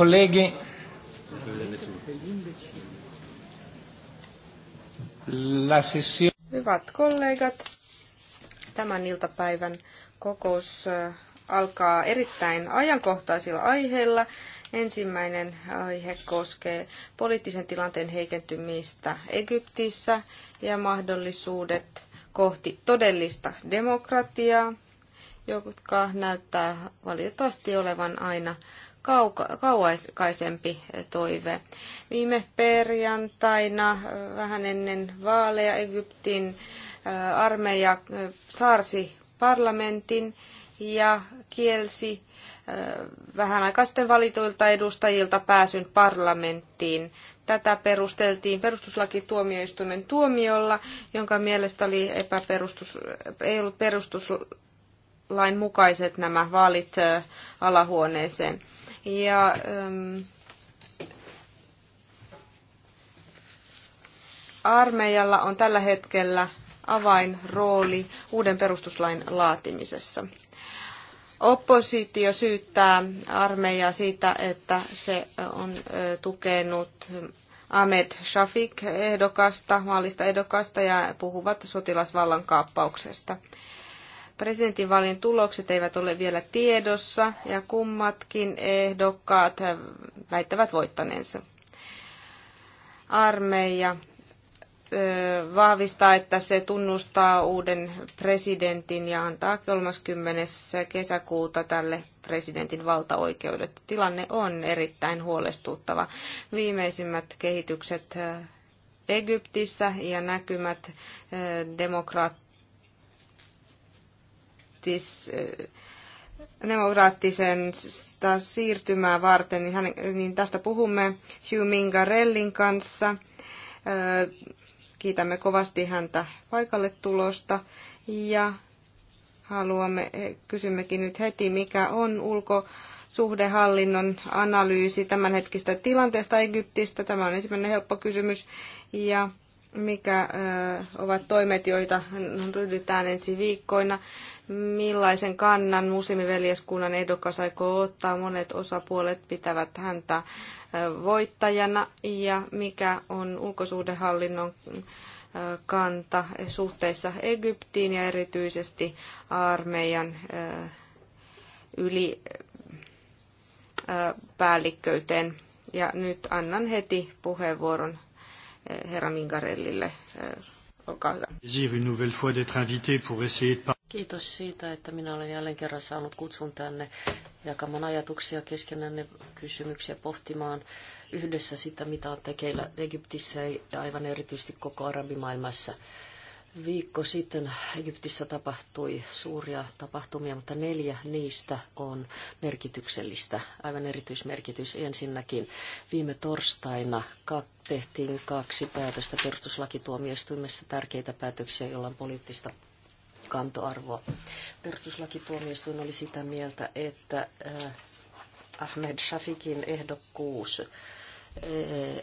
colleghi, la sessio... Hyvät kollegat, tämän iltapäivän kokous alkaa erittäin ajankohtaisilla aiheilla. Ensimmäinen aihe koskee poliittisen tilanteen heikentymistä Egyptissä ja mahdollisuudet kohti todellista demokratiaa, joka näyttää valitettavasti olevan aina kauka- kauaisempi toive. Viime perjantaina vähän ennen vaaleja Egyptin armeija saarsi parlamentin ja kielsi vähän aikaisten valituilta edustajilta pääsyn parlamenttiin. Tätä perusteltiin perustuslakituomioistuimen tuomiolla, jonka mielestä oli epäperustus, ei ollut perustuslain mukaiset nämä vaalit alahuoneeseen. Ja, ähm, armeijalla on tällä hetkellä avainrooli uuden perustuslain laatimisessa. Oppositio syyttää armeijaa siitä, että se on tukenut Ahmed Shafik ehdokasta, maallista ehdokasta ja puhuvat sotilasvallan kaappauksesta. Presidentinvaalien tulokset eivät ole vielä tiedossa ja kummatkin ehdokkaat väittävät voittaneensa. Armeija vahvistaa, että se tunnustaa uuden presidentin ja antaa 30. kesäkuuta tälle presidentin valtaoikeudet. Tilanne on erittäin huolestuttava. Viimeisimmät kehitykset Egyptissä ja näkymät demokraattisessa demokraattis, demokraattisen eh, siirtymää varten, niin, hän, niin tästä puhumme Hugh Mingarellin kanssa. Eh, kiitämme kovasti häntä paikalle tulosta ja haluamme, eh, kysymmekin nyt heti, mikä on ulko suhdehallinnon analyysi tämänhetkistä tilanteesta Egyptistä. Tämä on ensimmäinen helppo kysymys. Ja mikä ö, ovat toimet, joita ryhdytään ensi viikkoina millaisen kannan muslimiveljeskunnan ehdokas aikoo ottaa. Monet osapuolet pitävät häntä voittajana ja mikä on ulkosuhdehallinnon kanta suhteessa Egyptiin ja erityisesti armeijan ylipäällikköyteen? Ja nyt annan heti puheenvuoron herra Mingarellille Olkaa hyvä. Kiitos siitä, että minä olen jälleen kerran saanut kutsun tänne jakamaan ajatuksia keskenänne kysymyksiä pohtimaan yhdessä sitä, mitä on tekeillä Egyptissä ja aivan erityisesti koko arabimaailmassa. Viikko sitten Egyptissä tapahtui suuria tapahtumia, mutta neljä niistä on merkityksellistä, aivan erityismerkitys. Ensinnäkin viime torstaina tehtiin kaksi päätöstä perustuslakituomioistuimessa, tärkeitä päätöksiä, joilla on poliittista kantoarvoa. Perustuslakituomioistuin oli sitä mieltä, että äh, Ahmed Shafikin ehdokkuus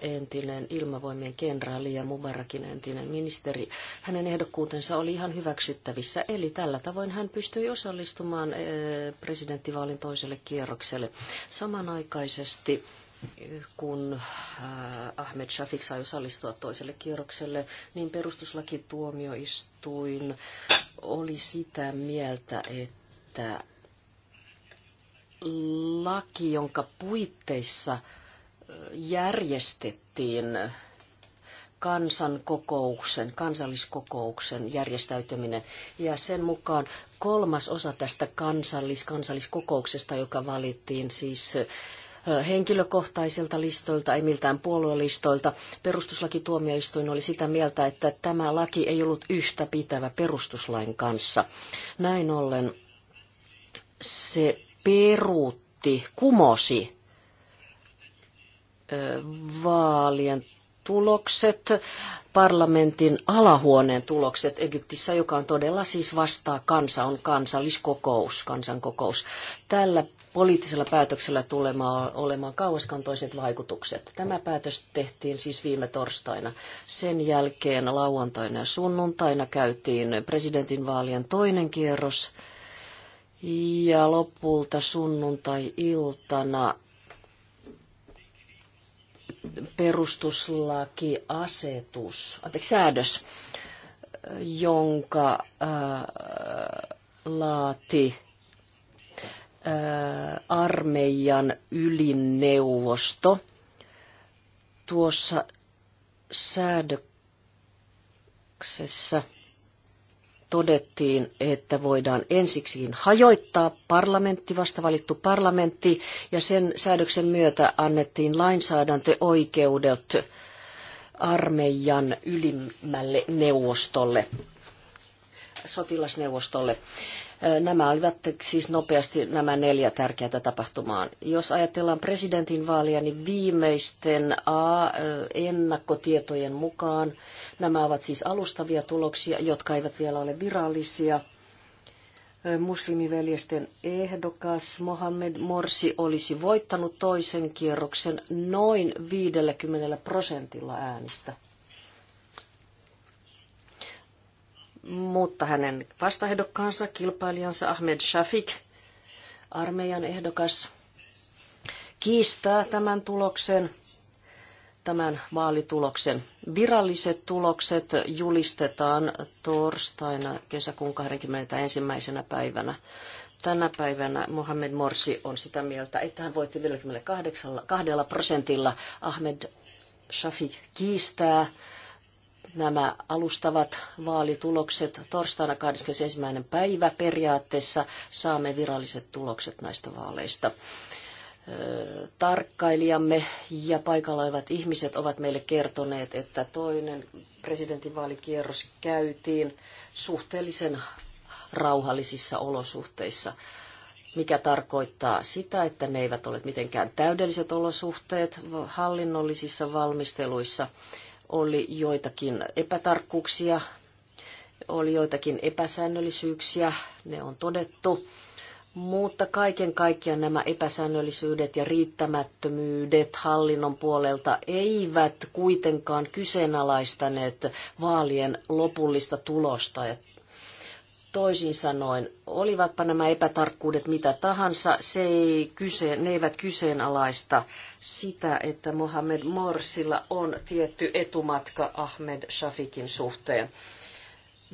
entinen ilmavoimien kenraali ja Mubarakin entinen ministeri. Hänen ehdokkuutensa oli ihan hyväksyttävissä, eli tällä tavoin hän pystyi osallistumaan eh, presidenttivaalin toiselle kierrokselle. Samanaikaisesti eh, kun eh, Ahmed Shafik sai osallistua toiselle kierrokselle, niin perustuslakituomioistuin oli sitä mieltä, että laki, jonka puitteissa – järjestettiin kansankokouksen, kansalliskokouksen järjestäytyminen. Ja sen mukaan kolmas osa tästä kansallis, kansalliskokouksesta, joka valittiin siis henkilökohtaisilta listoilta, ei miltään puoluelistoilta. Perustuslakituomioistuin oli sitä mieltä, että tämä laki ei ollut yhtä pitävä perustuslain kanssa. Näin ollen se peruutti, kumosi vaalien tulokset, parlamentin alahuoneen tulokset Egyptissä, joka on todella siis vastaa kansa, on kansalliskokous, kansankokous. Tällä poliittisella päätöksellä tulemaan olemaan kauaskantoiset vaikutukset. Tämä päätös tehtiin siis viime torstaina. Sen jälkeen lauantaina ja sunnuntaina käytiin presidentinvaalien toinen kierros. Ja lopulta sunnuntai-iltana perustuslakiasetus, anteeksi, säädös, jonka äh, laati äh, armeijan ylinneuvosto. Tuossa säädöksessä – todettiin, että voidaan ensiksikin hajoittaa parlamentti, vasta valittu parlamentti, ja sen säädöksen myötä annettiin lainsäädäntöoikeudet armeijan ylimmälle neuvostolle, sotilasneuvostolle. Nämä olivat siis nopeasti nämä neljä tärkeää tapahtumaa. Jos ajatellaan presidentinvaalia, niin viimeisten A ennakkotietojen mukaan nämä ovat siis alustavia tuloksia, jotka eivät vielä ole virallisia muslimiveljesten ehdokas Mohamed Morsi olisi voittanut toisen kierroksen noin 50 prosentilla äänistä. mutta hänen vastaehdokkaansa, kilpailijansa Ahmed Shafik, armeijan ehdokas, kiistää tämän tuloksen, tämän vaalituloksen. Viralliset tulokset julistetaan torstaina kesäkuun 21. päivänä. Tänä päivänä Mohamed Morsi on sitä mieltä, että hän voitti 42 prosentilla. Ahmed Shafi kiistää nämä alustavat vaalitulokset torstaina 21. päivä periaatteessa saamme viralliset tulokset näistä vaaleista tarkkailijamme ja paikalla olevat ihmiset ovat meille kertoneet, että toinen presidentinvaalikierros käytiin suhteellisen rauhallisissa olosuhteissa, mikä tarkoittaa sitä, että ne eivät ole mitenkään täydelliset olosuhteet hallinnollisissa valmisteluissa – oli joitakin epätarkkuuksia, oli joitakin epäsäännöllisyyksiä, ne on todettu. Mutta kaiken kaikkiaan nämä epäsäännöllisyydet ja riittämättömyydet hallinnon puolelta eivät kuitenkaan kyseenalaistaneet vaalien lopullista tulosta ja Toisin sanoen, olivatpa nämä epätarkkuudet mitä tahansa, se ei kyse, ne eivät kyseenalaista sitä, että Mohamed Morsilla on tietty etumatka Ahmed Shafikin suhteen.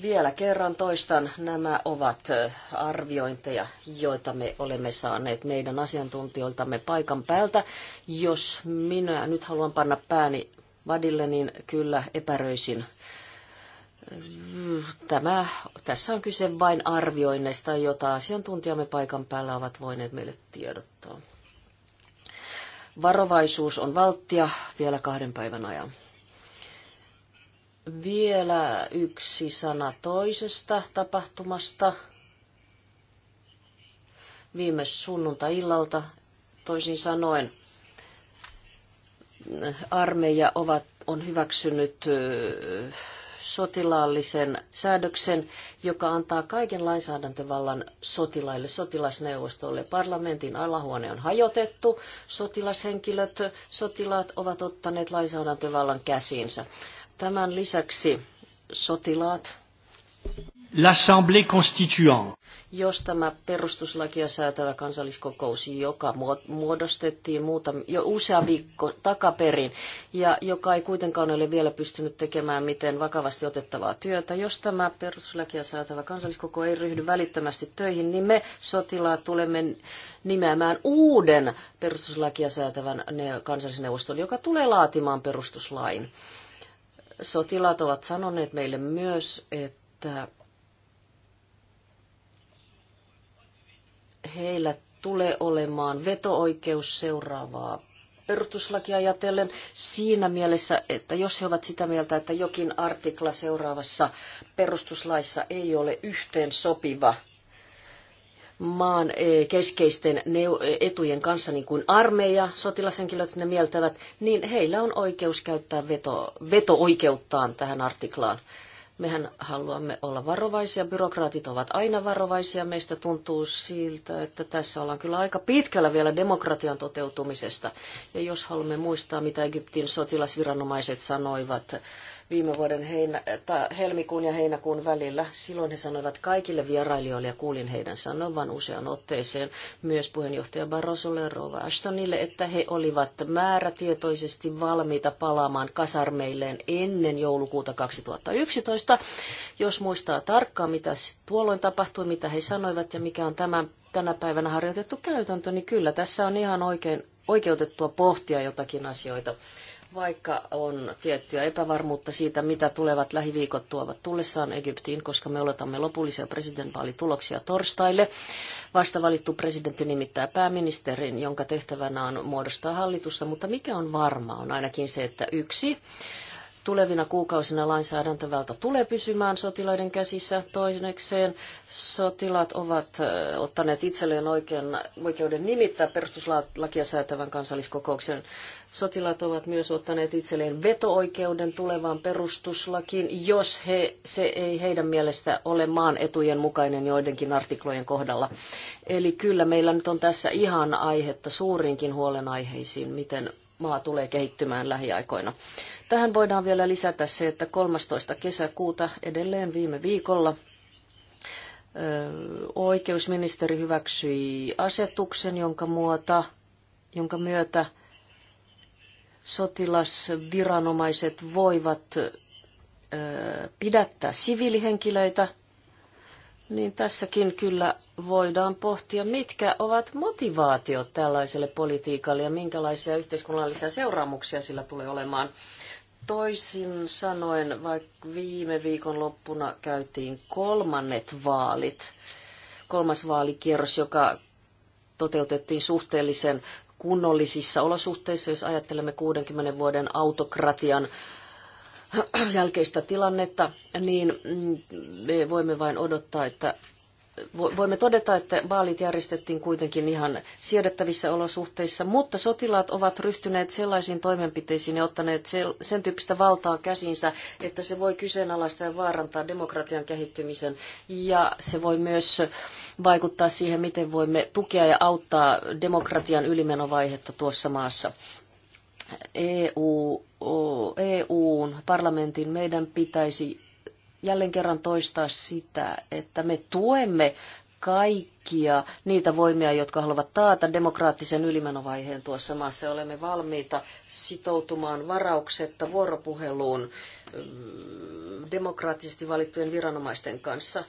Vielä kerran toistan, nämä ovat arviointeja, joita me olemme saaneet meidän asiantuntijoiltamme paikan päältä. Jos minä nyt haluan panna pääni vadille, niin kyllä epäröisin Tämä, tässä on kyse vain arvioinneista, jota asiantuntijamme paikan päällä ovat voineet meille tiedottaa. Varovaisuus on valttia vielä kahden päivän ajan. Vielä yksi sana toisesta tapahtumasta. Viime sunnuntai-illalta, toisin sanoen, armeija ovat, on hyväksynyt sotilaallisen säädöksen, joka antaa kaiken lainsäädäntövallan sotilaille, sotilasneuvostolle. Parlamentin alahuone on hajotettu, sotilashenkilöt, sotilaat ovat ottaneet lainsäädäntövallan käsiinsä. Tämän lisäksi sotilaat l'Assemblée constituante. Jos tämä perustuslakia säätävä kansalliskokous, joka muodostettiin muutam jo usea viikko takaperin, ja joka ei kuitenkaan ole vielä pystynyt tekemään miten vakavasti otettavaa työtä, jos tämä perustuslakia säätävä kansalliskoko ei ryhdy välittömästi töihin, niin me sotilaat tulemme nimeämään uuden perustuslakia säätävän kansallisneuvoston, joka tulee laatimaan perustuslain. Sotilaat ovat sanoneet meille myös, että heillä tulee olemaan veto-oikeus seuraavaa perustuslakia ajatellen siinä mielessä, että jos he ovat sitä mieltä, että jokin artikla seuraavassa perustuslaissa ei ole yhteen sopiva maan e, keskeisten e, etujen kanssa, niin kuin armeija, sotilashenkilöt ne mieltävät, niin heillä on oikeus käyttää veto, veto-oikeuttaan tähän artiklaan. Mehän haluamme olla varovaisia, byrokraatit ovat aina varovaisia. Meistä tuntuu siltä, että tässä ollaan kyllä aika pitkällä vielä demokratian toteutumisesta. Ja jos haluamme muistaa, mitä Egyptin sotilasviranomaiset sanoivat viime vuoden heinä, helmikuun ja heinäkuun välillä. Silloin he sanoivat kaikille vierailijoille ja kuulin heidän sanovan usean otteeseen myös puheenjohtaja Barrosolle ja Rova Ashtonille, että he olivat määrätietoisesti valmiita palaamaan kasarmeilleen ennen joulukuuta 2011. Jos muistaa tarkkaan, mitä tuolloin tapahtui, mitä he sanoivat ja mikä on tämä tänä päivänä harjoitettu käytäntö, niin kyllä tässä on ihan oikein oikeutettua pohtia jotakin asioita vaikka on tiettyä epävarmuutta siitä, mitä tulevat lähiviikot tuovat tullessaan Egyptiin, koska me oletamme lopullisia presidentinvaalituloksia torstaille. Vastavalittu presidentti nimittää pääministerin, jonka tehtävänä on muodostaa hallitusta, mutta mikä on varmaa on ainakin se, että yksi Tulevina kuukausina lainsäädäntövalta tulee pysymään sotilaiden käsissä. Toisekseen sotilaat ovat ottaneet itselleen oikean, oikeuden nimittää perustuslakia säätävän kansalliskokouksen. Sotilaat ovat myös ottaneet itselleen veto-oikeuden tulevaan perustuslakiin, jos he, se ei heidän mielestä ole maan etujen mukainen joidenkin artiklojen kohdalla. Eli kyllä meillä nyt on tässä ihan aihetta suurinkin huolenaiheisiin, miten maa tulee kehittymään lähiaikoina. Tähän voidaan vielä lisätä se, että 13. kesäkuuta edelleen viime viikolla oikeusministeri hyväksyi asetuksen, jonka, muota, jonka myötä sotilasviranomaiset voivat pidättää siviilihenkilöitä niin tässäkin kyllä voidaan pohtia, mitkä ovat motivaatiot tällaiselle politiikalle ja minkälaisia yhteiskunnallisia seuraamuksia sillä tulee olemaan. Toisin sanoen, vaikka viime viikon loppuna käytiin kolmannet vaalit, kolmas vaalikierros, joka toteutettiin suhteellisen kunnollisissa olosuhteissa, jos ajattelemme 60 vuoden autokratian jälkeistä tilannetta, niin mm, me voimme vain odottaa, että voimme todeta, että vaalit järjestettiin kuitenkin ihan siedettävissä olosuhteissa, mutta sotilaat ovat ryhtyneet sellaisiin toimenpiteisiin ja ottaneet sen tyyppistä valtaa käsinsä, että se voi kyseenalaistaa ja vaarantaa demokratian kehittymisen. Ja se voi myös vaikuttaa siihen, miten voimme tukea ja auttaa demokratian ylimenovaihetta tuossa maassa. EU, EUn parlamentin meidän pitäisi jälleen kerran toistaa sitä, että me tuemme kaikkia niitä voimia, jotka haluavat taata demokraattisen ylimenovaiheen tuossa maassa. Olemme valmiita sitoutumaan varauksetta vuoropuheluun mm, demokraattisesti valittujen viranomaisten kanssa.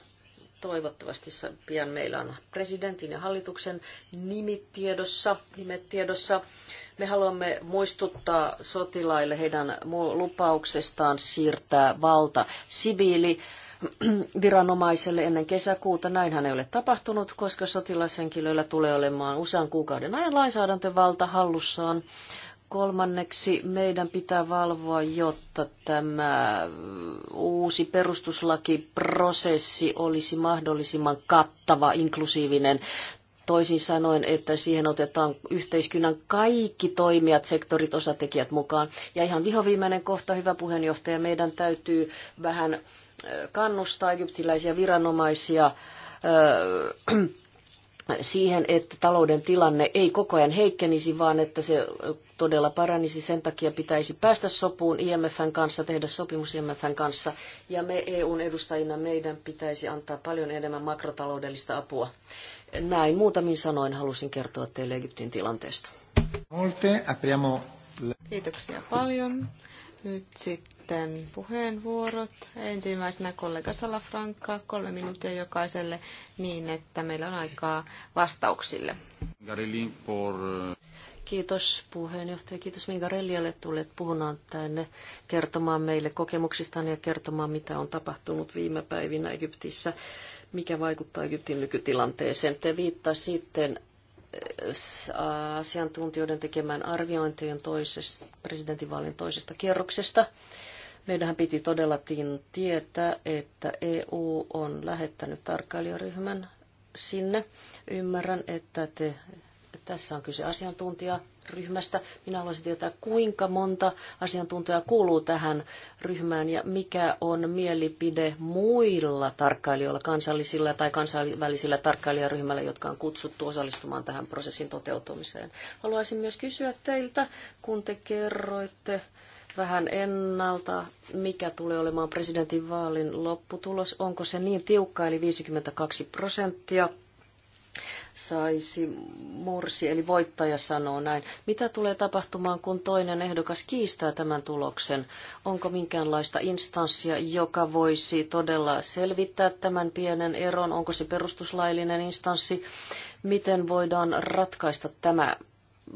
Toivottavasti pian meillä on presidentin ja hallituksen nimitiedossa, nimetiedossa. tiedossa me haluamme muistuttaa sotilaille heidän lupauksestaan siirtää valta siviili viranomaiselle ennen kesäkuuta. Näinhän ei ole tapahtunut, koska sotilashenkilöillä tulee olemaan usean kuukauden ajan lainsäädäntövalta hallussaan. Kolmanneksi meidän pitää valvoa, jotta tämä uusi perustuslakiprosessi olisi mahdollisimman kattava, inklusiivinen. Toisin sanoen, että siihen otetaan yhteiskunnan kaikki toimijat, sektorit, osatekijät mukaan. Ja ihan vihoviimeinen kohta, hyvä puheenjohtaja, meidän täytyy vähän kannustaa egyptiläisiä viranomaisia siihen, että talouden tilanne ei koko ajan heikkenisi, vaan että se todella paranisi. Sen takia pitäisi päästä sopuun IMFn kanssa, tehdä sopimus IMFn kanssa. Ja me EUn edustajina meidän pitäisi antaa paljon enemmän makrotaloudellista apua. Näin muutamin sanoin halusin kertoa teille Egyptin tilanteesta. Kiitoksia paljon. Nyt sitten puheenvuorot. Ensimmäisenä kollega Salafranca, kolme minuuttia jokaiselle niin, että meillä on aikaa vastauksille. Eh, kiitos puheenjohtaja, kiitos Mingarellialle tulleet puhunaan tänne kertomaan meille kokemuksistaan ja kertomaan, mitä on tapahtunut viime päivinä Egyptissä mikä vaikuttaa Egyptin nykytilanteeseen. Te viittasitte äh, asiantuntijoiden tekemään arviointien toisesta, presidentinvaalin toisesta kierroksesta. Meidän piti todellakin tietää, että EU on lähettänyt tarkkailijaryhmän sinne. Ymmärrän, että te tässä on kyse asiantuntijaryhmästä. Minä haluaisin tietää, kuinka monta asiantuntijaa kuuluu tähän ryhmään ja mikä on mielipide muilla tarkkailijoilla, kansallisilla tai kansainvälisillä tarkkailijaryhmällä, jotka on kutsuttu osallistumaan tähän prosessin toteutumiseen. Haluaisin myös kysyä teiltä, kun te kerroitte vähän ennalta, mikä tulee olemaan presidentinvaalin lopputulos. Onko se niin tiukka, eli 52 prosenttia? saisi mursi, eli voittaja sanoo näin. Mitä tulee tapahtumaan, kun toinen ehdokas kiistää tämän tuloksen? Onko minkäänlaista instanssia, joka voisi todella selvittää tämän pienen eron? Onko se perustuslaillinen instanssi? Miten voidaan ratkaista tämä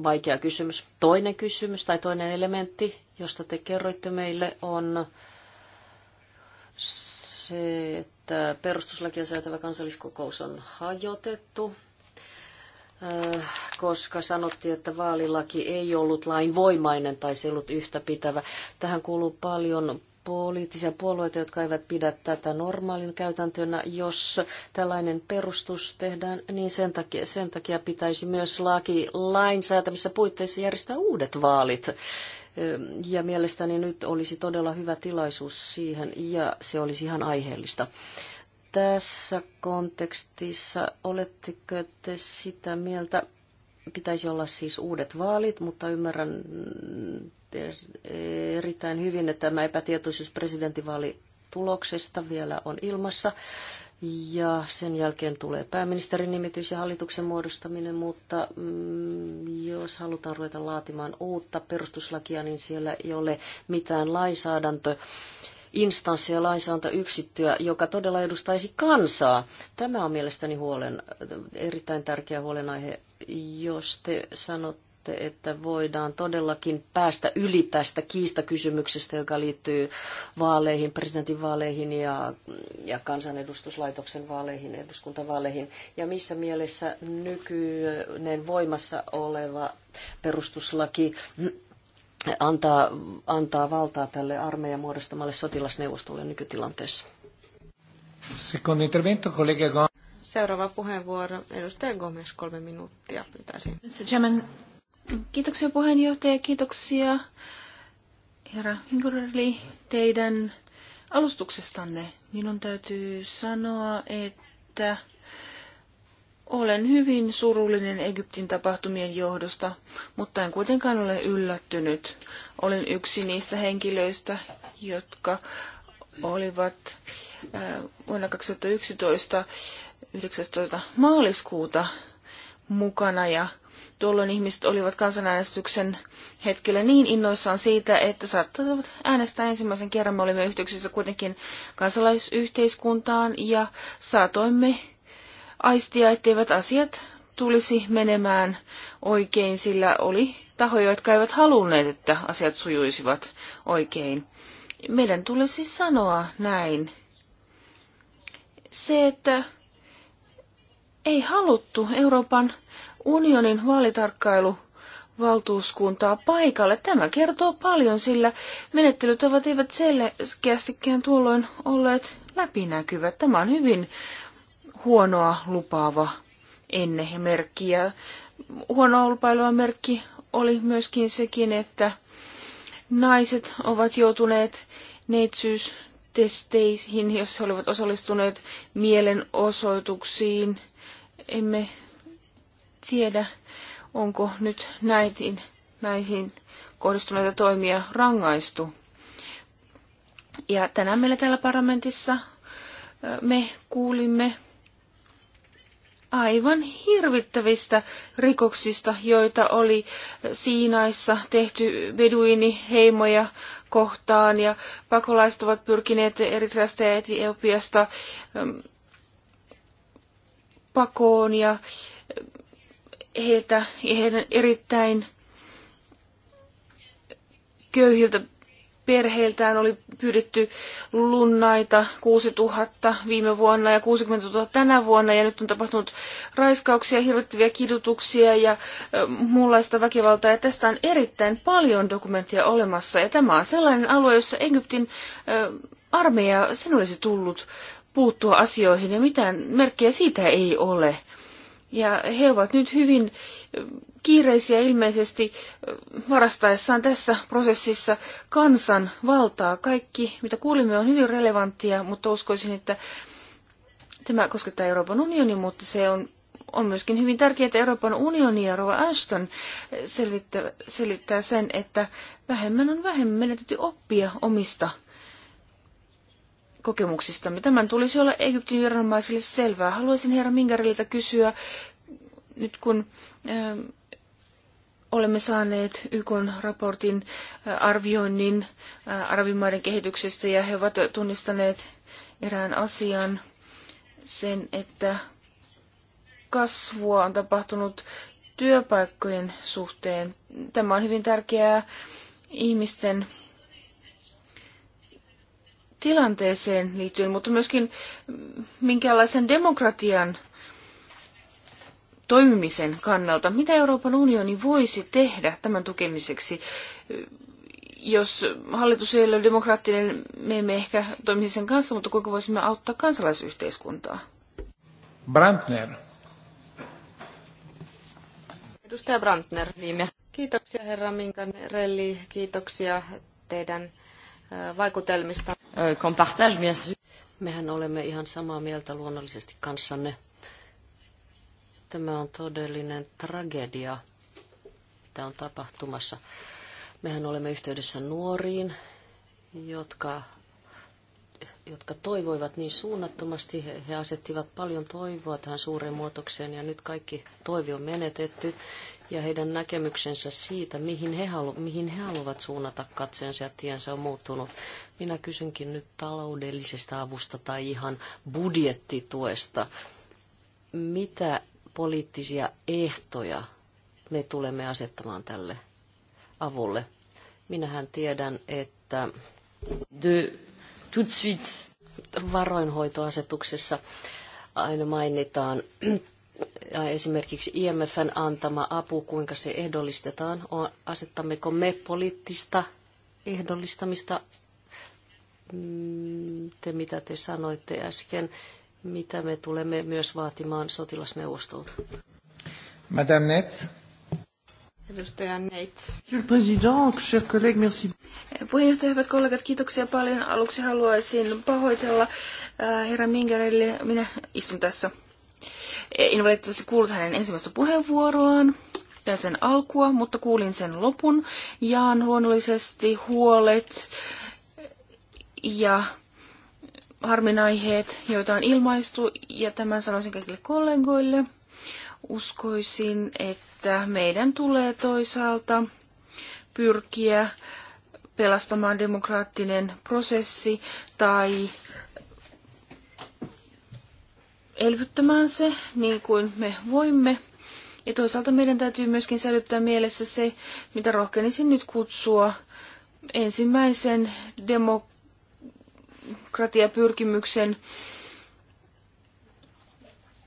vaikea kysymys? Toinen kysymys tai toinen elementti, josta te kerroitte meille, on se, että perustuslakia säätävä kansalliskokous on hajotettu. Äh, koska sanottiin, että vaalilaki ei ollut lainvoimainen tai se ei ollut yhtäpitävä. Tähän kuuluu paljon poliittisia puolueita, jotka eivät pidä tätä normaalin käytäntönä. Jos tällainen perustus tehdään, niin sen takia, sen takia pitäisi myös laki lainsäätämissä puitteissa järjestää uudet vaalit. Äh, ja mielestäni nyt olisi todella hyvä tilaisuus siihen, ja se olisi ihan aiheellista tässä kontekstissa oletteko te sitä mieltä, pitäisi olla siis uudet vaalit, mutta ymmärrän erittäin hyvin, että tämä epätietoisuus presidentinvaalituloksesta vielä on ilmassa. Ja sen jälkeen tulee pääministerin nimitys ja hallituksen muodostaminen, mutta mm, jos halutaan ruveta laatimaan uutta perustuslakia, niin siellä ei ole mitään lainsäädäntöä instanssia ja lainsäädäntöyksikköä, joka todella edustaisi kansaa. Tämä on mielestäni huolen, erittäin tärkeä huolenaihe, jos te sanotte, että voidaan todellakin päästä yli tästä kiistakysymyksestä, joka liittyy vaaleihin, presidentinvaaleihin ja, ja kansanedustuslaitoksen vaaleihin, eduskuntavaaleihin. Ja missä mielessä nykyinen voimassa oleva perustuslaki antaa, antaa valtaa tälle armeijan muodostamalle sotilasneuvostolle nykytilanteessa. Seuraava puheenvuoro, edustaja Gomes, kolme minuuttia pyytäisin. Kiitoksia puheenjohtaja, kiitoksia herra Hingurli teidän alustuksestanne. Minun täytyy sanoa, että olen hyvin surullinen Egyptin tapahtumien johdosta, mutta en kuitenkaan ole yllättynyt. Olin yksi niistä henkilöistä, jotka olivat äh, vuonna 2011 19. maaliskuuta mukana ja tuolloin ihmiset olivat kansanäänestyksen hetkellä niin innoissaan siitä, että saattavat äänestää ensimmäisen kerran. Me olimme yhteyksissä kuitenkin kansalaisyhteiskuntaan ja saatoimme aistia, etteivät asiat tulisi menemään oikein, sillä oli tahoja, jotka eivät halunneet, että asiat sujuisivat oikein. Meidän tulisi sanoa näin. Se, että ei haluttu Euroopan unionin vaalitarkkailu valtuuskuntaa paikalle. Tämä kertoo paljon, sillä ovat eivät selkeästikään tuolloin olleet läpinäkyvät. Tämä on hyvin huonoa lupaava enne ja merkki. Ja huonoa lupailua merkki oli myöskin sekin, että naiset ovat joutuneet neitsyystesteihin, jos he olivat osallistuneet mielenosoituksiin. Emme tiedä, onko nyt näihin naisiin kohdistuneita toimia rangaistu. Ja tänään meillä täällä parlamentissa me kuulimme aivan hirvittävistä rikoksista, joita oli Siinaissa tehty beduiniheimoja kohtaan ja pakolaiset ovat pyrkineet Eritreasta ja Etiopiasta ähm, pakoon ja äh, heitä, heidän erittäin köyhiltä perheiltään oli pyydetty lunnaita 6000 viime vuonna ja 60 000 tänä vuonna ja nyt on tapahtunut raiskauksia, hirvittäviä kidutuksia ja muunlaista väkivaltaa ja tästä on erittäin paljon dokumenttia olemassa ja tämä on sellainen alue, jossa Egyptin armeija, sen olisi tullut puuttua asioihin ja mitään merkkiä siitä ei ole. Ja he ovat nyt hyvin kiireisiä ilmeisesti varastaessaan tässä prosessissa kansan valtaa. Kaikki, mitä kuulimme, on hyvin relevanttia, mutta uskoisin, että tämä koskettaa Euroopan unioni, mutta se on, on myöskin hyvin tärkeää, että Euroopan unioni ja Rova Ashton selvittää, selittää sen, että vähemmän on vähemmän. menetetty oppia omista kokemuksistamme. Tämän tulisi olla Egyptin viranomaisille selvää. Haluaisin herra Mingarilta kysyä, nyt kun äh, olemme saaneet YKn raportin äh, arvioinnin äh, arabimaiden kehityksestä ja he ovat tunnistaneet erään asian, sen, että kasvua on tapahtunut työpaikkojen suhteen. Tämä on hyvin tärkeää ihmisten tilanteeseen liittyen, mutta myöskin minkälaisen demokratian toimimisen kannalta. Mitä Euroopan unioni voisi tehdä tämän tukemiseksi? Jos hallitus ei ole demokraattinen, me emme ehkä toimisi sen kanssa, mutta kuinka voisimme auttaa kansalaisyhteiskuntaa? Brandner. Edustaja Brandner viime. Kiitoksia herra Minkanrelli, kiitoksia teidän vaikutelmista. Euh, Mehän olemme ihan samaa mieltä luonnollisesti kanssanne Tämä on todellinen tragedia, mitä on tapahtumassa. Mehän olemme yhteydessä nuoriin, jotka, jotka toivoivat niin suunnattomasti. He, he asettivat paljon toivoa tähän suureen muutokseen ja nyt kaikki toivo on menetetty. Ja heidän näkemyksensä siitä, mihin he, halu, mihin he haluavat suunnata katseensa ja tiensä on muuttunut. Minä kysynkin nyt taloudellisesta avusta tai ihan budjettituesta. Mitä poliittisia ehtoja me tulemme asettamaan tälle avulle. Minähän tiedän, että de, tout suite. varoinhoitoasetuksessa aina mainitaan esimerkiksi IMFn antama apu, kuinka se ehdollistetaan. Asettammeko me poliittista ehdollistamista mm, te mitä te sanoitte äsken, mitä me tulemme myös vaatimaan sotilasneuvostolta. Madame Netz. Edustaja merci. Puheenjohtaja, hyvät kollegat, kiitoksia paljon. Aluksi haluaisin pahoitella äh, herra Mingerille. Minä istun tässä. Eh, en valitettavasti kuullut hänen ensimmäistä puheenvuoroaan ja sen alkua, mutta kuulin sen lopun. Jaan luonnollisesti huolet ja harminaiheet, joita on ilmaistu, ja tämän sanoisin kaikille kollegoille. Uskoisin, että meidän tulee toisaalta pyrkiä pelastamaan demokraattinen prosessi tai elvyttämään se niin kuin me voimme. Ja toisaalta meidän täytyy myöskin säilyttää mielessä se, mitä rohkenisin nyt kutsua ensimmäisen demokraattisen demokratiapyrkimyksen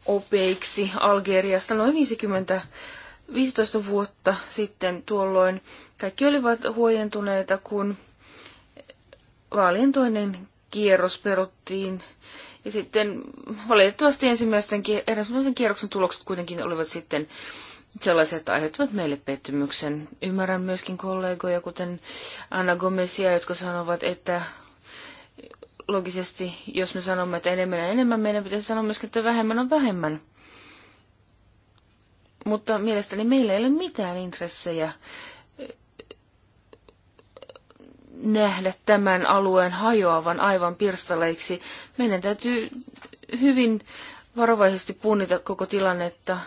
opeiksi Algeriasta noin 50 15 vuotta sitten tuolloin kaikki olivat huojentuneita, kun vaalien toinen kierros peruttiin. Ja sitten valitettavasti ensimmäisten, ensimmäisen kierroksen tulokset kuitenkin olivat sitten sellaisia, että aiheuttivat meille pettymyksen. Ymmärrän myöskin kollegoja, kuten Anna Gomesia, jotka sanovat, että logisesti, jos me sanomme, että enemmän on enemmän, meidän pitäisi sanoa myöskin, että vähemmän on vähemmän. Mutta mielestäni meillä ei ole mitään intressejä eh, nähdä tämän alueen hajoavan aivan pirstaleiksi. Meidän täytyy hyvin varovaisesti punnita koko tilannetta.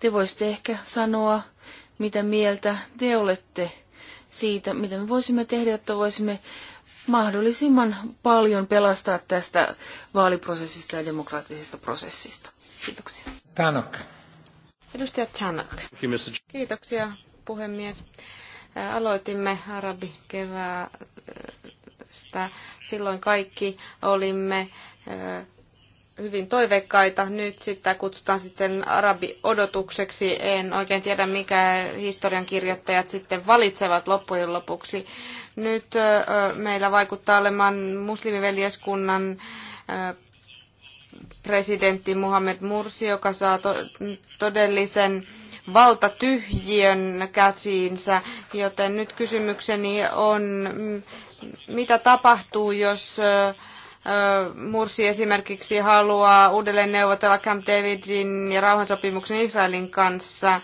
Te voisitte ehkä sanoa, mitä mieltä te olette siitä, mitä me voisimme tehdä, jotta voisimme mahdollisimman paljon pelastaa tästä vaaliprosessista ja demokraattisesta prosessista. Kiitoksia. Tanok. Edustaja Tanok. Kiitoksia, puhemies. Aloitimme arabikeväästä. Silloin kaikki olimme hyvin toiveikkaita. Nyt sitä kutsutaan sitten arabiodotukseksi. En oikein tiedä, mikä historiankirjoittajat sitten valitsevat loppujen lopuksi. Nyt meillä vaikuttaa olemaan muslimiveljeskunnan presidentti Muhammed Mursi, joka saa todellisen valtatyhjiön käsiinsä, joten nyt kysymykseni on, mitä tapahtuu, jos Mursi esimerkiksi haluaa uudelleen neuvotella Camp Davidin ja rauhansopimuksen Israelin kanssa.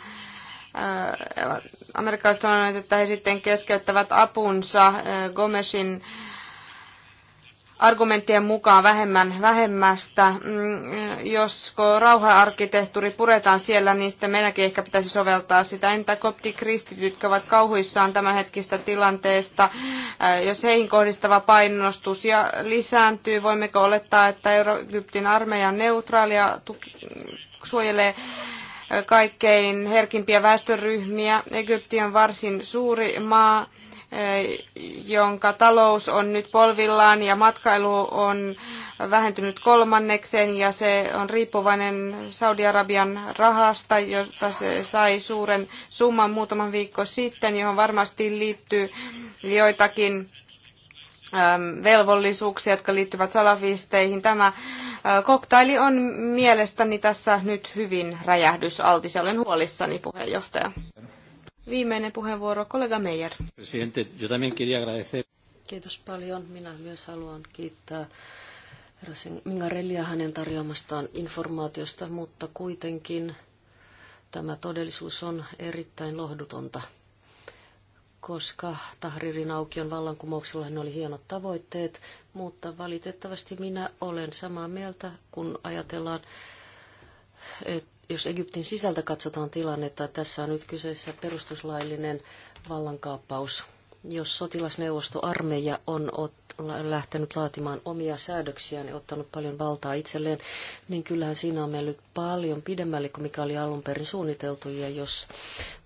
Amerikkalaiset sanoivat, että he sitten keskeyttävät apunsa Gomesin argumenttien mukaan vähemmän vähemmästä. Mm, jos rauha-arkkitehtuuri puretaan siellä, niin sitten meidänkin ehkä pitäisi soveltaa sitä. Entä koptikristit, jotka ovat kauhuissaan tämänhetkistä tilanteesta? Äh, jos heihin kohdistava painostus ja lisääntyy, voimmeko olettaa, että Egyptin armeija on neutraalia, tuki, suojelee äh, kaikkein herkimpiä väestöryhmiä. Egypti on varsin suuri maa Eh, jonka talous on nyt polvillaan ja matkailu on vähentynyt kolmanneksen ja se on riippuvainen Saudi-Arabian rahasta, josta se sai suuren summan muutaman viikko sitten, johon varmasti liittyy joitakin ähm, velvollisuuksia, jotka liittyvät salafisteihin. Tämä äh, koktaili on mielestäni tässä nyt hyvin räjähdysaltis. Olen huolissani puheenjohtaja. Viimeinen puheenvuoro, kollega Meijer. Presidente, yo también quería agradecer. Kiitos paljon. Minä myös haluan kiittää Mingarellia hänen tarjoamastaan informaatiosta, mutta kuitenkin tämä todellisuus on erittäin lohdutonta, koska Tahririn aukion vallankumouksella oli hienot tavoitteet, mutta valitettavasti minä olen samaa mieltä, kun ajatellaan, että jos Egyptin sisältä katsotaan tilannetta, tässä on nyt kyseessä perustuslaillinen vallankaappaus. Jos sotilasneuvosto armeija on lähtenyt laatimaan omia säädöksiään niin ja ottanut paljon valtaa itselleen, niin kyllähän siinä on mennyt paljon pidemmälle kuin mikä oli alun perin suunniteltu. Ja jos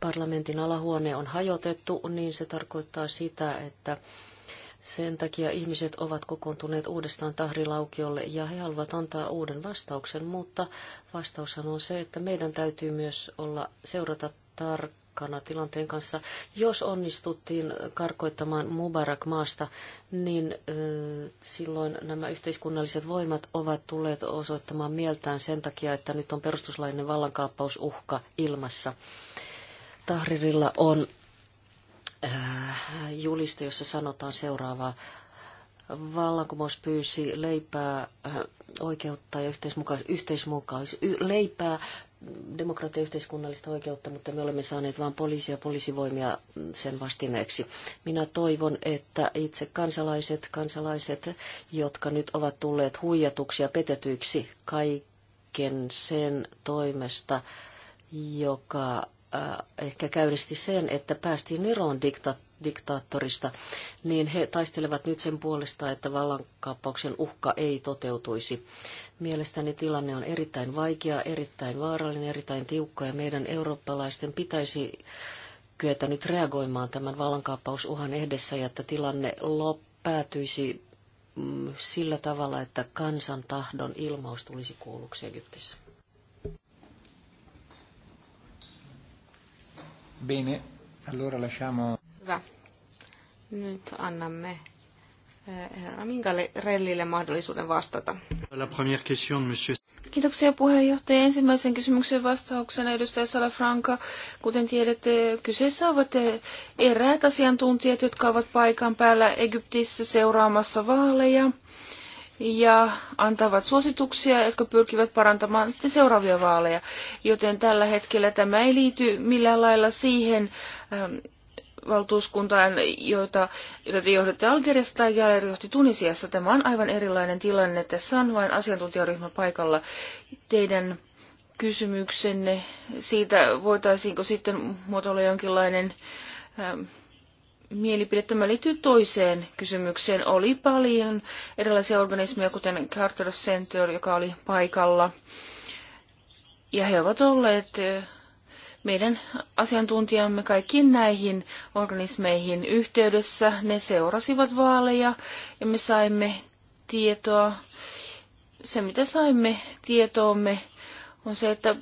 parlamentin alahuone on hajotettu, niin se tarkoittaa sitä, että sen takia ihmiset ovat kokoontuneet uudestaan tahrilaukiolle ja he haluavat antaa uuden vastauksen, mutta vastaushan on se, että meidän täytyy myös olla seurata tarkkana tilanteen kanssa. Jos onnistuttiin karkoittamaan Mubarak maasta, niin silloin nämä yhteiskunnalliset voimat ovat tulleet osoittamaan mieltään sen takia, että nyt on perustuslainen vallankaappausuhka ilmassa. Tahririlla on Äh, juliste, jossa sanotaan seuraavaa. Vallankumous pyysi leipää, äh, oikeutta ja yhteismukais- yhteismukais- y- leipää, demokratia yhteiskunnallista oikeutta, mutta me olemme saaneet vain poliisia ja poliisivoimia sen vastineeksi. Minä toivon, että itse kansalaiset, kansalaiset, jotka nyt ovat tulleet huijatuksi ja petetyiksi kaiken sen toimesta, joka Äh, ehkä käynnisti sen, että päästiin eroon dikta, diktaattorista, niin he taistelevat nyt sen puolesta, että vallankaappauksen uhka ei toteutuisi. Mielestäni tilanne on erittäin vaikea, erittäin vaarallinen, erittäin tiukka ja meidän eurooppalaisten pitäisi kyetä nyt reagoimaan tämän vallankaappausuhan edessä ja että tilanne lop, päätyisi mm, sillä tavalla, että kansan tahdon ilmaus tulisi kuulluksi Egyptissä. Bene, allora lasciamo... Va. Nyt annamme eh, herra Minkalle Rellille mahdollisuuden vastata. La première question, monsieur... Kiitoksia puheenjohtaja. Ensimmäisen kysymyksen vastauksena edustaja Salafranca. Kuten tiedätte, kyseessä ovat eh, eräät asiantuntijat, jotka ovat paikan päällä Egyptissä seuraamassa vaaleja ja antavat suosituksia, jotka pyrkivät parantamaan sitten seuraavia vaaleja. Joten tällä hetkellä tämä ei liity millään lailla siihen ähm, valtuuskuntaan, joita, joita te johdatte Algeriassa tai Jaler johti Tunisiassa. Tämä on aivan erilainen tilanne. Tässä on vain asiantuntijaryhmä paikalla. Teidän kysymyksenne siitä, voitaisiinko sitten muotoilla jonkinlainen ähm, mielipide. Tämä liittyy toiseen kysymykseen. Oli paljon erilaisia organismeja, kuten Carter Center, joka oli paikalla. Ja he ovat olleet eh, meidän asiantuntijamme kaikkiin näihin organismeihin yhteydessä. Ne seurasivat vaaleja ja me saimme tietoa. Se, mitä saimme tietoomme, on se, että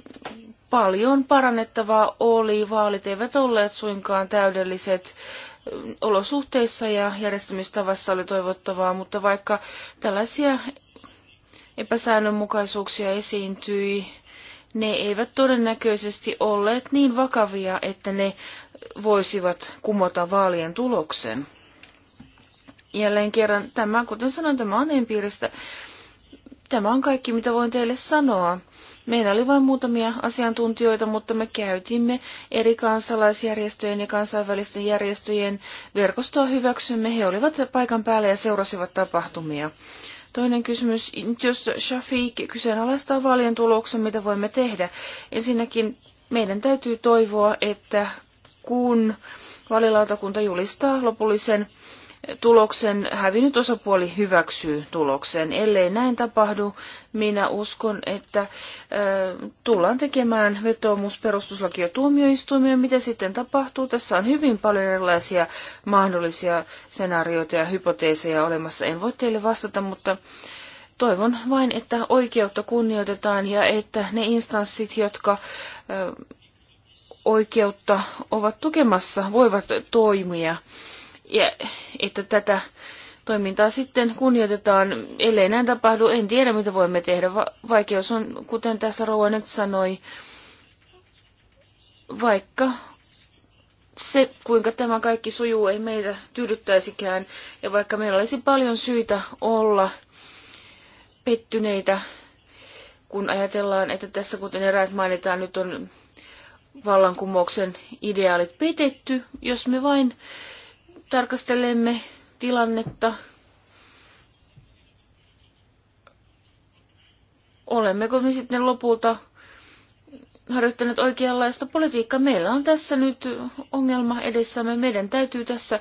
paljon parannettavaa oli. Vaalit eivät olleet suinkaan täydelliset olosuhteissa ja järjestämistavassa oli toivottavaa, mutta vaikka tällaisia epäsäännönmukaisuuksia esiintyi, ne eivät todennäköisesti olleet niin vakavia, että ne voisivat kumota vaalien tuloksen. Jälleen kerran, tämä, kuten sanoin, tämä on empiiristä. Tämä on kaikki, mitä voin teille sanoa. Meillä oli vain muutamia asiantuntijoita, mutta me käytimme eri kansalaisjärjestöjen ja kansainvälisten järjestöjen verkostoa hyväksymme. He olivat paikan päällä ja seurasivat tapahtumia. Toinen kysymys, jos Shafiq kyseenalaistaa vaalien tuloksen, mitä voimme tehdä? Ensinnäkin meidän täytyy toivoa, että kun vaalilautakunta julistaa lopullisen tuloksen, hävinnyt osapuoli hyväksyy tuloksen. Ellei näin tapahdu, minä uskon, että ö, tullaan tekemään vetoomus perustuslaki- ja tuomioistuimia. Mitä sitten tapahtuu? Tässä on hyvin paljon erilaisia mahdollisia senaarioita ja hypoteeseja olemassa. En voi teille vastata, mutta toivon vain, että oikeutta kunnioitetaan ja että ne instanssit, jotka ö, oikeutta ovat tukemassa, voivat toimia ja että tätä toimintaa sitten kunnioitetaan. Ellei näin tapahdu, en tiedä mitä voimme tehdä. Va- vaikeus on, kuten tässä Rowanet sanoi, vaikka se, kuinka tämä kaikki sujuu, ei meitä tyydyttäisikään. Ja vaikka meillä olisi paljon syitä olla pettyneitä, kun ajatellaan, että tässä, kuten eräät mainitaan, nyt on vallankumouksen ideaalit petetty, jos me vain tarkastelemme tilannetta. Olemmeko me sitten lopulta harjoittaneet oikeanlaista politiikkaa? Meillä on tässä nyt ongelma edessämme. Meidän täytyy tässä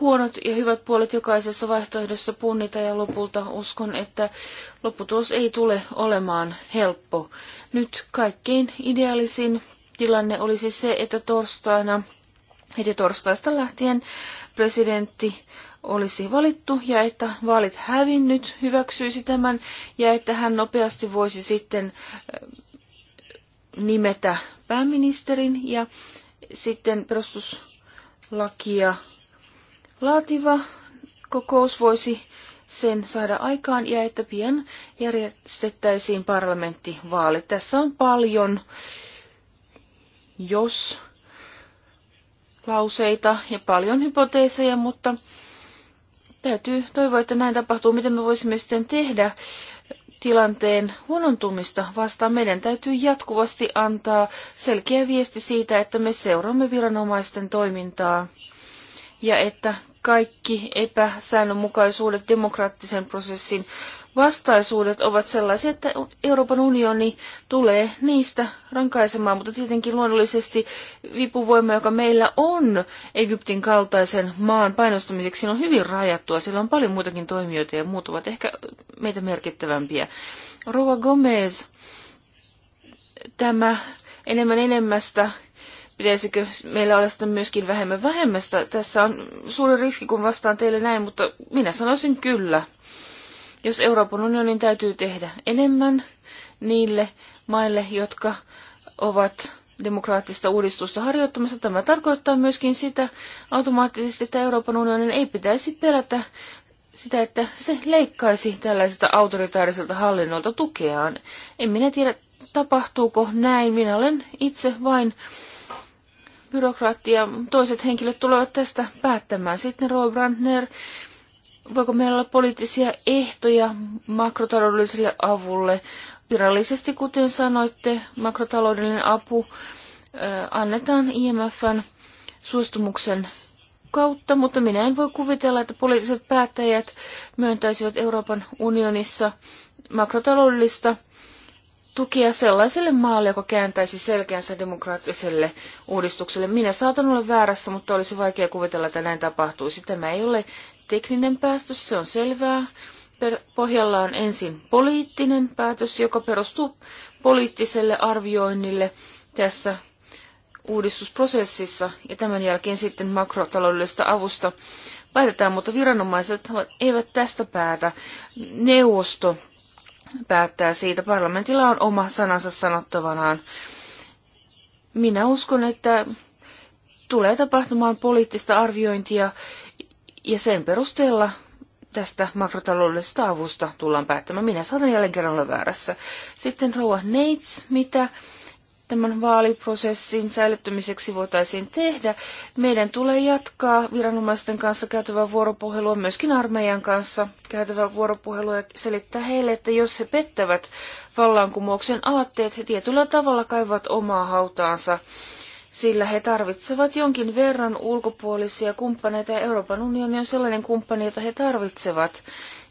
huonot ja hyvät puolet jokaisessa vaihtoehdossa punnita ja lopulta uskon, että lopputulos ei tule olemaan helppo. Nyt kaikkein ideaalisin tilanne olisi se, että torstaina heti torstaista lähtien presidentti olisi valittu ja että vaalit hävinnyt hyväksyisi tämän ja että hän nopeasti voisi sitten äh, nimetä pääministerin ja sitten perustuslakia laativa kokous voisi sen saada aikaan ja että pian järjestettäisiin parlamenttivaalit. Tässä on paljon, jos lauseita ja paljon hypoteeseja, mutta täytyy toivoa, että näin tapahtuu. Miten me voisimme sitten tehdä tilanteen huonontumista vastaan? Meidän täytyy jatkuvasti antaa selkeä viesti siitä, että me seuraamme viranomaisten toimintaa ja että kaikki epäsäännönmukaisuudet demokraattisen prosessin vastaisuudet ovat sellaisia, että Euroopan unioni tulee niistä rankaisemaan, mutta tietenkin luonnollisesti vipuvoima, joka meillä on Egyptin kaltaisen maan painostamiseksi, on hyvin rajattua. Siellä on paljon muitakin toimijoita ja muut ovat ehkä meitä merkittävämpiä. Rova Gomez, tämä enemmän enemmästä pitäisikö meillä olla sitten myöskin vähemmän vähemmästä. Tässä on suuri riski, kun vastaan teille näin, mutta minä sanoisin kyllä. Jos Euroopan unionin täytyy tehdä enemmän niille maille, jotka ovat demokraattista uudistusta harjoittamassa. Tämä tarkoittaa myöskin sitä automaattisesti, että Euroopan unionin ei pitäisi pelätä sitä, että se leikkaisi tällaiselta autoritaariselta hallinnolta tukeaan. En minä tiedä, tapahtuuko näin. Minä olen itse vain byrokraatti ja toiset henkilöt tulevat tästä päättämään. Sitten Roy Brandner voiko meillä olla poliittisia ehtoja makrotaloudelliselle avulle? Virallisesti, kuten sanoitte, makrotaloudellinen apu annetaan IMFn suostumuksen kautta, mutta minä en voi kuvitella, että poliittiset päättäjät myöntäisivät Euroopan unionissa makrotaloudellista tukea sellaiselle maalle, joka kääntäisi selkeänsä demokraattiselle uudistukselle. Minä saatan olla väärässä, mutta olisi vaikea kuvitella, että näin tapahtuisi. Tämä ei ole tekninen päätös, se on selvää. Pohjalla on ensin poliittinen päätös, joka perustuu poliittiselle arvioinnille tässä uudistusprosessissa ja tämän jälkeen sitten makrotaloudellisesta avusta päätetään, mutta viranomaiset eivät tästä päätä. Neuvosto päättää siitä. Parlamentilla on oma sanansa sanottavanaan. Minä uskon, että tulee tapahtumaan poliittista arviointia ja sen perusteella tästä makrotaloudellisesta avusta tullaan päättämään. Minä sanon jälleen kerran olla väärässä. Sitten rouva Neits, mitä tämän vaaliprosessin säilyttämiseksi voitaisiin tehdä. Meidän tulee jatkaa viranomaisten kanssa käytävää vuoropuhelua, myöskin armeijan kanssa käytävää vuoropuhelua ja selittää heille, että jos he pettävät vallankumouksen aatteet, he tietyllä tavalla kaivat omaa hautaansa sillä he tarvitsevat jonkin verran ulkopuolisia kumppaneita ja Euroopan unioni on sellainen kumppani, jota he tarvitsevat.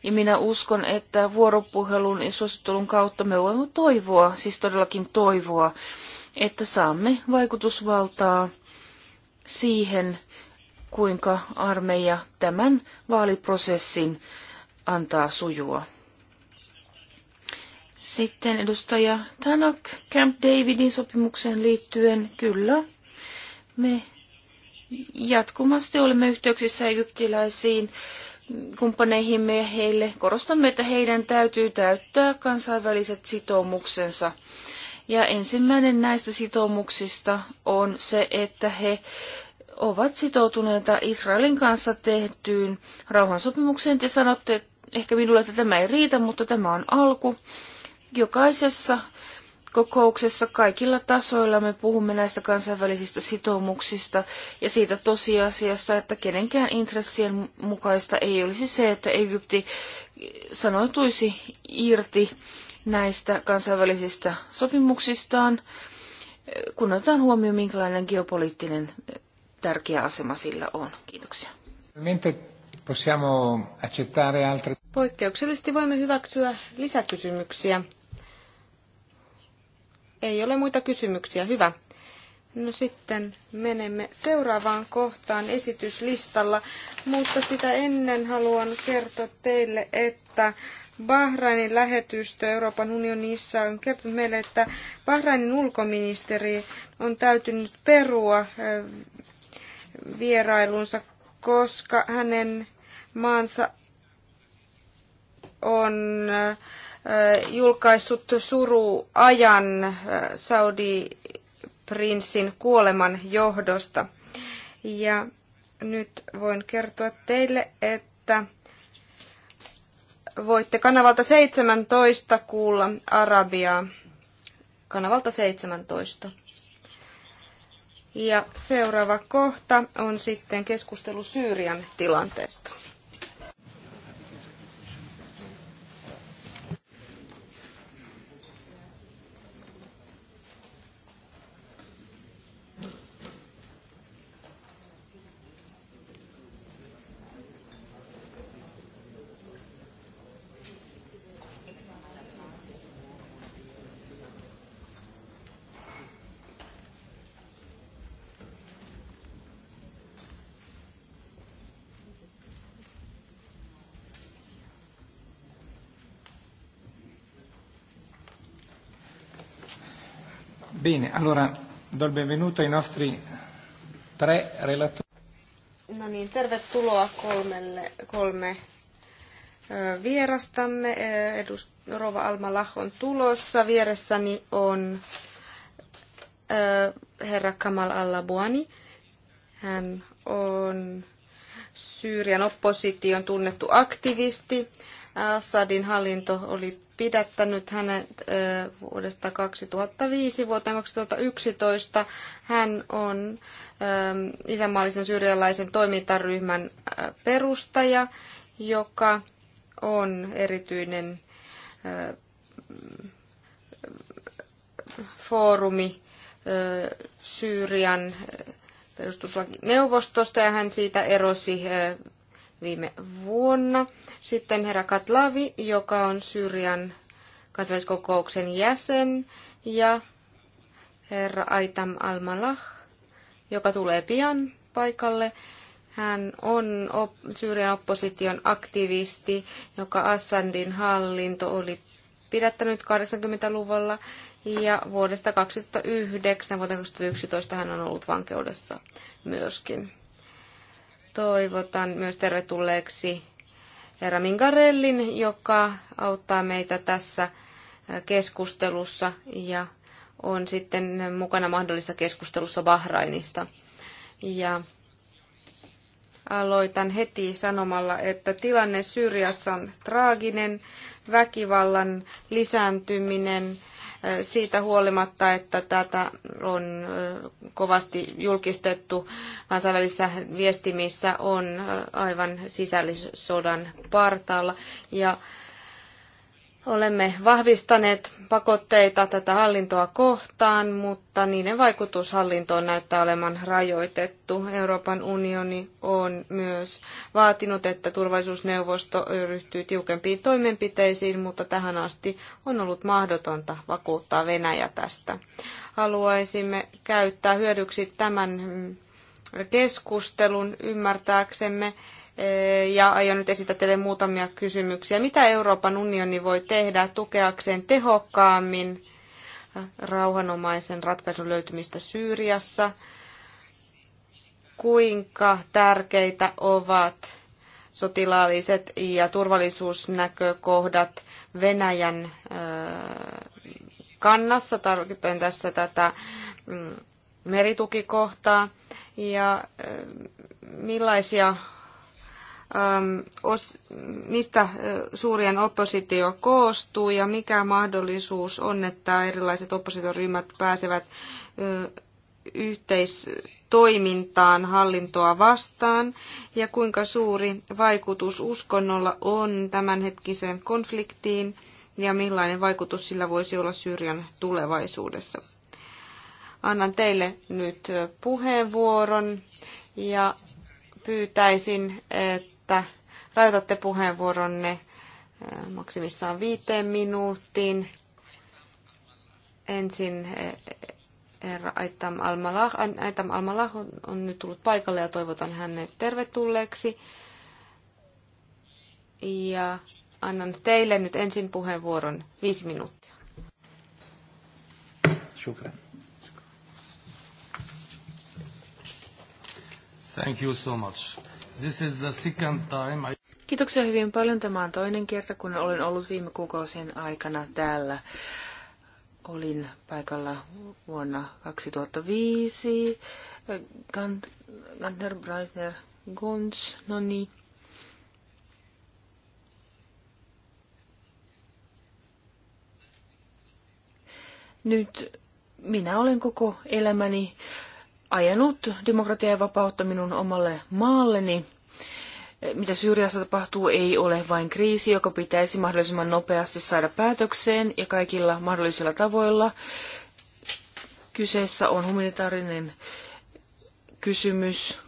Ja minä uskon, että vuoropuhelun ja suosittelun kautta me voimme toivoa, siis todellakin toivoa, että saamme vaikutusvaltaa siihen, kuinka armeija tämän vaaliprosessin antaa sujua. Sitten edustaja Tanok Camp Davidin sopimukseen liittyen, kyllä, me jatkumasti olemme yhteyksissä egyptiläisiin kumppaneihimme ja heille korostamme, että heidän täytyy täyttää kansainväliset sitoumuksensa. Ja ensimmäinen näistä sitoumuksista on se, että he ovat sitoutuneita Israelin kanssa tehtyyn rauhansopimukseen. Te sanotte ehkä minulle, että tämä ei riitä, mutta tämä on alku jokaisessa kokouksessa kaikilla tasoilla me puhumme näistä kansainvälisistä sitoumuksista ja siitä tosiasiasta, että kenenkään intressien mukaista ei olisi se, että Egypti sanoituisi irti näistä kansainvälisistä sopimuksistaan, kun otetaan huomioon, minkälainen geopoliittinen tärkeä asema sillä on. Kiitoksia. Poikkeuksellisesti voimme hyväksyä lisäkysymyksiä. Ei ole muita kysymyksiä. Hyvä. No sitten menemme seuraavaan kohtaan esityslistalla, mutta sitä ennen haluan kertoa teille, että Bahrainin lähetystö Euroopan unionissa on kertonut meille, että Bahrainin ulkoministeri on täytynyt perua vierailunsa, koska hänen maansa on julkaissut suruajan Saudi-prinssin kuoleman johdosta. Ja nyt voin kertoa teille, että voitte kanavalta 17 kuulla Arabiaa. Kanavalta 17. Ja seuraava kohta on sitten keskustelu Syyrian tilanteesta. Bene, allora do il benvenuto ai nostri tre relatori. No niin, tervetuloa kolmelle, kolme vierastamme. Edust, Rova Alma Lach on tulossa. Vieressäni on herra Kamal Allabuani. Hän on Syyrian opposition tunnettu aktivisti. Assadin hallinto oli pidättänyt hänet vuodesta 2005 vuoteen 2011. Hän on isänmaallisen syyrialaisen toimintaryhmän perustaja, joka on erityinen foorumi Syyrian perustuslakineuvostosta ja hän siitä erosi viime vuonna. Sitten herra Katlavi, joka on Syyrian kansalliskokouksen jäsen, ja herra Aitam Almalah, joka tulee pian paikalle. Hän on op- Syyrian opposition aktivisti, joka Assadin hallinto oli pidättänyt 80-luvulla ja vuodesta 2009 vuoteen 2011 hän on ollut vankeudessa myöskin. Toivotan myös tervetulleeksi herra Mingarellin, joka auttaa meitä tässä äh, keskustelussa ja on sitten mukana mahdollisessa keskustelussa Bahrainista. Ja aloitan heti sanomalla, että tilanne Syyriassa on traaginen, väkivallan lisääntyminen, siitä huolimatta, että tätä on kovasti julkistettu kansainvälisissä viestimissä, on aivan sisällissodan partaalla. Ja Olemme vahvistaneet pakotteita tätä hallintoa kohtaan, mutta niiden vaikutus hallintoon näyttää olevan rajoitettu. Euroopan unioni on myös vaatinut, että turvallisuusneuvosto ryhtyy tiukempiin toimenpiteisiin, mutta tähän asti on ollut mahdotonta vakuuttaa Venäjä tästä. Haluaisimme käyttää hyödyksi tämän keskustelun ymmärtääksemme, Eh, ja aion nyt esittää teille muutamia kysymyksiä. Mitä Euroopan unioni voi tehdä tukeakseen tehokkaammin rauhanomaisen ratkaisun löytymistä Syyriassa? Kuinka tärkeitä ovat sotilaalliset ja turvallisuusnäkökohdat Venäjän eh, kannassa, tarkoitan tässä tätä mm, meritukikohtaa, ja eh, millaisia Ähm, mistä suurien oppositio koostuu ja mikä mahdollisuus on, että erilaiset oppositioryhmät pääsevät yhteistoimintaan hallintoa vastaan ja kuinka suuri vaikutus uskonnolla on tämänhetkiseen konfliktiin ja millainen vaikutus sillä voisi olla Syyrian tulevaisuudessa. Annan teille nyt puheenvuoron ja pyytäisin, että että rajoitatte puheenvuoronne eh, maksimissaan viiteen minuuttiin. Ensin eh, Aitam Almalah. on, on nyt tullut paikalle ja toivotan hänet tervetulleeksi. Ja annan teille nyt ensin puheenvuoron viisi minuuttia. Shukran. Thank you so much. This is the second time I... Kiitoksia hyvin paljon. Tämä on toinen kerta, kun olen ollut viime kuukausien aikana täällä. Olin paikalla vuonna 2005. Gantner, Breisner Gons, no niin. Nyt minä olen koko elämäni ajanut demokratiaa ja vapautta minun omalle maalleni. Mitä Syyriassa tapahtuu, ei ole vain kriisi, joka pitäisi mahdollisimman nopeasti saada päätökseen ja kaikilla mahdollisilla tavoilla. Kyseessä on humanitaarinen kysymys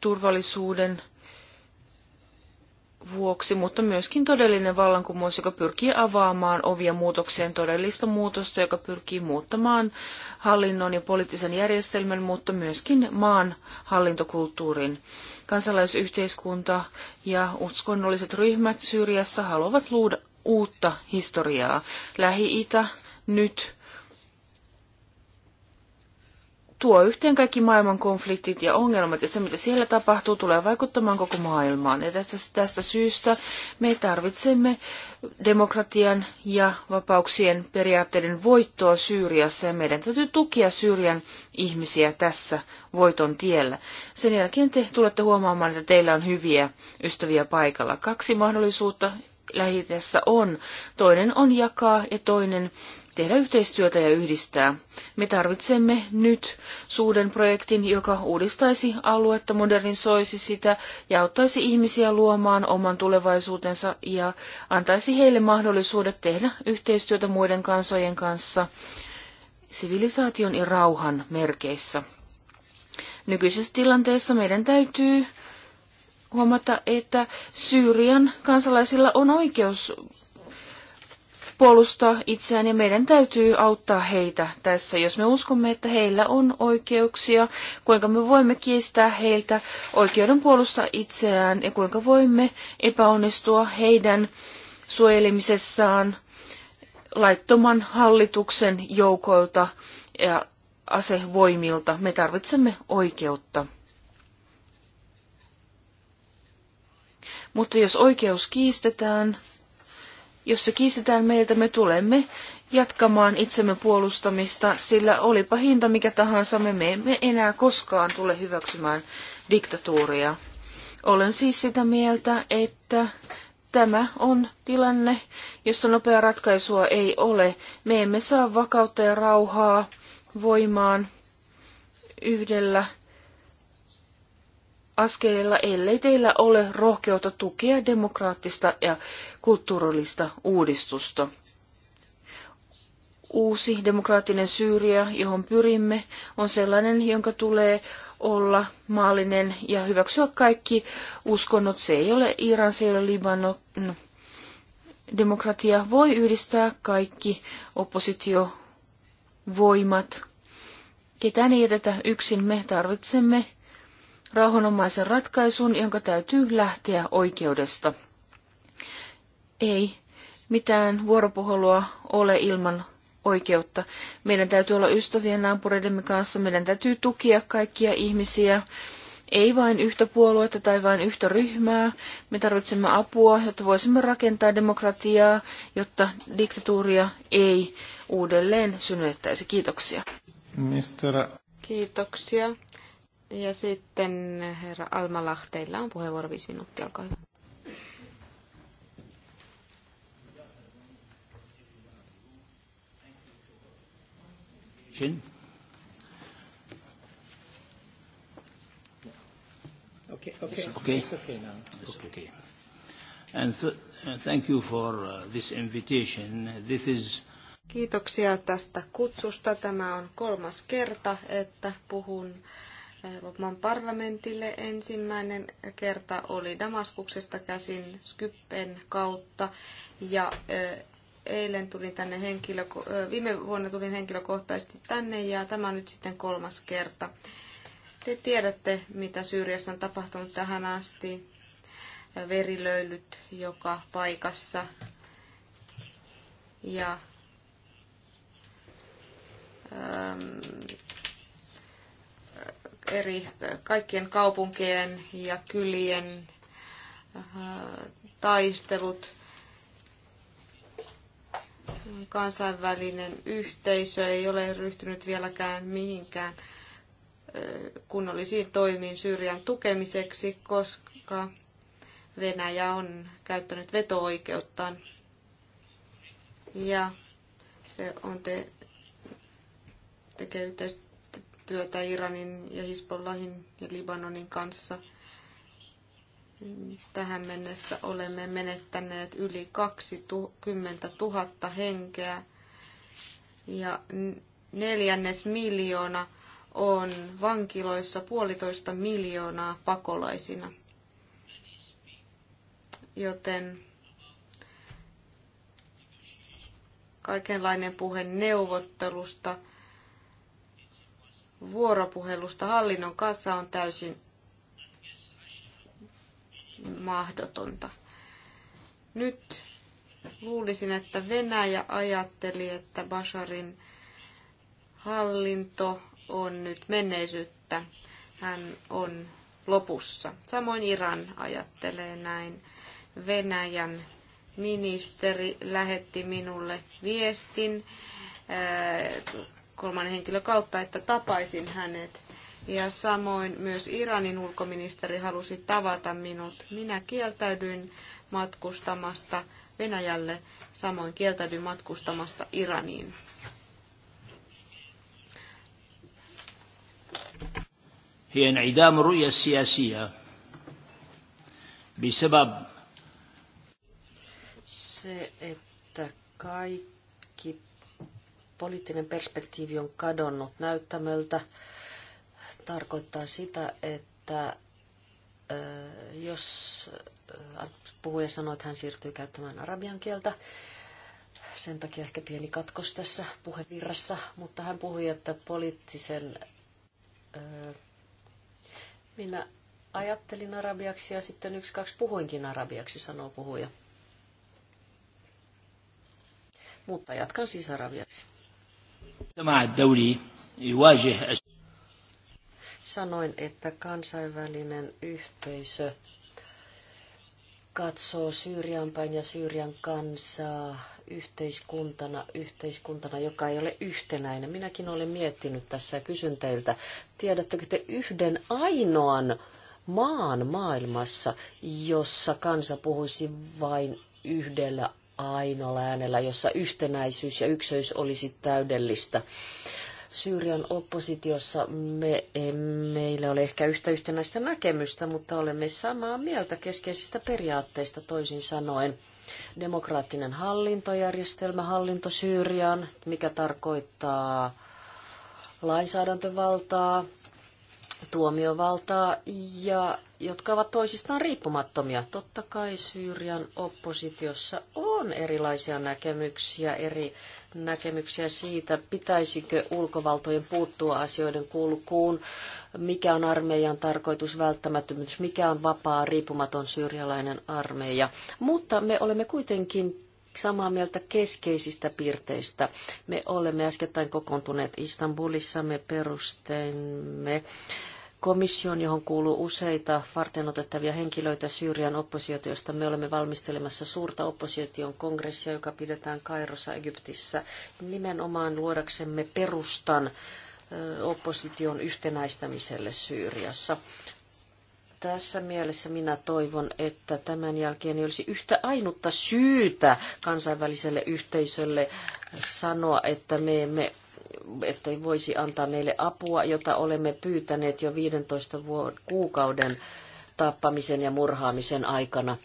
turvallisuuden vuoksi, mutta myöskin todellinen vallankumous, joka pyrkii avaamaan ovia muutokseen todellista muutosta, joka pyrkii muuttamaan hallinnon ja poliittisen järjestelmän, mutta myöskin maan hallintokulttuurin. Kansalaisyhteiskunta ja uskonnolliset ryhmät Syyriassa haluavat luoda uutta historiaa. Lähi-itä nyt tuo yhteen kaikki maailman konfliktit ja ongelmat ja se, mitä siellä tapahtuu, tulee vaikuttamaan koko maailmaan. Ja tästä, tästä syystä me tarvitsemme demokratian ja vapauksien periaatteiden voittoa Syyriassa ja meidän täytyy tukea Syyrian ihmisiä tässä voiton tiellä. Sen jälkeen te tulette huomaamaan, että teillä on hyviä ystäviä paikalla. Kaksi mahdollisuutta lähitessä on. Toinen on jakaa ja toinen tehdä yhteistyötä ja yhdistää. Me tarvitsemme nyt suuden projektin, joka uudistaisi aluetta, modernisoisi sitä ja auttaisi ihmisiä luomaan oman tulevaisuutensa ja antaisi heille mahdollisuudet tehdä yhteistyötä muiden kansojen kanssa sivilisaation ja rauhan merkeissä. Nykyisessä tilanteessa meidän täytyy huomata, että Syyrian kansalaisilla on oikeus puolustaa itseään ja meidän täytyy auttaa heitä tässä, jos me uskomme, että heillä on oikeuksia, kuinka me voimme kiistää heiltä oikeuden puolustaa itseään ja kuinka voimme epäonnistua heidän suojelemisessaan laittoman hallituksen joukoilta ja asevoimilta. Me tarvitsemme oikeutta. Mutta jos oikeus kiistetään, jos se kiistetään meiltä, me tulemme jatkamaan itsemme puolustamista, sillä olipa hinta mikä tahansa, me emme enää koskaan tule hyväksymään diktatuuria. Olen siis sitä mieltä, että tämä on tilanne, jossa nopea ratkaisua ei ole. Me emme saa vakautta ja rauhaa voimaan yhdellä askeleilla, ellei teillä ole rohkeutta tukea demokraattista ja kulttuurillista uudistusta. Uusi demokraattinen Syyria, johon pyrimme, on sellainen, jonka tulee olla maallinen ja hyväksyä kaikki uskonnot. Se ei ole Iran, se ei ole Libanon. Demokratia voi yhdistää kaikki oppositiovoimat. Ketään ei jätetä yksin. Me tarvitsemme rauhanomaisen ratkaisun, jonka täytyy lähteä oikeudesta. Ei mitään vuoropuhelua ole ilman oikeutta. Meidän täytyy olla ystävien naapureidemme kanssa, meidän täytyy tukia kaikkia ihmisiä, ei vain yhtä puoluetta tai vain yhtä ryhmää. Me tarvitsemme apua, jotta voisimme rakentaa demokratiaa, jotta diktatuuria ei uudelleen synnyttäisi. Kiitoksia. Mister... Kiitoksia. Ja sitten herra Alma teillä on puheenvuoro viisi minuuttia, olkaa hyvä. Okay, okay. okay. And th- uh, thank you for uh, this invitation. This is Kiitoksia tästä kutsusta. Tämä on kolmas kerta, että puhun Euroopan parlamentille. Ensimmäinen kerta oli Damaskuksesta käsin Skyppen kautta ja eilen tulin tänne henkilö, viime vuonna tulin henkilökohtaisesti tänne ja tämä on nyt sitten kolmas kerta. Te tiedätte, mitä Syyriassa on tapahtunut tähän asti. Verilöylyt joka paikassa. Ja ähm, eri kaikkien kaupunkien ja kylien äh, taistelut, kansainvälinen yhteisö ei ole ryhtynyt vieläkään mihinkään äh, kunnollisiin toimiin Syyrian tukemiseksi, koska Venäjä on käyttänyt veto-oikeuttaan. Ja se on te, tekee yhteistyötä työtä Iranin ja Hisbollahin ja Libanonin kanssa. Tähän mennessä olemme menettäneet yli 20 000 henkeä ja neljännes miljoona on vankiloissa puolitoista miljoonaa pakolaisina. Joten kaikenlainen puhe neuvottelusta – vuoropuhelusta hallinnon kanssa on täysin mahdotonta. Nyt luulisin, että Venäjä ajatteli, että Basharin hallinto on nyt menneisyyttä. Hän on lopussa. Samoin Iran ajattelee näin. Venäjän ministeri lähetti minulle viestin kolmannen henkilön kautta, että tapaisin hänet. Ja samoin myös Iranin ulkoministeri halusi tavata minut. Minä kieltäydyin matkustamasta Venäjälle, samoin kieltäydyin matkustamasta Iraniin. هي انعدام الرؤية السياسية بسبب se, että kaikki poliittinen perspektiivi on kadonnut näyttämöltä, tarkoittaa sitä, että jos puhuja sanoi, että hän siirtyy käyttämään arabian kieltä, sen takia ehkä pieni katkos tässä puhevirrassa, mutta hän puhui, että poliittisen... minä ajattelin arabiaksi ja sitten yksi kaksi puhuinkin arabiaksi, sanoo puhuja. Mutta jatkan siis arabiaksi. Sanoin, että kansainvälinen yhteisö katsoo Syyrian päin ja Syyrian kansaa yhteiskuntana, yhteiskuntana, joka ei ole yhtenäinen. Minäkin olen miettinyt tässä ja kysyn teiltä, tiedättekö te yhden ainoan maan maailmassa, jossa kansa puhuisi vain yhdellä ainoalla äänellä, jossa yhtenäisyys ja yksöys olisi täydellistä. Syyrian oppositiossa me, meillä ole ehkä yhtä yhtenäistä näkemystä, mutta olemme samaa mieltä keskeisistä periaatteista toisin sanoen. Demokraattinen hallintojärjestelmä, hallinto Syyrian, mikä tarkoittaa lainsäädäntövaltaa, tuomiovaltaa ja jotka ovat toisistaan riippumattomia. Totta kai Syyrian oppositiossa on on erilaisia näkemyksiä, eri näkemyksiä siitä, pitäisikö ulkovaltojen puuttua asioiden kulkuun, mikä on armeijan tarkoitus, välttämättömyys, mikä on vapaa, riippumaton syyrialainen armeija. Mutta me olemme kuitenkin samaa mieltä keskeisistä piirteistä. Me olemme äskettäin kokoontuneet Istanbulissa, me perusteemme komission, johon kuuluu useita varteenotettavia henkilöitä Syyrian oppositiosta, me olemme valmistelemassa suurta opposition kongressia, joka pidetään Kairossa Egyptissä, nimenomaan luodaksemme perustan opposition yhtenäistämiselle Syyriassa. Tässä mielessä minä toivon, että tämän jälkeen ei olisi yhtä ainutta syytä kansainväliselle yhteisölle sanoa, että me emme että voisi antaa meille apua, jota olemme pyytäneet jo 15 vuod- kuukauden tappamisen ja murhaamisen aikana.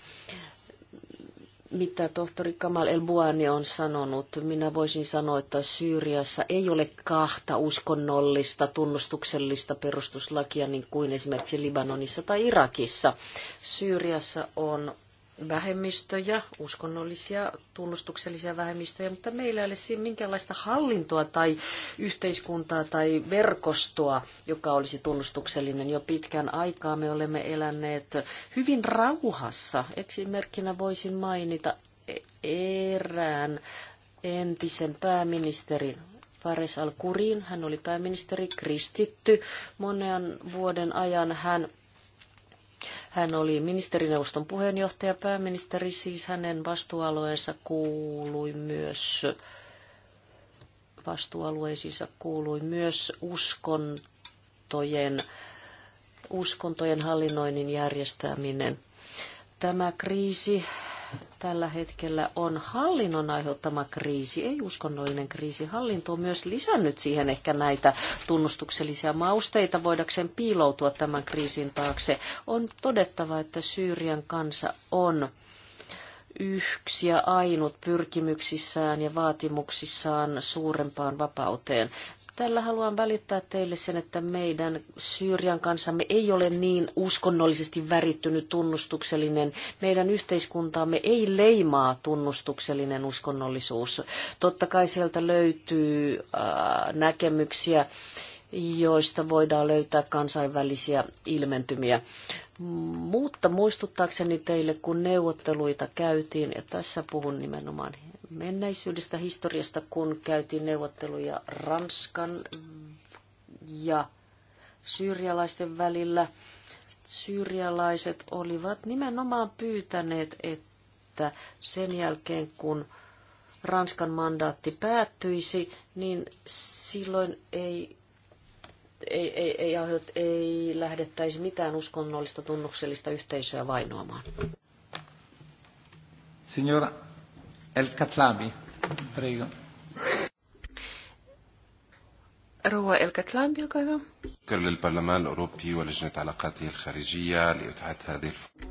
Mitä tohtori Kamal El Buani on sanonut, minä voisin sanoa, että Syyriassa ei ole kahta uskonnollista, tunnustuksellista perustuslakia, niin kuin esimerkiksi Libanonissa tai Irakissa. Syyriassa on vähemmistöjä, uskonnollisia, tunnustuksellisia vähemmistöjä, mutta meillä ei ole siinä minkäänlaista hallintoa tai yhteiskuntaa tai verkostoa, joka olisi tunnustuksellinen. Jo pitkän aikaa me olemme eläneet hyvin rauhassa. Esimerkkinä voisin mainita erään entisen pääministerin, Fares al-Kurin. Hän oli pääministeri, kristitty. Monen vuoden ajan hän hän oli ministerineuvoston puheenjohtaja, pääministeri, siis hänen vastuualueensa kuului myös vastuualueisiinsa kuului myös uskontojen, uskontojen hallinnoinnin järjestäminen. Tämä kriisi tällä hetkellä on hallinnon aiheuttama kriisi, ei uskonnollinen kriisi. Hallinto on myös lisännyt siihen ehkä näitä tunnustuksellisia mausteita voidakseen piiloutua tämän kriisin taakse. On todettava, että Syyrian kansa on yksi ja ainut pyrkimyksissään ja vaatimuksissaan suurempaan vapauteen. Tällä haluan välittää teille sen, että meidän Syyrian kansamme ei ole niin uskonnollisesti värittynyt tunnustuksellinen. Meidän yhteiskuntaamme ei leimaa tunnustuksellinen uskonnollisuus. Totta kai sieltä löytyy näkemyksiä, joista voidaan löytää kansainvälisiä ilmentymiä. Mutta muistuttaakseni teille, kun neuvotteluita käytiin, ja tässä puhun nimenomaan menneisyydestä historiasta, kun käytiin neuvotteluja Ranskan ja syyrialaisten välillä. Syyrialaiset olivat nimenomaan pyytäneet, että sen jälkeen kun Ranskan mandaatti päättyisi, niin silloin ei, ei, ei, ei, ei lähdettäisi mitään uskonnollista tunnuksellista yhteisöä vainoamaan. Signora El Katlabi, prego. روى الكتلان olkaa hyvä. شكر للبرلمان الأوروبي ولجنة علاقاته الخارجية لإتاحة هذه الفرصة.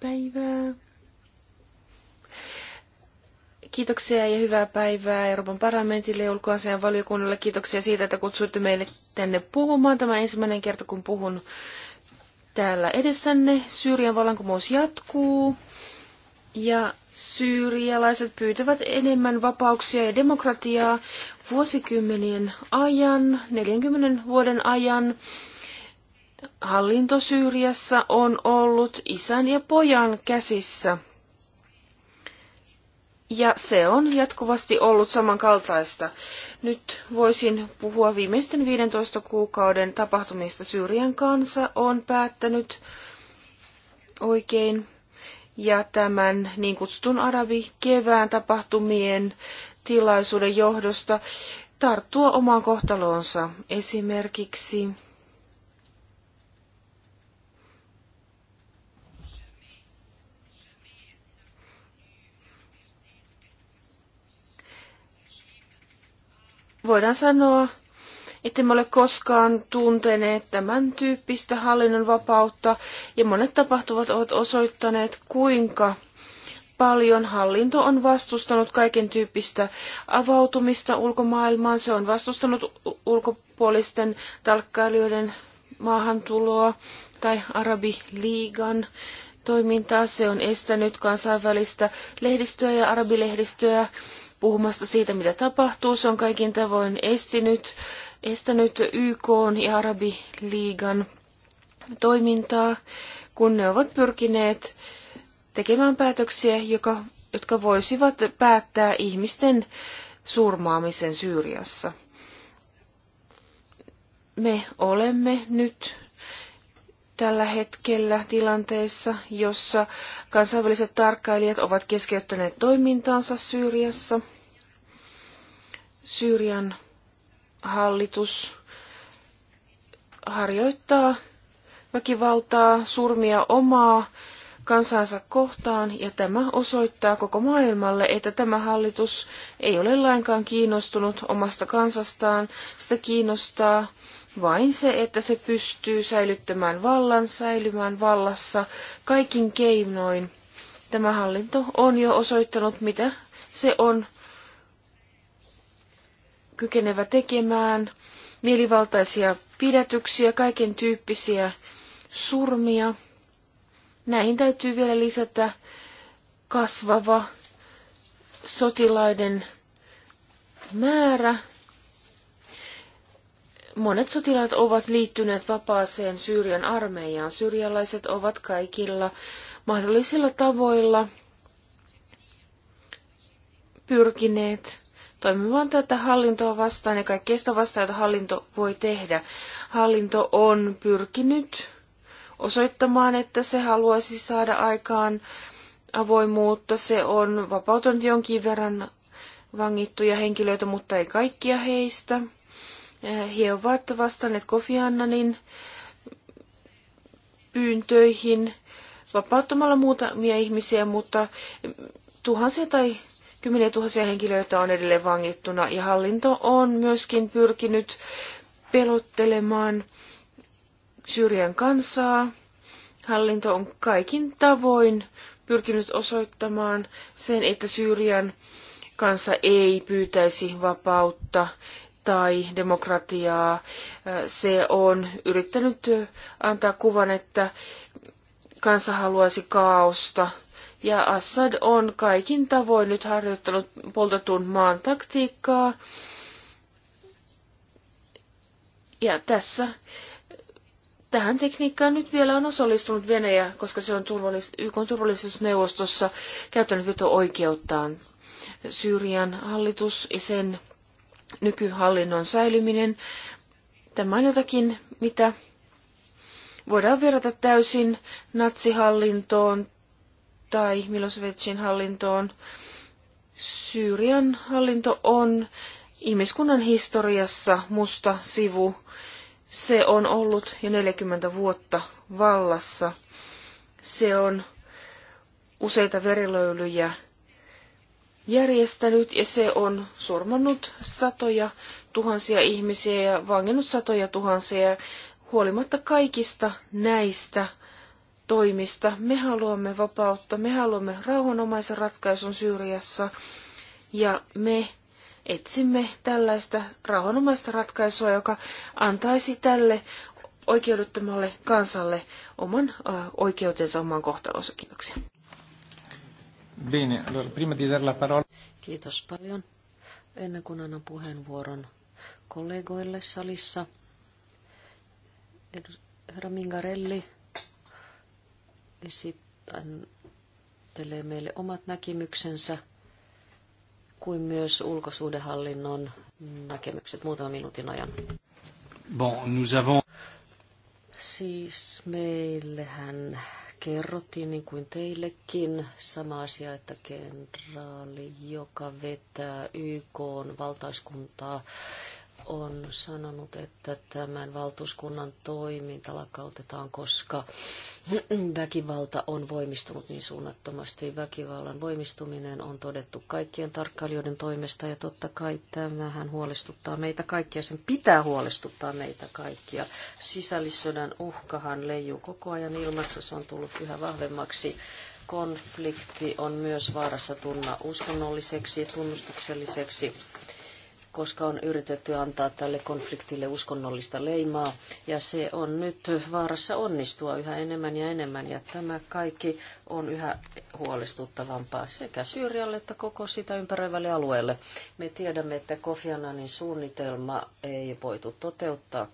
Päivää. Kiitoksia ja hyvää päivää Euroopan parlamentille ja ulkoasian valiokunnalle. Kiitoksia siitä, että kutsuitte meille tänne puhumaan. Tämä ensimmäinen kerta, kun puhun täällä edessänne. Syyrian vallankumous jatkuu ja syyrialaiset pyytävät enemmän vapauksia ja demokratiaa vuosikymmenien ajan, 40 vuoden ajan. Hallinto Syyriassa on ollut isän ja pojan käsissä. Ja se on jatkuvasti ollut samankaltaista. Nyt voisin puhua viimeisten 15 kuukauden tapahtumista. Syyrian kansa on päättänyt oikein ja tämän niin kutsutun arabikevään tapahtumien tilaisuuden johdosta tarttua omaan kohtaloonsa. Esimerkiksi voidaan sanoa, että me ole koskaan tunteneet tämän tyyppistä hallinnon vapautta, ja monet tapahtuvat ovat osoittaneet, kuinka paljon hallinto on vastustanut kaiken tyyppistä avautumista ulkomaailmaan. Se on vastustanut ulkopuolisten tarkkailijoiden maahantuloa tai Arabiliigan toimintaa. Se on estänyt kansainvälistä lehdistöä ja arabilehdistöä puhumasta siitä, mitä tapahtuu. Se on kaikin tavoin estinyt estänyt YK ja Arabiliigan toimintaa, kun ne ovat pyrkineet tekemään päätöksiä, joka, jotka voisivat päättää ihmisten surmaamisen Syyriassa. Me olemme nyt tällä hetkellä tilanteessa, jossa kansainväliset tarkkailijat ovat keskeyttäneet toimintaansa Syyriassa. Syyrian hallitus harjoittaa väkivaltaa, surmia omaa kansansa kohtaan, ja tämä osoittaa koko maailmalle, että tämä hallitus ei ole lainkaan kiinnostunut omasta kansastaan. Sitä kiinnostaa vain se, että se pystyy säilyttämään vallan, säilymään vallassa kaikin keinoin. Tämä hallinto on jo osoittanut, mitä se on kykenevä tekemään mielivaltaisia pidätyksiä, kaiken tyyppisiä surmia. Näihin täytyy vielä lisätä kasvava sotilaiden määrä. Monet sotilaat ovat liittyneet vapaaseen Syyrian armeijaan. Syyrialaiset ovat kaikilla mahdollisilla tavoilla pyrkineet toimimaan tätä hallintoa vastaan ja kaikkea sitä vastaan, jota hallinto voi tehdä. Hallinto on pyrkinyt osoittamaan, että se haluaisi saada aikaan avoimuutta. Se on vapautunut jonkin verran vangittuja henkilöitä, mutta ei kaikkia heistä. He ovat vastanneet Kofi Annanin pyyntöihin vapauttamalla muutamia ihmisiä, mutta tuhansia tai Kymmeniä tuhansia henkilöitä on edelleen vangittuna ja hallinto on myöskin pyrkinyt pelottelemaan Syyrian kansaa. Hallinto on kaikin tavoin pyrkinyt osoittamaan sen, että Syyrian kansa ei pyytäisi vapautta tai demokratiaa. Se on yrittänyt antaa kuvan, että kansa haluaisi kaaosta ja Assad on kaikin tavoin nyt harjoittanut poltetun maan taktiikkaa. Ja tässä tähän tekniikkaan nyt vielä on osallistunut Venäjä, koska se on turvallis- YK on turvallisuusneuvostossa käyttänyt veto-oikeuttaan. Syyrian hallitus ja sen nykyhallinnon säilyminen. Tämä on jotakin, mitä voidaan verrata täysin natsihallintoon tai Milosevicin hallintoon. Syyrian hallinto on ihmiskunnan historiassa musta sivu. Se on ollut jo 40 vuotta vallassa. Se on useita verilöylyjä järjestänyt ja se on surmannut satoja tuhansia ihmisiä ja vanginnut satoja tuhansia. Huolimatta kaikista näistä toimista. Me haluamme vapautta, me haluamme rauhanomaisen ratkaisun Syyriassa ja me etsimme tällaista rauhanomaista ratkaisua, joka antaisi tälle oikeudettomalle kansalle oman ö, oikeutensa oman kohtalonsa. Kiitoksia. Bene, allora prima di dare la parola... Kiitos paljon. Ennen kuin annan puheenvuoron kollegoille salissa, herra Mingarelli, esittelee meille omat näkemyksensä, kuin myös ulkosuhdehallinnon näkemykset muutaman minuutin ajan. Bon, nous avons... Siis meillähän kerrottiin, niin kuin teillekin, sama asia, että kenraali, joka vetää YK valtaiskuntaa on sanonut, että tämän valtuuskunnan toiminta lakautetaan, koska väkivalta on voimistunut niin suunnattomasti. Väkivallan voimistuminen on todettu kaikkien tarkkailijoiden toimesta ja totta kai tämähän huolestuttaa meitä kaikkia. Sen pitää huolestuttaa meitä kaikkia. Sisällissodan uhkahan leijuu koko ajan ilmassa. Se on tullut yhä vahvemmaksi konflikti on myös vaarassa tunna uskonnolliseksi, tunnustukselliseksi koska on yritetty antaa tälle konfliktille uskonnollista leimaa, ja se on nyt vaarassa onnistua yhä enemmän ja enemmän, ja tämä kaikki on yhä huolestuttavampaa sekä Syyrialle että koko sitä ympäröivälle alueelle. Me tiedämme, että Kofi Annanin suunnitelma ei voitu toteuttaa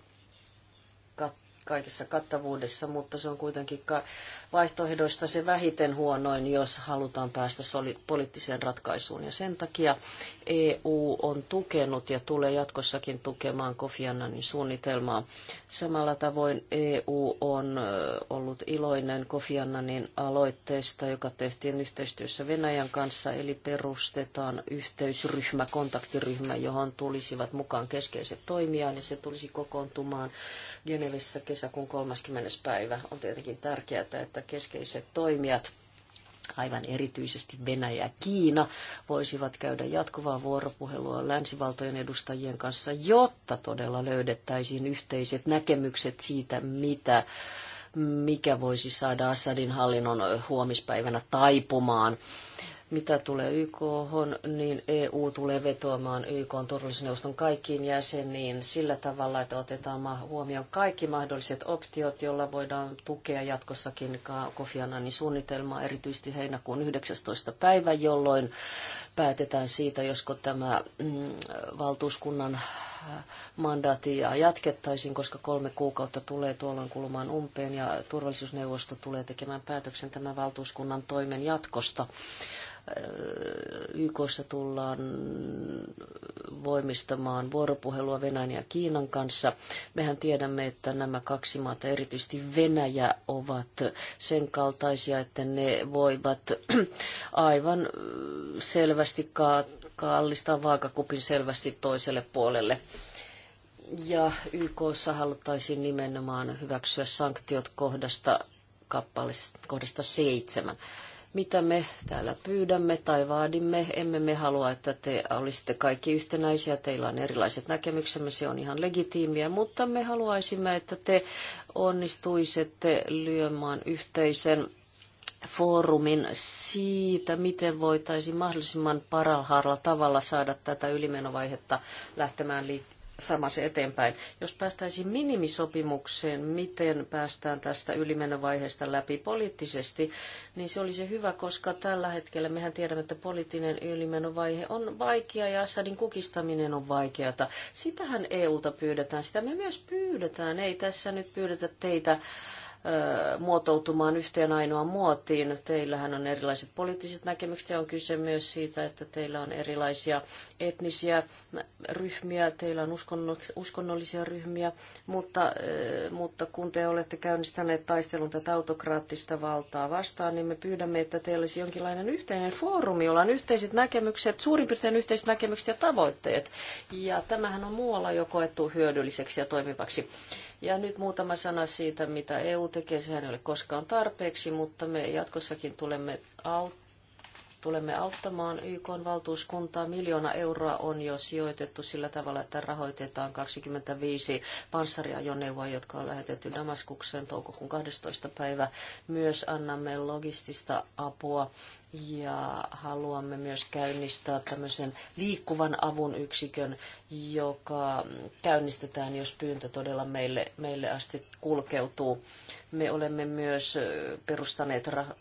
kaikessa kattavuudessa, mutta se on kuitenkin vaihtoehdoista se vähiten huonoin, jos halutaan päästä poliittiseen ratkaisuun. Ja sen takia EU on tukenut ja tulee jatkossakin tukemaan Kofi Annanin suunnitelmaa. Samalla tavoin EU on ollut iloinen Kofi Annanin aloitteesta, joka tehtiin yhteistyössä Venäjän kanssa, eli perustetaan yhteysryhmä, kontaktiryhmä, johon tulisivat mukaan keskeiset toimijat, ja niin se tulisi kokoontumaan Genevessä kesäkuun 30. päivä. On tietenkin tärkeää, että keskeiset toimijat aivan erityisesti Venäjä ja Kiina voisivat käydä jatkuvaa vuoropuhelua länsivaltojen edustajien kanssa, jotta todella löydettäisiin yhteiset näkemykset siitä, mitä mikä voisi saada Assadin hallinnon huomispäivänä taipumaan mitä tulee YK, niin EU tulee vetoamaan YK turvallisuusneuvoston kaikkiin jäseniin sillä tavalla, että otetaan huomioon kaikki mahdolliset optiot, joilla voidaan tukea jatkossakin Kofi Annanin suunnitelmaa, erityisesti heinäkuun 19. päivä, jolloin päätetään siitä, josko tämä mm, valtuuskunnan mandaattia jatkettaisiin, koska kolme kuukautta tulee tuolloin kulumaan umpeen ja turvallisuusneuvosto tulee tekemään päätöksen tämän valtuuskunnan toimen jatkosta. YKssa tullaan voimistamaan vuoropuhelua Venäjän ja Kiinan kanssa. Mehän tiedämme, että nämä kaksi maata, erityisesti Venäjä, ovat sen kaltaisia, että ne voivat aivan selvästi kallistaa vaakakupin selvästi toiselle puolelle. Ja YKssa haluttaisiin nimenomaan hyväksyä sanktiot kohdasta, kohdasta seitsemän mitä me täällä pyydämme tai vaadimme. Emme me halua, että te olisitte kaikki yhtenäisiä, teillä on erilaiset näkemyksemme, se on ihan legitiimiä, mutta me haluaisimme, että te onnistuisitte lyömään yhteisen foorumin siitä, miten voitaisiin mahdollisimman parhaalla tavalla saada tätä ylimenovaihetta lähtemään liikkeelle samassa eteenpäin. Jos päästäisiin minimisopimukseen, miten päästään tästä ylimenovaiheesta läpi poliittisesti, niin se olisi hyvä, koska tällä hetkellä mehän tiedämme, että poliittinen ylimenovaihe on vaikea ja Assadin kukistaminen on vaikeata. Sitähän EUlta pyydetään, sitä me myös pyydetään. Ei tässä nyt pyydetä teitä muotoutumaan yhteen ainoaan muotiin. Teillähän on erilaiset poliittiset näkemykset ja on kyse myös siitä, että teillä on erilaisia etnisiä ryhmiä, teillä on uskonnollisia ryhmiä, mutta, mutta kun te olette käynnistäneet taistelun tätä autokraattista valtaa vastaan, niin me pyydämme, että teillä olisi jonkinlainen yhteinen foorumi, jolla on yhteiset näkemykset, suurin piirtein yhteiset näkemykset ja tavoitteet. Ja tämähän on muualla jo koettu hyödylliseksi ja toimivaksi. Ja nyt muutama sana siitä, mitä EU tekee. Sehän ei ole koskaan tarpeeksi, mutta me jatkossakin tulemme, tulemme auttamaan YK-valtuuskuntaa. Miljoona euroa on jo sijoitettu sillä tavalla, että rahoitetaan 25 panssariajoneuvoa, jotka on lähetetty Damaskukseen toukokuun 12. päivä. Myös annamme logistista apua ja haluamme myös käynnistää tämmöisen liikkuvan avun yksikön, joka käynnistetään, jos pyyntö todella meille, meille asti kulkeutuu. Me olemme myös perustaneet ra-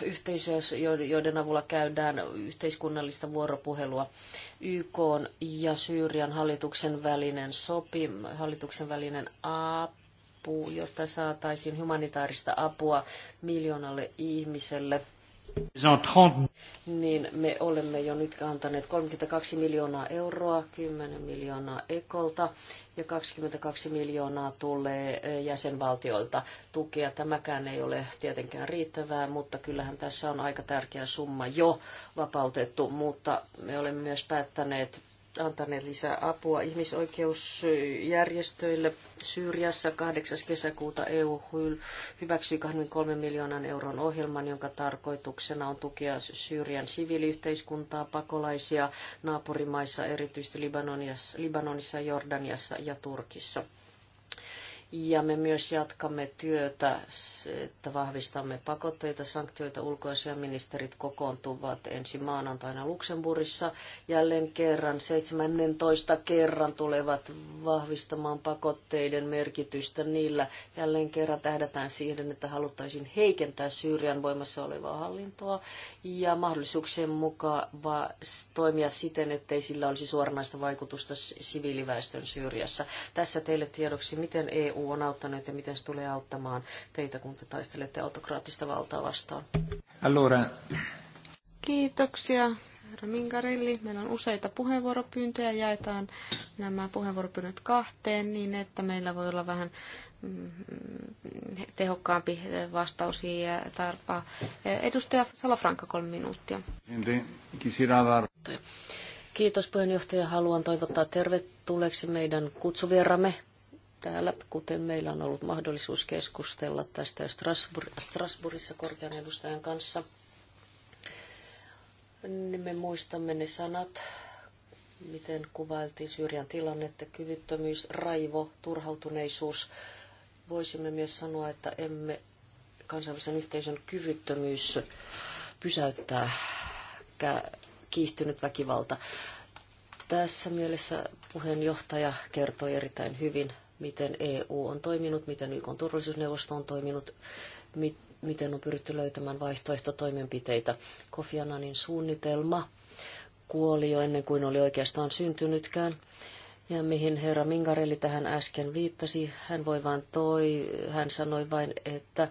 yhteisöjä, joiden avulla käydään yhteiskunnallista vuoropuhelua. YK ja Syyrian hallituksen välinen sopim, hallituksen välinen AP loppuu, jotta saataisiin humanitaarista apua miljoonalle ihmiselle. Niin me olemme jo nyt antaneet 32 miljoonaa euroa, 10 miljoonaa ekolta ja 22 miljoonaa tulee eh, jäsenvaltioilta tukea. Tämäkään ei ole tietenkään riittävää, mutta kyllähän tässä on aika tärkeä summa jo vapautettu, mutta me olemme myös päättäneet antaneet lisää apua ihmisoikeusjärjestöille. Syyriassa 8. kesäkuuta EU hyväksyi 23 miljoonan euron ohjelman, jonka tarkoituksena on tukea Syyrian siviiliyhteiskuntaa, pakolaisia naapurimaissa, erityisesti Libanonissa, Jordaniassa ja Turkissa. Ja me myös jatkamme työtä, että vahvistamme pakotteita, sanktioita. Ulkoasiaministerit kokoontuvat ensi maanantaina Luxemburgissa. Jälleen kerran, 17 kerran tulevat vahvistamaan pakotteiden merkitystä niillä. Jälleen kerran tähdätään siihen, että haluttaisiin heikentää Syyrian voimassa olevaa hallintoa ja mahdollisuuksien mukaan toimia siten, ettei sillä olisi suoranaista vaikutusta siviiliväestön Syyriassa. Tässä teille tiedoksi, miten EU EU on auttanut ja miten se tulee auttamaan teitä, kun te taistelette autokraattista valtaa vastaan? Allora. Kiitoksia, herra Minkarelli. Meillä on useita puheenvuoropyyntöjä. Jaetaan nämä puheenvuoropyynnöt kahteen niin, että meillä voi olla vähän mm, tehokkaampi vastaus ja tarpa. Edustaja Salafranka, kolme minuuttia. Kiitos puheenjohtaja. Haluan toivottaa tervetulleeksi meidän kutsuvieramme täällä, kuten meillä on ollut mahdollisuus keskustella tästä Strasbourg, Strasbourgissa korkean edustajan kanssa. Niin me muistamme ne sanat, miten kuvailtiin Syyrian tilannetta, kyvyttömyys, raivo, turhautuneisuus. Voisimme myös sanoa, että emme kansainvälisen yhteisön kyvyttömyys pysäyttää kiihtynyt väkivalta. Tässä mielessä puheenjohtaja kertoi erittäin hyvin miten EU on toiminut, miten YK turvallisuusneuvosto on toiminut, mit, miten on pyritty löytämään vaihtoehtotoimenpiteitä. Kofi Annanin suunnitelma kuoli jo ennen kuin oli oikeastaan syntynytkään. Ja mihin herra Mingarelli tähän äsken viittasi, hän voi vain toi, hän sanoi vain, että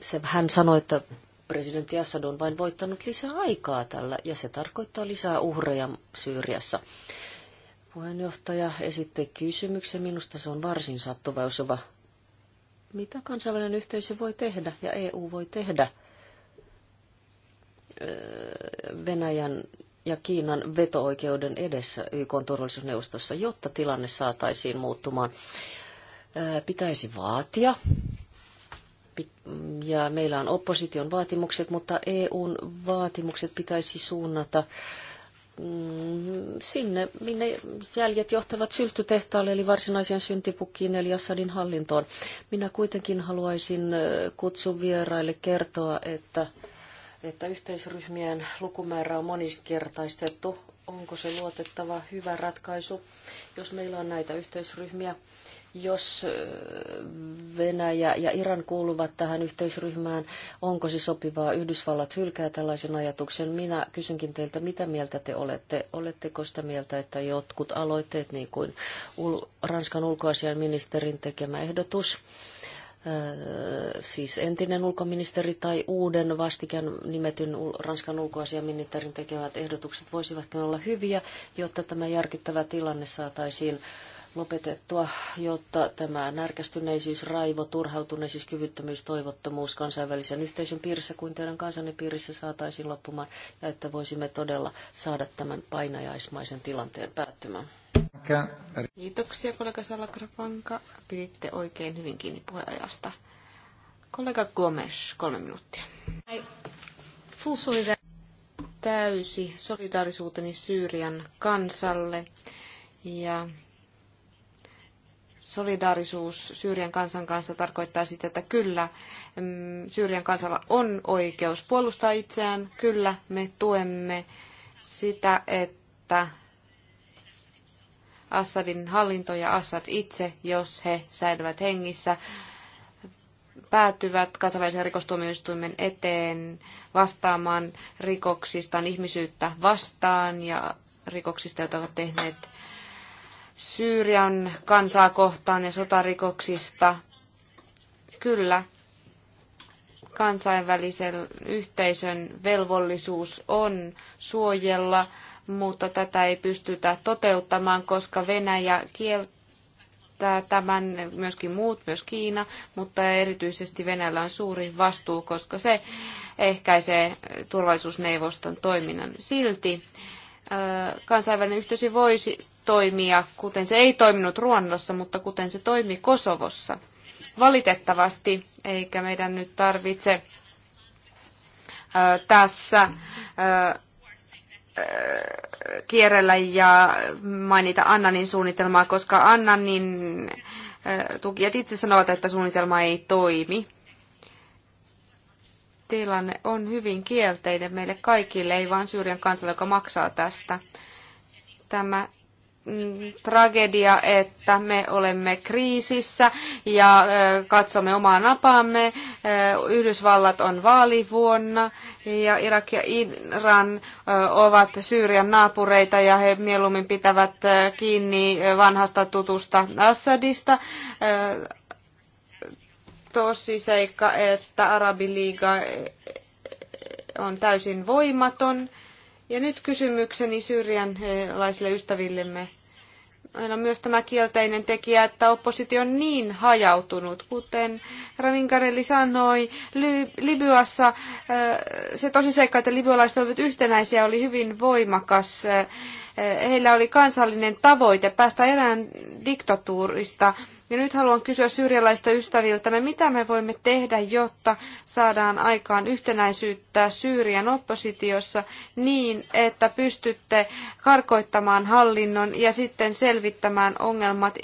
se, hän sanoi, että presidentti Assad on vain voittanut lisää aikaa tällä, ja se tarkoittaa lisää uhreja Syyriassa. Puheenjohtaja esitti kysymyksen. Minusta se on varsin sattuva, jos jopa mitä kansainvälinen yhteisö voi tehdä ja EU voi tehdä öö, Venäjän ja Kiinan veto-oikeuden edessä YK turvallisuusneuvostossa, jotta tilanne saataisiin muuttumaan. Öö, pitäisi vaatia, ja meillä on opposition vaatimukset, mutta EUn vaatimukset pitäisi suunnata Mm, sinne, minne jäljet johtavat syltytehtaalle, eli varsinaiseen syntipukkiin, eli Assadin hallintoon. Minä kuitenkin haluaisin kutsun vieraille kertoa, että, että yhteisryhmien lukumäärä on moniskertaistettu. Onko se luotettava, hyvä ratkaisu, jos meillä on näitä yhteisryhmiä? jos Venäjä ja Iran kuuluvat tähän yhteisryhmään, onko se sopivaa? Yhdysvallat hylkää tällaisen ajatuksen. Minä kysynkin teiltä, mitä mieltä te olette? Oletteko sitä mieltä, että jotkut aloitteet, niin kuin Ranskan ulkoasiainministerin tekemä ehdotus, siis entinen ulkoministeri tai uuden vastikään nimetyn Ranskan ulkoasiaministerin tekemät ehdotukset voisivatkin olla hyviä, jotta tämä järkyttävä tilanne saataisiin lopetettua, jotta tämä närkästyneisyys, raivo, turhautuneisyys, kyvyttömyys, toivottomuus kansainvälisen yhteisön piirissä kuin teidän kansanne piirissä saataisiin loppumaan ja että voisimme todella saada tämän painajaismaisen tilanteen päättymään. Kiitoksia kollega Salakrafanka. Piditte oikein hyvin kiinni puheajasta. Kollega Gomes, kolme minuuttia. Täysi solidaarisuuteni Syyrian kansalle ja solidaarisuus Syyrian kansan kanssa tarkoittaa sitä, että kyllä, mm, Syyrian kansalla on oikeus puolustaa itseään, kyllä me tuemme sitä, että Assadin hallinto ja Assad itse, jos he säilyvät hengissä, päätyvät kansainvälisen rikostuomioistuimen eteen vastaamaan rikoksistaan ihmisyyttä vastaan ja rikoksista, joita ovat tehneet Syyrian kansaa kohtaan ja sotarikoksista. Kyllä, kansainvälisen yhteisön velvollisuus on suojella, mutta tätä ei pystytä toteuttamaan, koska Venäjä kieltää tämän, myöskin muut, myös Kiina, mutta erityisesti Venäjällä on suuri vastuu, koska se ehkäisee turvallisuusneuvoston toiminnan. Silti kansainvälinen yhteisö voisi toimia, kuten se ei toiminut Ruandassa, mutta kuten se toimi Kosovossa. Valitettavasti, eikä meidän nyt tarvitse tässä kierrellä ja mainita Annanin suunnitelmaa, koska Annanin tukijat itse sanovat, että suunnitelma ei toimi. Tilanne on hyvin kielteinen meille kaikille, ei vain Syyrian kansalle, joka maksaa tästä. Tämä tragedia, että me olemme kriisissä ja katsomme omaa napaamme. Yhdysvallat on vaalivuonna ja Irak ja Iran ovat Syyrian naapureita ja he mieluummin pitävät kiinni vanhasta tutusta Assadista. Tosi seikka, että Arabiliiga on täysin voimaton ja nyt kysymykseni syyrianlaisille ystävillemme. Meillä on myös tämä kielteinen tekijä, että oppositio on niin hajautunut, kuten Ramin Karelli sanoi. Ly- Libyassa äh, se tosiseikka, että libyalaiset olivat yhtenäisiä, oli hyvin voimakas. Äh, heillä oli kansallinen tavoite päästä erään diktatuurista ja nyt haluan kysyä syyrialaista ystäviltä, mitä me voimme tehdä, jotta saadaan aikaan yhtenäisyyttä Syyrian oppositiossa niin, että pystytte karkoittamaan hallinnon ja sitten selvittämään ongelmat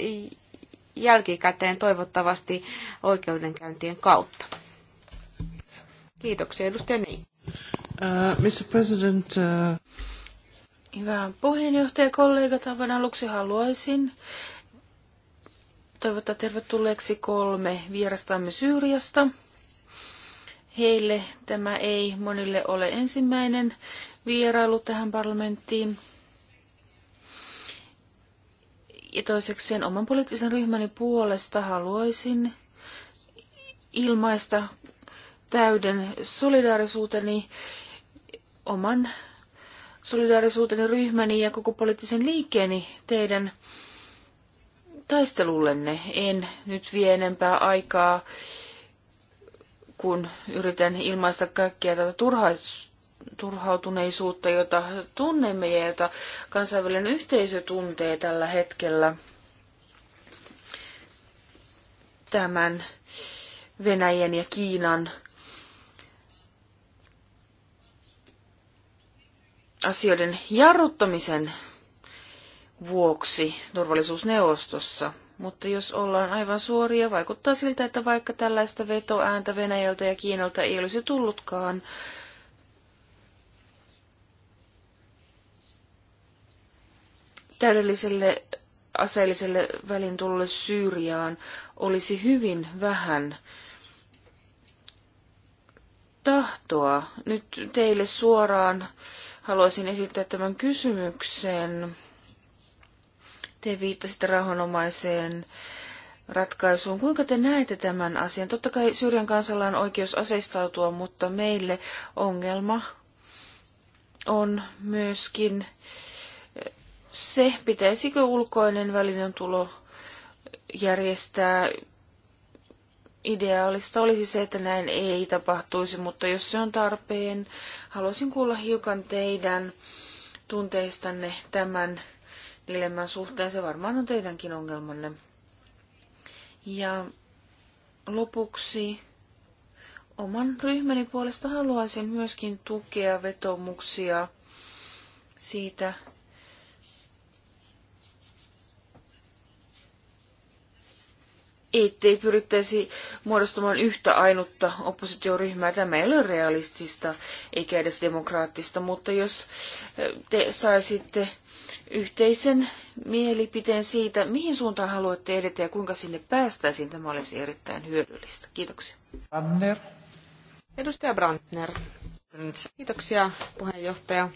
jälkikäteen toivottavasti oikeudenkäyntien kautta. Kiitoksia, edustaja Niin. Uh, Mr. President, uh... Hyvä puheenjohtaja, kollegat, aivan aluksi haluaisin toivottaa tervetulleeksi kolme vierastamme Syyriasta. Heille tämä ei monille ole ensimmäinen vierailu tähän parlamenttiin. Ja toisekseen oman poliittisen ryhmäni puolesta haluaisin ilmaista täyden solidaarisuuteni oman solidaarisuuteni ryhmäni ja koko poliittisen liikkeeni teidän taistelullenne. En nyt vie enempää aikaa, kun yritän ilmaista kaikkia tätä turha- turhautuneisuutta, jota tunnemme ja jota kansainvälinen yhteisö tuntee tällä hetkellä tämän Venäjän ja Kiinan asioiden jarruttamisen vuoksi turvallisuusneuvostossa. Mutta jos ollaan aivan suoria, vaikuttaa siltä, että vaikka tällaista vetoääntä Venäjältä ja Kiinalta ei olisi tullutkaan, täydelliselle aseelliselle välintulolle Syyriaan olisi hyvin vähän tahtoa. Nyt teille suoraan haluaisin esittää tämän kysymyksen. Te viittasitte rauhanomaiseen ratkaisuun. Kuinka te näette tämän asian? Totta kai Syyrian kansalla on oikeus aseistautua, mutta meille ongelma on myöskin eh, se, pitäisikö ulkoinen välinen tulo järjestää. Ideaalista olisi se, että näin ei tapahtuisi, mutta jos se on tarpeen, haluaisin kuulla hiukan teidän tunteistanne tämän elämän suhteen. Se varmaan on teidänkin ongelmanne. Ja lopuksi oman ryhmäni puolesta haluaisin myöskin tukea vetomuksia siitä, ettei pyrittäisi muodostamaan yhtä ainutta oppositioryhmää. Tämä ei ole realistista eikä edes demokraattista, mutta jos te saisitte yhteisen mielipiteen siitä, mihin suuntaan haluatte edetä ja kuinka sinne päästäisiin. Tämä olisi erittäin hyödyllistä. Kiitoksia. Brandner. Edustaja Brandner. Kiitoksia puheenjohtaja.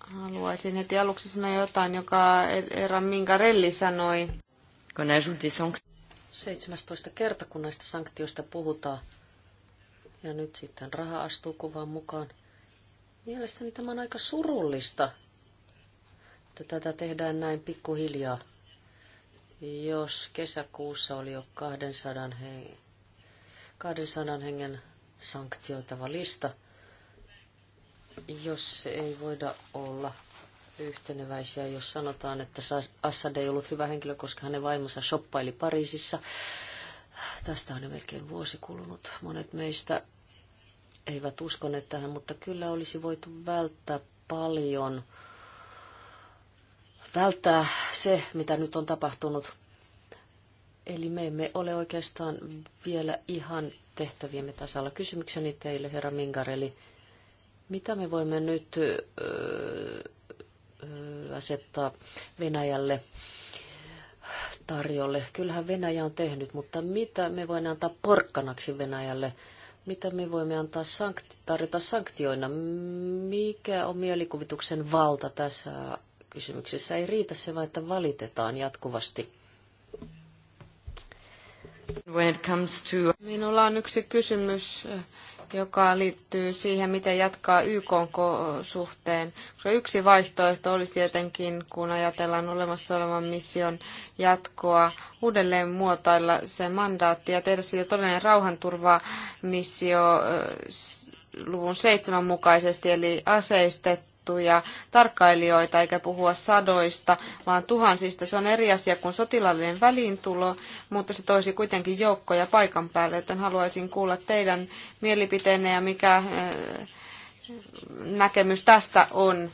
Haluaisin heti aluksi sanoa jotain, joka Eera Minkarelli sanoi. 17 kerta, kun näistä sanktioista puhutaan. Ja nyt sitten raha astuu kuvaan mukaan. Mielestäni tämä on aika surullista, että tätä tehdään näin pikkuhiljaa. Jos kesäkuussa oli jo 200 hengen, 200 hengen sanktioitava lista, jos ei voida olla yhteneväisiä, jos sanotaan, että Assad ei ollut hyvä henkilö, koska hänen vaimonsa shoppaili Pariisissa. Tästä on jo melkein vuosi kulunut. Monet meistä eivät uskoneet tähän, mutta kyllä olisi voitu välttää paljon, välttää se, mitä nyt on tapahtunut. Eli me emme ole oikeastaan vielä ihan tehtäviemme tasalla. Kysymykseni teille, herra Mingareli, mitä me voimme nyt öö, asettaa Venäjälle tarjolle? Kyllähän Venäjä on tehnyt, mutta mitä me voimme antaa porkkanaksi Venäjälle? mitä me voimme antaa sankti- tarjota sanktioina? Mikä on mielikuvituksen valta tässä kysymyksessä? Ei riitä se vain, että valitetaan jatkuvasti. When it comes to... Minulla on yksi kysymys joka liittyy siihen, miten jatkaa YK suhteen. Koska yksi vaihtoehto olisi tietenkin, kun ajatellaan olemassa olevan mission jatkoa, uudelleen muotoilla se mandaatti ja tehdä siitä todellinen rauhanturvamissio luvun seitsemän mukaisesti, eli aseistettu koulutettuja tarkkailijoita eikä puhua sadoista, vaan tuhansista. Se on eri asia kuin sotilaallinen väliintulo, mutta se toisi kuitenkin joukkoja paikan päälle, joten haluaisin kuulla teidän mielipiteenne ja mikä eh, näkemys tästä on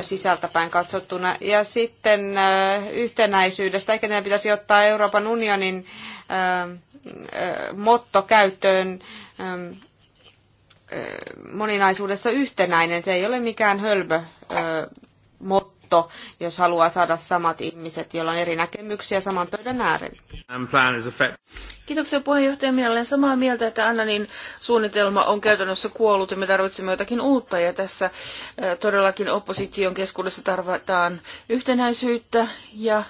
sisältäpäin katsottuna. Ja sitten eh, yhtenäisyydestä, ehkä ne pitäisi ottaa Euroopan unionin eh, motto käyttöön moninaisuudessa yhtenäinen. Se ei ole mikään hölbö motto katto, jos haluaa saada samat ihmiset, joilla on eri näkemyksiä saman pöydän äärellä. Kiitoksia puheenjohtaja. Minä olen samaa mieltä, että Annanin suunnitelma on käytännössä kuollut ja me tarvitsemme jotakin uutta. Ja tässä todellakin opposition keskuudessa tarvitaan yhtenäisyyttä ja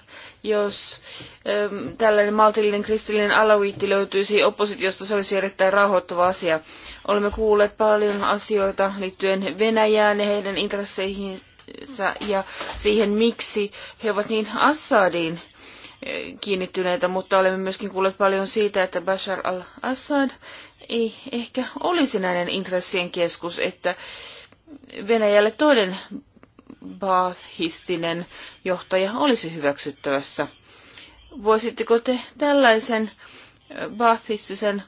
jos äm, tällainen maltillinen kristillinen alaviitti löytyisi oppositiosta, se olisi erittäin rauhoittava asia. Olemme kuulleet paljon asioita liittyen Venäjään ja heidän intresseihin ja siihen, miksi he ovat niin Assadiin eh, kiinnittyneitä, mutta olemme myöskin kuulleet paljon siitä, että Bashar al-Assad ei ehkä olisi näiden intressien keskus, että Venäjälle toinen baathistinen johtaja olisi hyväksyttävässä. Voisitteko te tällaisen eh, baathistisen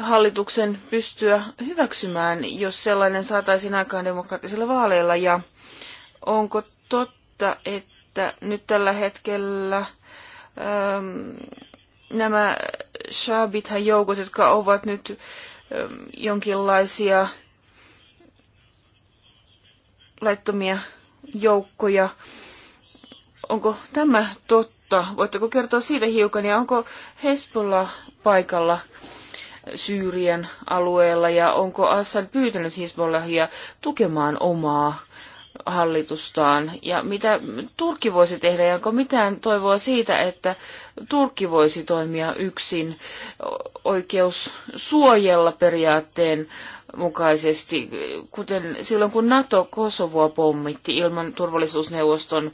hallituksen pystyä hyväksymään, jos sellainen saataisiin aikaan demokraattisilla vaaleilla ja Onko totta, että nyt tällä hetkellä äm, nämä Shabithan joukot, jotka ovat nyt äm, jonkinlaisia laittomia joukkoja, onko tämä totta? Voitteko kertoa siitä hiukan ja onko Hespolla paikalla? Syyrien alueella ja onko Assad pyytänyt Hisbollahia tukemaan omaa hallitustaan ja mitä Turkki voisi tehdä ja onko mitään toivoa siitä, että Turkki voisi toimia yksin oikeus suojella periaatteen mukaisesti, kuten silloin kun NATO Kosovoa pommitti ilman turvallisuusneuvoston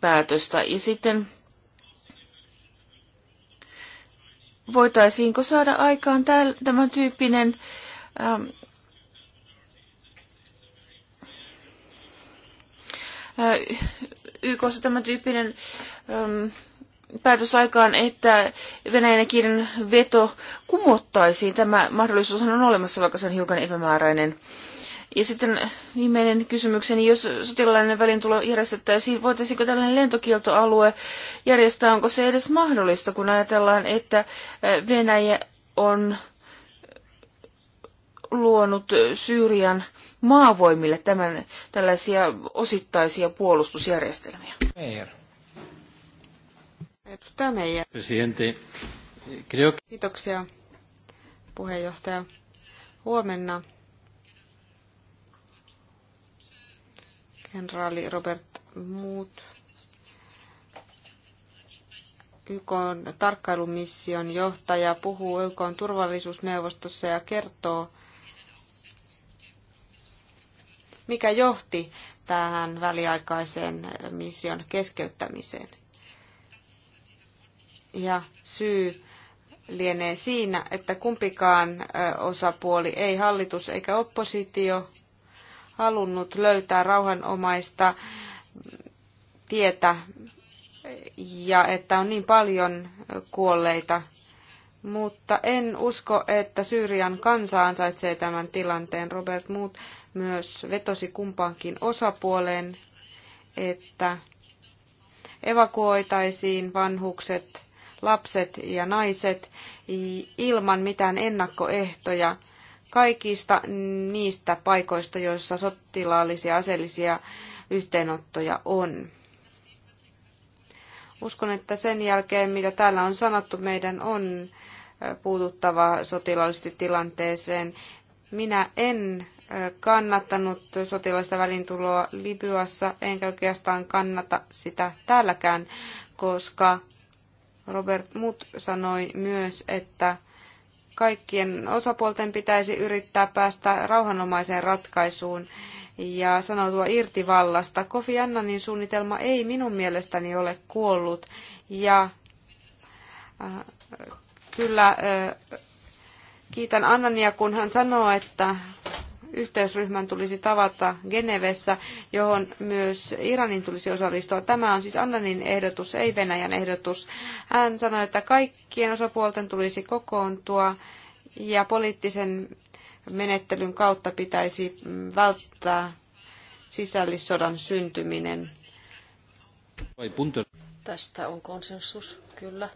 päätöstä ja sitten voitaisiinko saada aikaan tämän tyyppinen ähm, YKssa tämä tyyppinen äm, päätös aikaan, että Venäjän ja Kiinan veto kumottaisiin. Tämä mahdollisuus on olemassa, vaikka se on hiukan epämääräinen. Ja sitten viimeinen kysymykseni, jos sotilaallinen välintulo järjestettäisiin, voitaisiinko tällainen lentokieltoalue järjestää, onko se edes mahdollista, kun ajatellaan, että Venäjä on luonut Syyrian maavoimille tämän, tällaisia osittaisia puolustusjärjestelmiä? Meijer. Edustaja Meijer. Presidente. Creo... Kiitoksia, puheenjohtaja. Huomenna kenraali Robert Muut YK tarkkailumission johtaja puhuu YK turvallisuusneuvostossa ja kertoo mikä johti tähän väliaikaiseen mission keskeyttämiseen. Ja syy lienee siinä, että kumpikaan osapuoli, ei hallitus eikä oppositio, halunnut löytää rauhanomaista tietä ja että on niin paljon kuolleita. Mutta en usko, että Syyrian kansa ansaitsee tämän tilanteen. Robert Muut myös vetosi kumpaankin osapuoleen, että evakuoitaisiin vanhukset, lapset ja naiset ilman mitään ennakkoehtoja kaikista niistä paikoista, joissa sotilaallisia aseellisia yhteenottoja on. Uskon, että sen jälkeen, mitä täällä on sanottu, meidän on puututtava sotilaallisesti tilanteeseen. Minä en kannattanut sotilaista välintuloa Libyassa, enkä oikeastaan kannata sitä täälläkään, koska Robert Mut sanoi myös, että kaikkien osapuolten pitäisi yrittää päästä rauhanomaiseen ratkaisuun ja sanoutua irti vallasta. Kofi Annanin suunnitelma ei minun mielestäni ole kuollut ja äh, kyllä äh, kiitän Annania, kun hän sanoo, että yhteisryhmän tulisi tavata Genevessä, johon myös Iranin tulisi osallistua. Tämä on siis Annanin ehdotus, ei Venäjän ehdotus. Hän sanoi, että kaikkien osapuolten tulisi kokoontua ja poliittisen menettelyn kautta pitäisi välttää sisällissodan syntyminen. Tästä on konsensus, kyllä.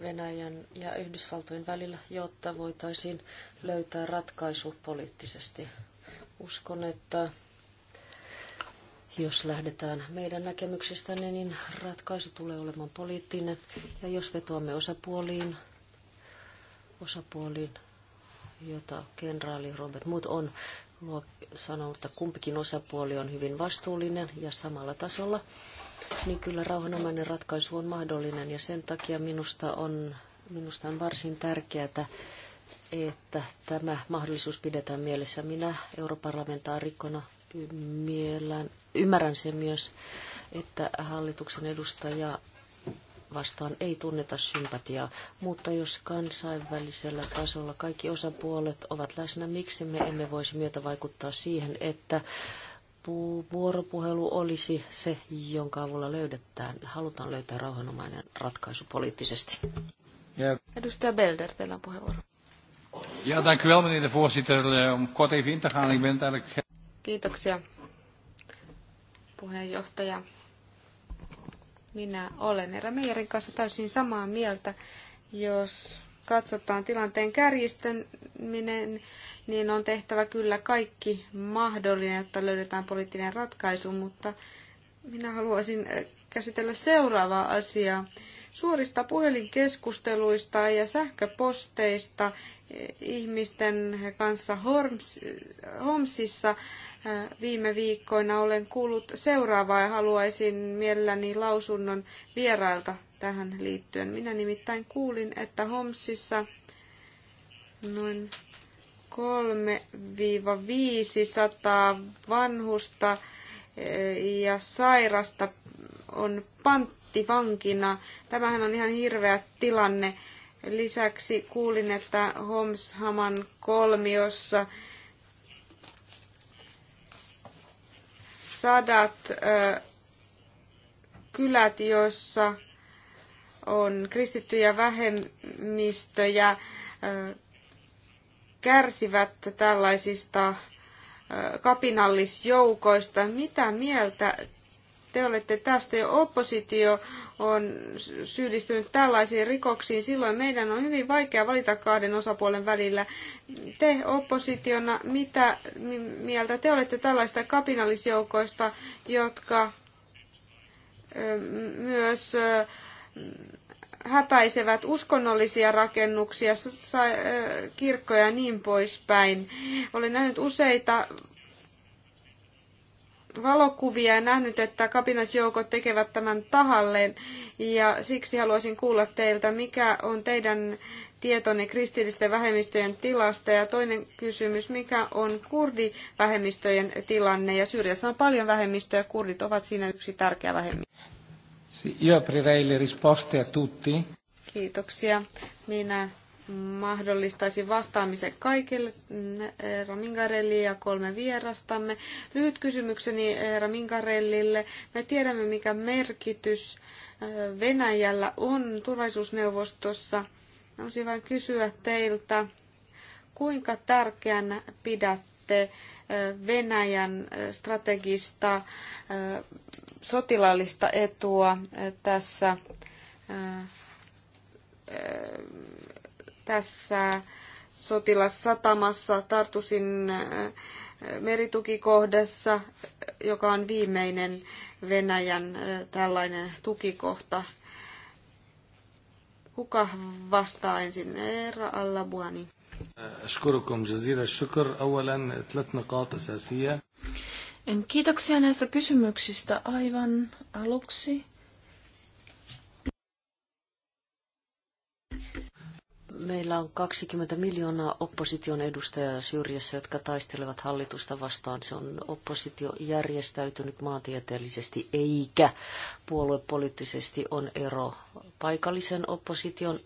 Venäjän ja Yhdysvaltojen välillä, jotta voitaisiin löytää ratkaisu poliittisesti. Uskon, että jos lähdetään meidän näkemyksistämme, niin, niin ratkaisu tulee olemaan poliittinen. Ja jos vetoamme osapuoliin, osapuoliin, jota kenraali Robert Mut on sanonut, että kumpikin osapuoli on hyvin vastuullinen ja samalla tasolla, niin kyllä rauhanomainen ratkaisu on mahdollinen ja sen takia minusta on, minusta on varsin tärkeää, että tämä mahdollisuus pidetään mielessä. Minä europarlamentaarikkona ymmärrän, ymmärrän sen myös, että hallituksen edustaja vastaan ei tunneta sympatiaa, mutta jos kansainvälisellä tasolla kaikki osapuolet ovat läsnä, miksi me emme voisi myötä vaikuttaa siihen, että vuoropuhelu olisi se, jonka avulla löydetään, halutaan löytää rauhanomainen ratkaisu poliittisesti. Ja. Edustaja Belder, teillä on puheenvuoro. Ja, dank u wel, meneer de voorzitter. Eh, om kort even in te gaan, ik ben eigenlijk... Kiitoksia, puheenjohtaja. Minä olen Erä Meijerin kanssa täysin samaa mieltä. Jos katsotaan tilanteen kärjistäminen, niin on tehtävä kyllä kaikki mahdollinen, jotta löydetään poliittinen ratkaisu, mutta minä haluaisin äh, käsitellä seuraavaa asiaa. Suorista puhelinkeskusteluista ja sähköposteista äh, ihmisten kanssa Homsissa äh, viime viikkoina olen kuullut seuraavaa ja haluaisin mielelläni lausunnon vierailta tähän liittyen. Minä nimittäin kuulin, että Homsissa noin 3-500 vanhusta eh, ja sairasta on panttivankina. Tämähän on ihan hirveä tilanne. Lisäksi kuulin, että Homshaman kolmiossa sadat eh, kylät, joissa on kristittyjä vähemmistöjä, eh, kärsivät tällaisista kapinallisjoukoista. Mitä mieltä te olette tästä oppositio on syyllistynyt tällaisiin rikoksiin, silloin meidän on hyvin vaikea valita kahden osapuolen välillä. Te oppositiona, mitä mieltä te olette tällaista kapinallisjoukoista, jotka myös häpäisevät uskonnollisia rakennuksia, kirkkoja ja niin poispäin. Olen nähnyt useita valokuvia ja nähnyt, että kapinasjoukot tekevät tämän tahalleen. Ja siksi haluaisin kuulla teiltä, mikä on teidän tietoni kristillisten vähemmistöjen tilasta. Ja toinen kysymys, mikä on kurdivähemmistöjen tilanne? Ja Syyriassa on paljon vähemmistöjä, kurdit ovat siinä yksi tärkeä vähemmistö. Io aprirei le risposte a tutti. Kiitoksia. Minä mahdollistaisin vastaamisen kaikille herra mm, Mingarelli ja kolme vierastamme. Lyhyt kysymykseni herra Mingarellille. Me tiedämme, mikä merkitys Venäjällä on turvallisuusneuvostossa. Haluaisin vain kysyä teiltä, kuinka tärkeänä pidätte Venäjän strategista sotilaallista etua tässä, tässä sotilassatamassa Tartusin meritukikohdassa, joka on viimeinen Venäjän tällainen tukikohta. Kuka vastaa ensin? Eera Allabuani. أشكركم جزيل الشكر أولا ثلاث نقاط أساسية Kiitoksia näistä kysymyksistä aivan aluksi. Meillä on 20 miljoonaa opposition edustajaa syrjässä, jotka taistelevat hallitusta vastaan. Se on oppositio järjestäytynyt maantieteellisesti eikä puoluepoliittisesti on ero paikallisen opposition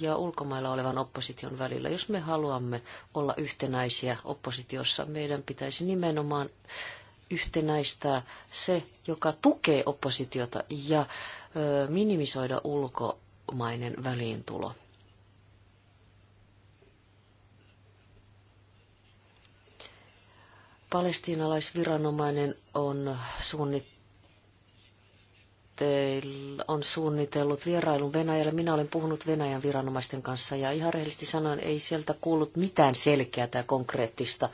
ja ulkomailla olevan opposition välillä. Jos me haluamme olla yhtenäisiä oppositiossa, meidän pitäisi nimenomaan yhtenäistää se, joka tukee oppositiota ja minimisoida ulkomainen väliintulo. palestiinalaisviranomainen on suunnittelut on suunnitellut vierailun Venäjälle. Minä olen puhunut Venäjän viranomaisten kanssa ja ihan rehellisesti sanoen ei sieltä kuullut mitään selkeää tai konkreettista.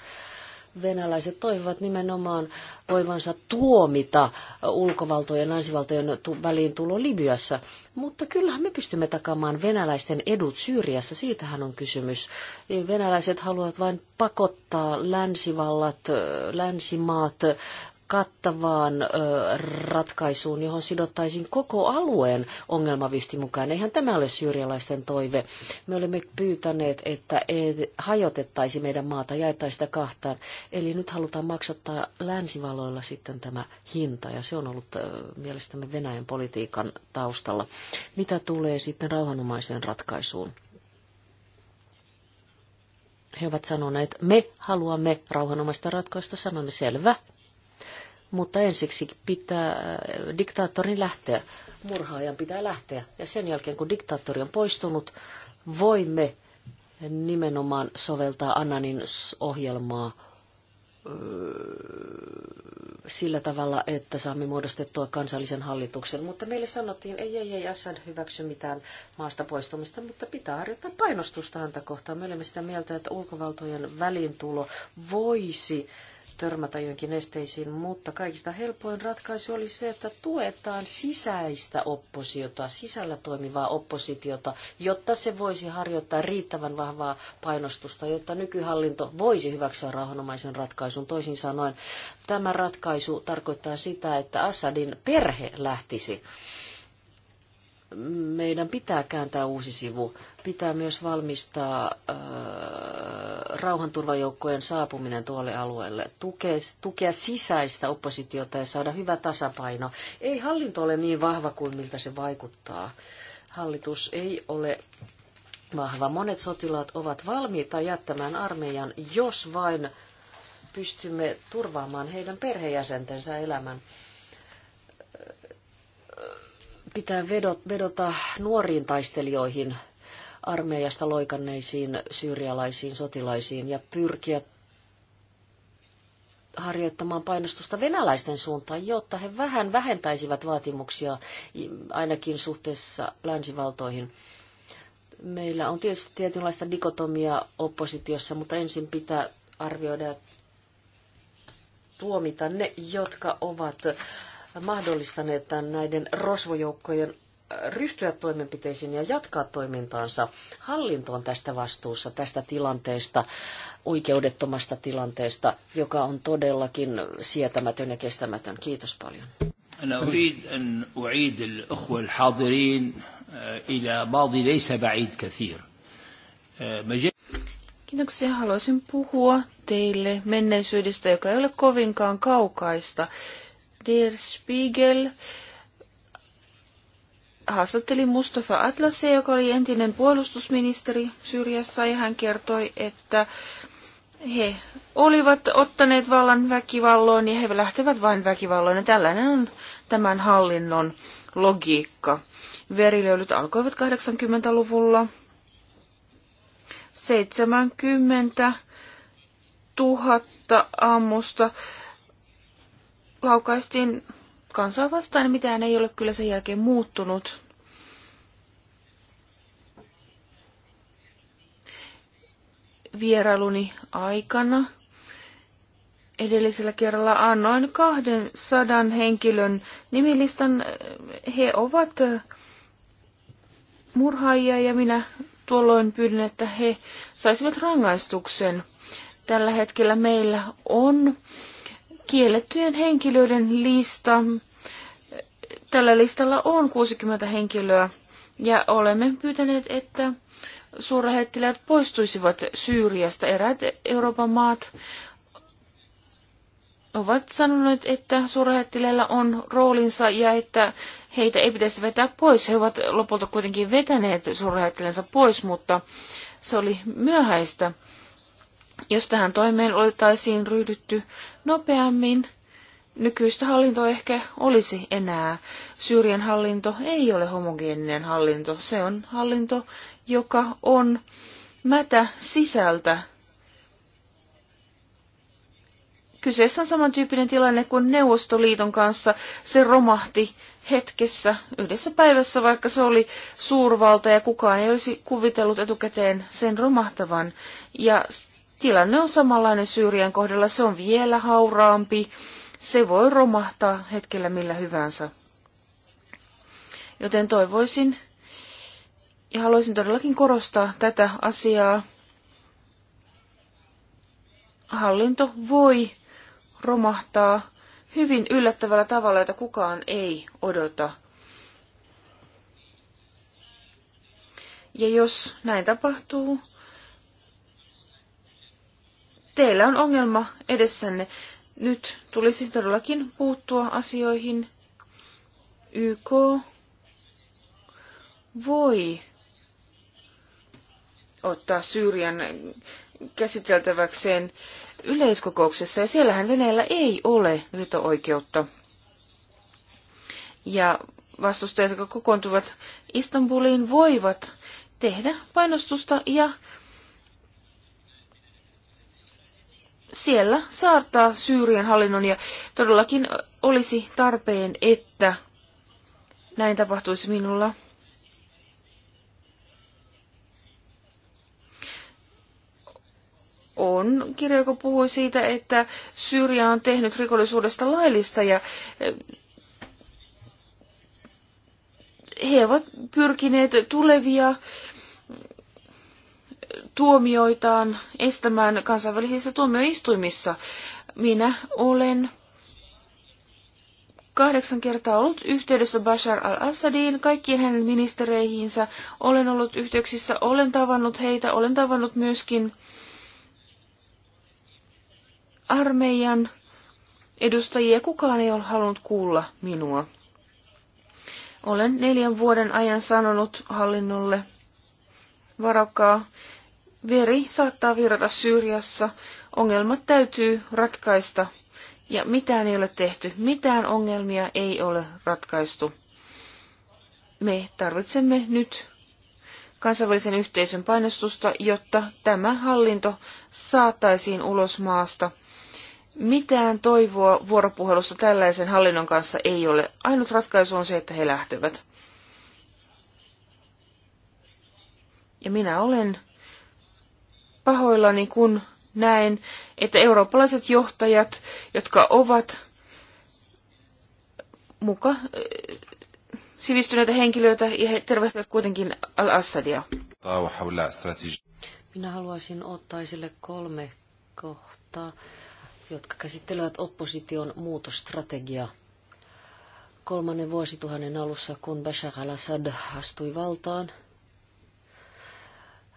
Venäläiset toivovat nimenomaan voivansa tuomita ulkovaltojen ja länsivaltojen väliin tulo Libyassa. Mutta kyllähän me pystymme takaamaan venäläisten edut Syyriassa, siitähän on kysymys. Venäläiset haluavat vain pakottaa länsivallat, länsimaat kattavaan ratkaisuun, johon sidottaisiin koko alueen ongelmavyhti mukaan. Eihän tämä ole syyrialaisten toive. Me olemme pyytäneet, että e, hajotettaisi meidän maata, jaettaisiin sitä kahtaan. Eli nyt halutaan maksattaa länsivaloilla sitten tämä hinta, ja se on ollut mielestämme Venäjän politiikan taustalla. Mitä tulee sitten rauhanomaiseen ratkaisuun? he ovat sanoneet, me haluamme rauhanomaista ratkaista, sanomme selvä, mutta ensiksi pitää äh, diktaattorin lähteä, murhaajan pitää lähteä. Ja sen jälkeen, kun diktaattori on poistunut, voimme nimenomaan soveltaa Annanin ohjelmaa äh, sillä tavalla, että saamme muodostettua kansallisen hallituksen. Mutta meille sanottiin, ei, ei, ei, Assad hyväksy mitään maasta poistumista, mutta pitää harjoittaa painostusta häntä kohtaan. Me olemme sitä mieltä, että ulkovaltojen välintulo voisi äh, törmätä jonkin esteisiin, mutta kaikista helpoin ratkaisu oli se, että tuetaan sisäistä oppositiota, sisällä toimivaa oppositiota, jotta se voisi harjoittaa riittävän vahvaa painostusta, jotta nykyhallinto voisi hyväksyä rauhanomaisen ratkaisun. Toisin sanoen tämä ratkaisu tarkoittaa sitä, että Assadin perhe lähtisi meidän pitää kääntää uusi sivu. Pitää myös valmistaa äh, rauhanturvajoukkojen saapuminen tuolle alueelle, tukea, tukea sisäistä oppositiota ja saada hyvä tasapaino. Ei hallinto ole niin vahva kuin miltä se vaikuttaa. Hallitus ei ole vahva. Monet sotilaat ovat valmiita jättämään armeijan, jos vain pystymme turvaamaan heidän perheenjäsentensä elämän pitää vedota nuoriin taistelijoihin, armeijasta loikanneisiin syyrialaisiin sotilaisiin ja pyrkiä harjoittamaan painostusta venäläisten suuntaan, jotta he vähän vähentäisivät vaatimuksia ainakin suhteessa länsivaltoihin. Meillä on tietysti tietynlaista dikotomia oppositiossa, mutta ensin pitää arvioida ja tuomita ne, jotka ovat mahdollistaneet tämän näiden rosvojoukkojen äh, ryhtyä toimenpiteisiin ja jatkaa toimintaansa. Hallinto on tästä vastuussa, tästä tilanteesta, oikeudettomasta tilanteesta, joka on todellakin sietämätön ja kestämätön. Kiitos paljon. أنا أريد أن أعيد الأخوة الحاضرين إلى ماضي ليس بعيد كثير. Kiitoksia. Haluaisin puhua teille menneisyydestä, joka ei ole kovinkaan kaukaista. Der Spiegel haastatteli Mustafa Atlasia, joka oli entinen puolustusministeri Syyriassa, ja hän kertoi, että he olivat ottaneet vallan väkivalloon ja he lähtevät vain väkivalloon. Ja tällainen on tämän hallinnon logiikka. Verilöylyt alkoivat 80-luvulla. 70 000 ammusta laukaistiin kansaa vastaan, niin mitään ei ole kyllä sen jälkeen muuttunut. Vierailuni aikana edellisellä kerralla annoin 200 henkilön nimilistan. He ovat murhaajia ja minä tuolloin pyydin, että he saisivat rangaistuksen. Tällä hetkellä meillä on kiellettyjen henkilöiden lista. Tällä listalla on 60 henkilöä ja olemme pyytäneet, että suurlähettiläät poistuisivat Syyriasta. Eräät Euroopan maat ovat sanoneet, että suurlähettiläillä on roolinsa ja että heitä ei pitäisi vetää pois. He ovat lopulta kuitenkin vetäneet suurlähettilänsä pois, mutta se oli myöhäistä. Jos tähän toimeen oltaisiin ryhdytty nopeammin, nykyistä hallinto ehkä olisi enää. Syyrian hallinto ei ole homogeeninen hallinto. Se on hallinto, joka on mätä sisältä. Kyseessä on samantyyppinen tilanne kuin Neuvostoliiton kanssa. Se romahti hetkessä, yhdessä päivässä, vaikka se oli suurvalta ja kukaan ei olisi kuvitellut etukäteen sen romahtavan. Ja Tilanne on samanlainen Syyrian kohdalla, se on vielä hauraampi, se voi romahtaa hetkellä millä hyvänsä. Joten toivoisin ja haluaisin todellakin korostaa tätä asiaa. Hallinto voi romahtaa hyvin yllättävällä tavalla, että kukaan ei odota. Ja jos näin tapahtuu, teillä on ongelma edessänne. Nyt tulisi todellakin puuttua asioihin. YK voi ottaa Syyrian käsiteltäväkseen yleiskokouksessa, ja siellähän Venäjällä ei ole veto-oikeutta. Ja vastustajat, jotka kokoontuvat Istanbuliin, voivat tehdä painostusta ja siellä saartaa Syyrian hallinnon ja todellakin olisi tarpeen, että näin tapahtuisi minulla. On kirja, joka puhui siitä, että Syyria on tehnyt rikollisuudesta laillista ja eh, he ovat pyrkineet tulevia tuomioitaan estämään kansainvälisissä tuomioistuimissa. Minä olen kahdeksan kertaa ollut yhteydessä Bashar al-Assadiin, kaikkiin hänen ministereihinsä. Olen ollut yhteyksissä, olen tavannut heitä, olen tavannut myöskin armeijan edustajia. Kukaan ei ole halunnut kuulla minua. Olen neljän vuoden ajan sanonut hallinnolle, varokaa, Veri saattaa virrata Syyriassa. Ongelmat täytyy ratkaista. Ja mitään ei ole tehty. Mitään ongelmia ei ole ratkaistu. Me tarvitsemme nyt kansainvälisen yhteisön painostusta, jotta tämä hallinto saataisiin ulos maasta. Mitään toivoa vuoropuhelussa tällaisen hallinnon kanssa ei ole. Ainut ratkaisu on se, että he lähtevät. Ja minä olen pahoillani, kun näen, että eurooppalaiset johtajat, jotka ovat muka äh, sivistyneitä henkilöitä ja he tervehtivät kuitenkin al-Assadia. Minä haluaisin ottaa esille kolme kohtaa, jotka käsittelevät opposition muutostrategiaa. Kolmannen vuosituhannen alussa, kun Bashar al-Assad astui valtaan,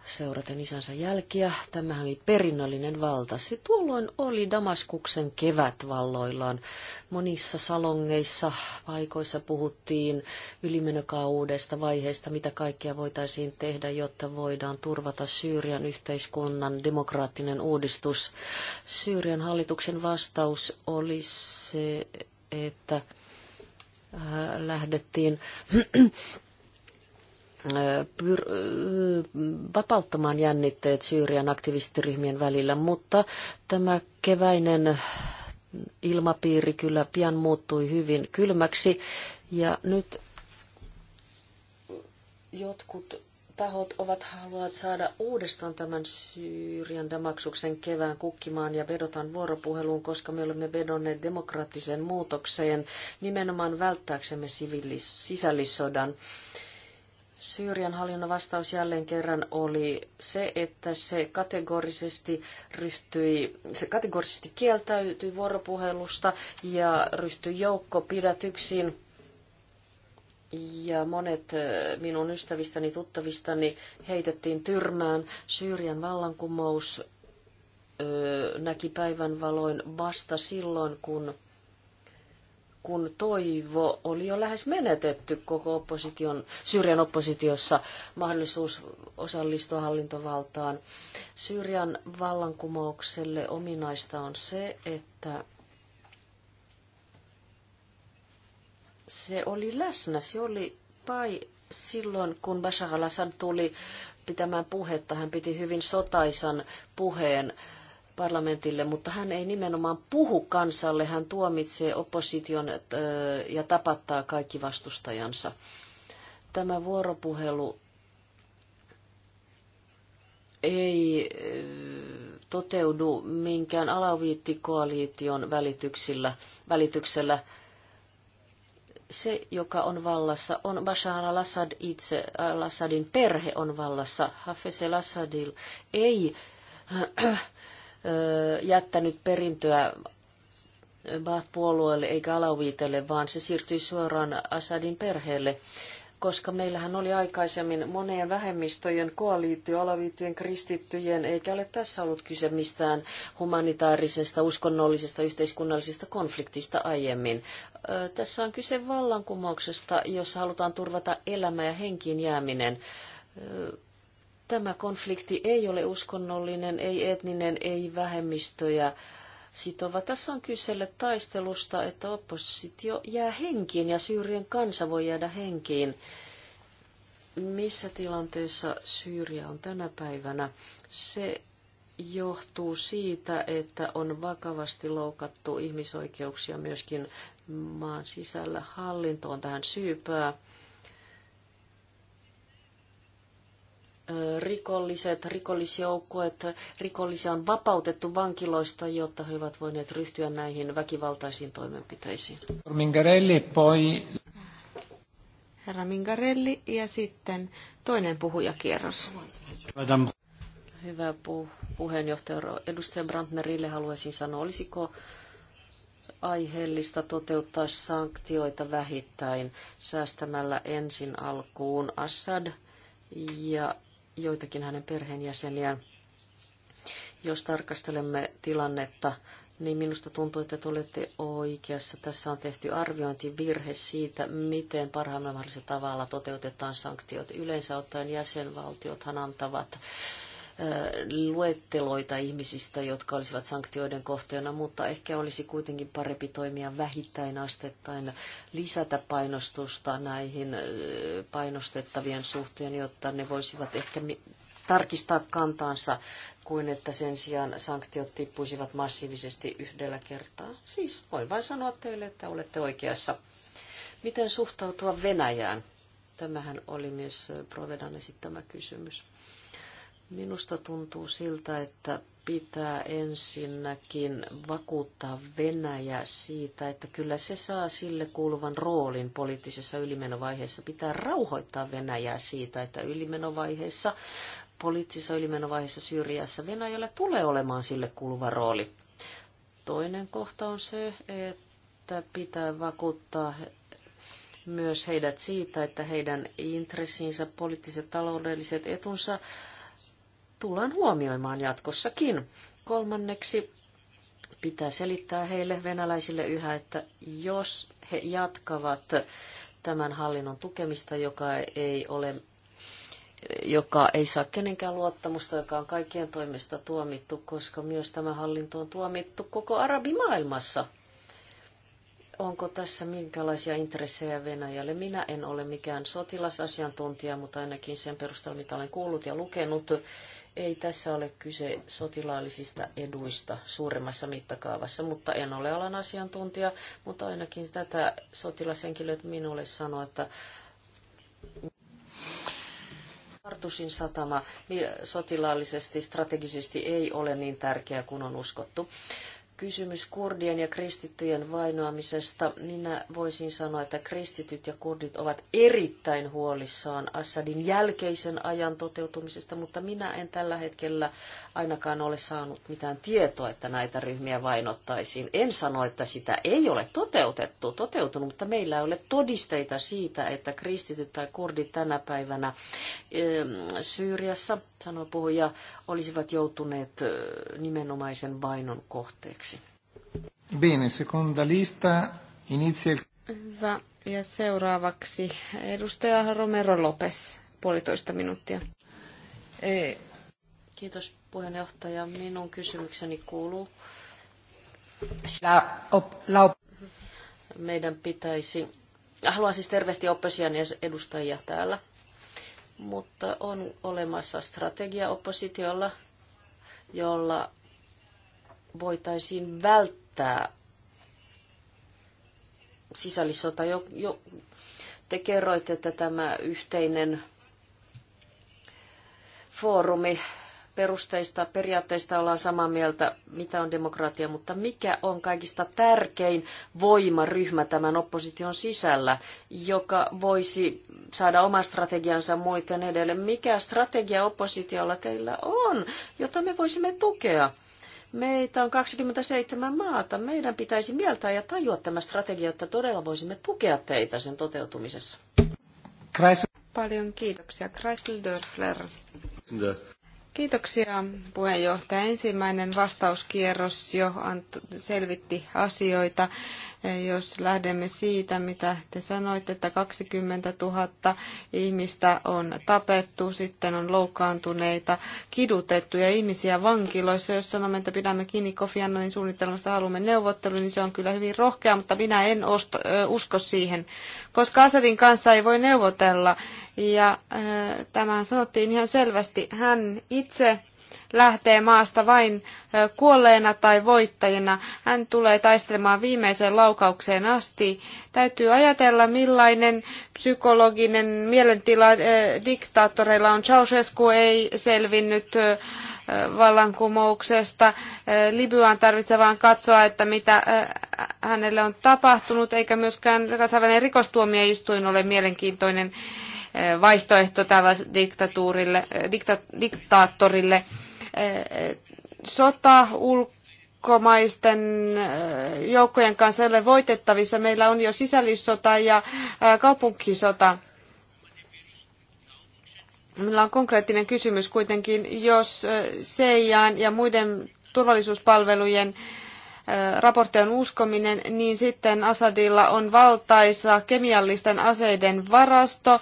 seuraten isänsä jälkiä. Tämähän oli perinnöllinen valta. Se tuolloin oli Damaskuksen kevät valloillaan. Monissa salongeissa paikoissa puhuttiin ylimenokaudesta vaiheesta, mitä kaikkea voitaisiin tehdä, jotta voidaan turvata Syyrian yhteiskunnan demokraattinen uudistus. Syyrian hallituksen vastaus oli se, että äh, lähdettiin pyr- vapauttamaan jännitteet Syyrian aktivistiryhmien välillä, mutta tämä keväinen ilmapiiri kyllä pian muuttui hyvin kylmäksi ja nyt jotkut tahot ovat haluavat saada uudestaan tämän Syyrian damaksuksen kevään kukkimaan ja vedotaan vuoropuheluun, koska me olemme vedonneet demokraattiseen muutokseen nimenomaan välttääksemme sivillis- sisällissodan. Syyrian hallinnon vastaus jälleen kerran oli se, että se kategorisesti, ryhtyi, se kategorisesti kieltäytyi vuoropuhelusta ja ryhtyi joukkopidätyksiin. Ja monet minun ystävistäni, tuttavistani heitettiin tyrmään. Syyrian vallankumous näki päivänvaloin vasta silloin, kun kun toivo oli jo lähes menetetty koko opposition, Syyrian oppositiossa mahdollisuus osallistua hallintovaltaan. Syyrian vallankumoukselle ominaista on se, että se oli läsnä, se oli pai silloin, kun Bashar al-Assad tuli pitämään puhetta, hän piti hyvin sotaisan puheen parlamentille, mutta hän ei nimenomaan puhu kansalle, hän tuomitsee opposition äh, ja tapattaa kaikki vastustajansa. Tämä vuoropuhelu ei äh, toteudu minkään alaviittikoalition välityksillä, välityksellä. Se, joka on vallassa, on Bashar al-Assad itse, al-Assadin perhe on vallassa. Hafez al-Assadil ei äh, jättänyt perintöä Baath-puolueelle eikä Alawiitelle, vaan se siirtyi suoraan Assadin perheelle koska meillähän oli aikaisemmin monien vähemmistöjen koaliittio alaviittien kristittyjen, eikä ole tässä ollut kyse mistään humanitaarisesta, uskonnollisesta, yhteiskunnallisesta konfliktista aiemmin. Tässä on kyse vallankumouksesta, jossa halutaan turvata elämä ja henkiin jääminen Tämä konflikti ei ole uskonnollinen, ei etninen, ei vähemmistöjä sitova. Tässä on kyselle taistelusta, että oppositio jää henkiin ja Syyrien kansa voi jäädä henkiin. Missä tilanteessa Syyria on tänä päivänä? Se johtuu siitä, että on vakavasti loukattu ihmisoikeuksia myöskin maan sisällä. Hallinto on tähän syypää. rikolliset, rikollisjoukkueet, rikollisia on vapautettu vankiloista, jotta he ovat voineet ryhtyä näihin väkivaltaisiin toimenpiteisiin. Mingarelli, poi... Herra Mingarelli ja sitten toinen puhujakierros. Hyvä pu- puheenjohtaja. Edustaja Brandnerille haluaisin sanoa, olisiko aiheellista toteuttaa sanktioita vähittäin säästämällä ensin alkuun Assad ja joitakin hänen perheenjäseniään. Jos tarkastelemme tilannetta, niin minusta tuntuu, että te olette oikeassa. Tässä on tehty arviointivirhe siitä, miten parhaimmalla tavalla toteutetaan sanktiot. Yleensä ottaen jäsenvaltiothan antavat luetteloita ihmisistä, jotka olisivat sanktioiden kohteena, mutta ehkä olisi kuitenkin parempi toimia vähittäin astettain, lisätä painostusta näihin painostettavien suhteen, jotta ne voisivat ehkä tarkistaa kantaansa kuin että sen sijaan sanktiot tippuisivat massiivisesti yhdellä kertaa. Siis voin vain sanoa teille, että olette oikeassa. Miten suhtautua Venäjään? Tämähän oli myös Provedan esittämä kysymys. Minusta tuntuu siltä, että pitää ensinnäkin vakuuttaa Venäjä siitä, että kyllä se saa sille kuuluvan roolin poliittisessa ylimenovaiheessa. Pitää rauhoittaa Venäjää siitä, että ylimenovaiheessa, poliittisessa ylimenovaiheessa Syyriassa Venäjällä tulee olemaan sille kuuluva rooli. Toinen kohta on se, että pitää vakuuttaa myös heidät siitä, että heidän intressinsä, poliittiset taloudelliset etunsa tullaan huomioimaan jatkossakin. Kolmanneksi pitää selittää heille venäläisille yhä, että jos he jatkavat tämän hallinnon tukemista, joka ei ole joka ei saa kenenkään luottamusta, joka on kaikkien toimesta tuomittu, koska myös tämä hallinto on tuomittu koko arabimaailmassa. Onko tässä minkälaisia intressejä Venäjälle? Minä en ole mikään sotilasasiantuntija, mutta ainakin sen perusteella, mitä olen kuullut ja lukenut, ei tässä ole kyse sotilaallisista eduista suuremmassa mittakaavassa, mutta en ole alan asiantuntija, mutta ainakin tätä sotilashenkilöt minulle sanoo, että Artusin satama niin, sotilaallisesti, strategisesti ei ole niin tärkeä kuin on uskottu kysymys kurdien ja kristittyjen vainoamisesta. Minä voisin sanoa, että kristityt ja kurdit ovat erittäin huolissaan Assadin jälkeisen ajan toteutumisesta, mutta minä en tällä hetkellä ainakaan ole saanut mitään tietoa, että näitä ryhmiä vainottaisiin. En sano, että sitä ei ole toteutettu, toteutunut, mutta meillä ei ole todisteita siitä, että kristityt tai kurdit tänä päivänä Syyriassa, sanoi puhuja, olisivat joutuneet nimenomaisen vainon kohteeksi. Bene, seconda lista, inizia... Hyvä. Ja seuraavaksi edustaja Romero Lopes, puolitoista minuuttia. Ei. Kiitos puheenjohtaja. Minun kysymykseni kuuluu. La, op, la, op. Meidän pitäisi... Haluan siis tervehtiä opposition edustajia täällä, mutta on olemassa strategia oppositiolla, jolla voitaisiin välttää että sisällissota jo, jo te kerroitte, että tämä yhteinen foorumi perusteista, periaatteista ollaan samaa mieltä, mitä on demokratia, mutta mikä on kaikista tärkein voimaryhmä tämän opposition sisällä, joka voisi saada oman strategiansa muiden edelle? Mikä strategia oppositiolla teillä on, jota me voisimme tukea? Meitä on 27 maata. Meidän pitäisi mieltää ja tajua tämä strategia, jotta todella voisimme tukea teitä sen toteutumisessa. Paljon kiitoksia. Kreisel Dörfler. Kiitoksia puheenjohtaja. Ensimmäinen vastauskierros jo selvitti asioita, jos lähdemme siitä, mitä te sanoitte, että 20 000 ihmistä on tapettu, sitten on loukkaantuneita, kidutettuja ihmisiä vankiloissa. Jos sanomme, että pidämme kiinni Kofi Annanin suunnitelmassa, haluamme neuvottelun, niin se on kyllä hyvin rohkea, mutta minä en osto, ö, usko siihen, koska Asadin kanssa ei voi neuvotella. Ja ö, tämähän sanottiin ihan selvästi. Hän itse lähtee maasta vain kuolleena tai voittajina. Hän tulee taistelemaan viimeiseen laukaukseen asti. Täytyy ajatella, millainen psykologinen mielentila diktaattoreilla on. Ceausescu ei selvinnyt vallankumouksesta. Libyaan tarvitsee vain katsoa, että mitä hänelle on tapahtunut, eikä myöskään kansainvälinen rikostuomioistuin ole mielenkiintoinen vaihtoehto tällaiselle diktatuurille, eh, dikta, diktaattorille. Eh, sota ulkomaisten eh, joukkojen kanssa ei ole voitettavissa. Meillä on jo sisällissota ja kaupunkisota. Meillä on konkreettinen kysymys kuitenkin, jos Seijaan ja muiden turvallisuuspalvelujen äh, raporttien uskominen, niin sitten Assadilla on valtaisa kemiallisten aseiden varasto.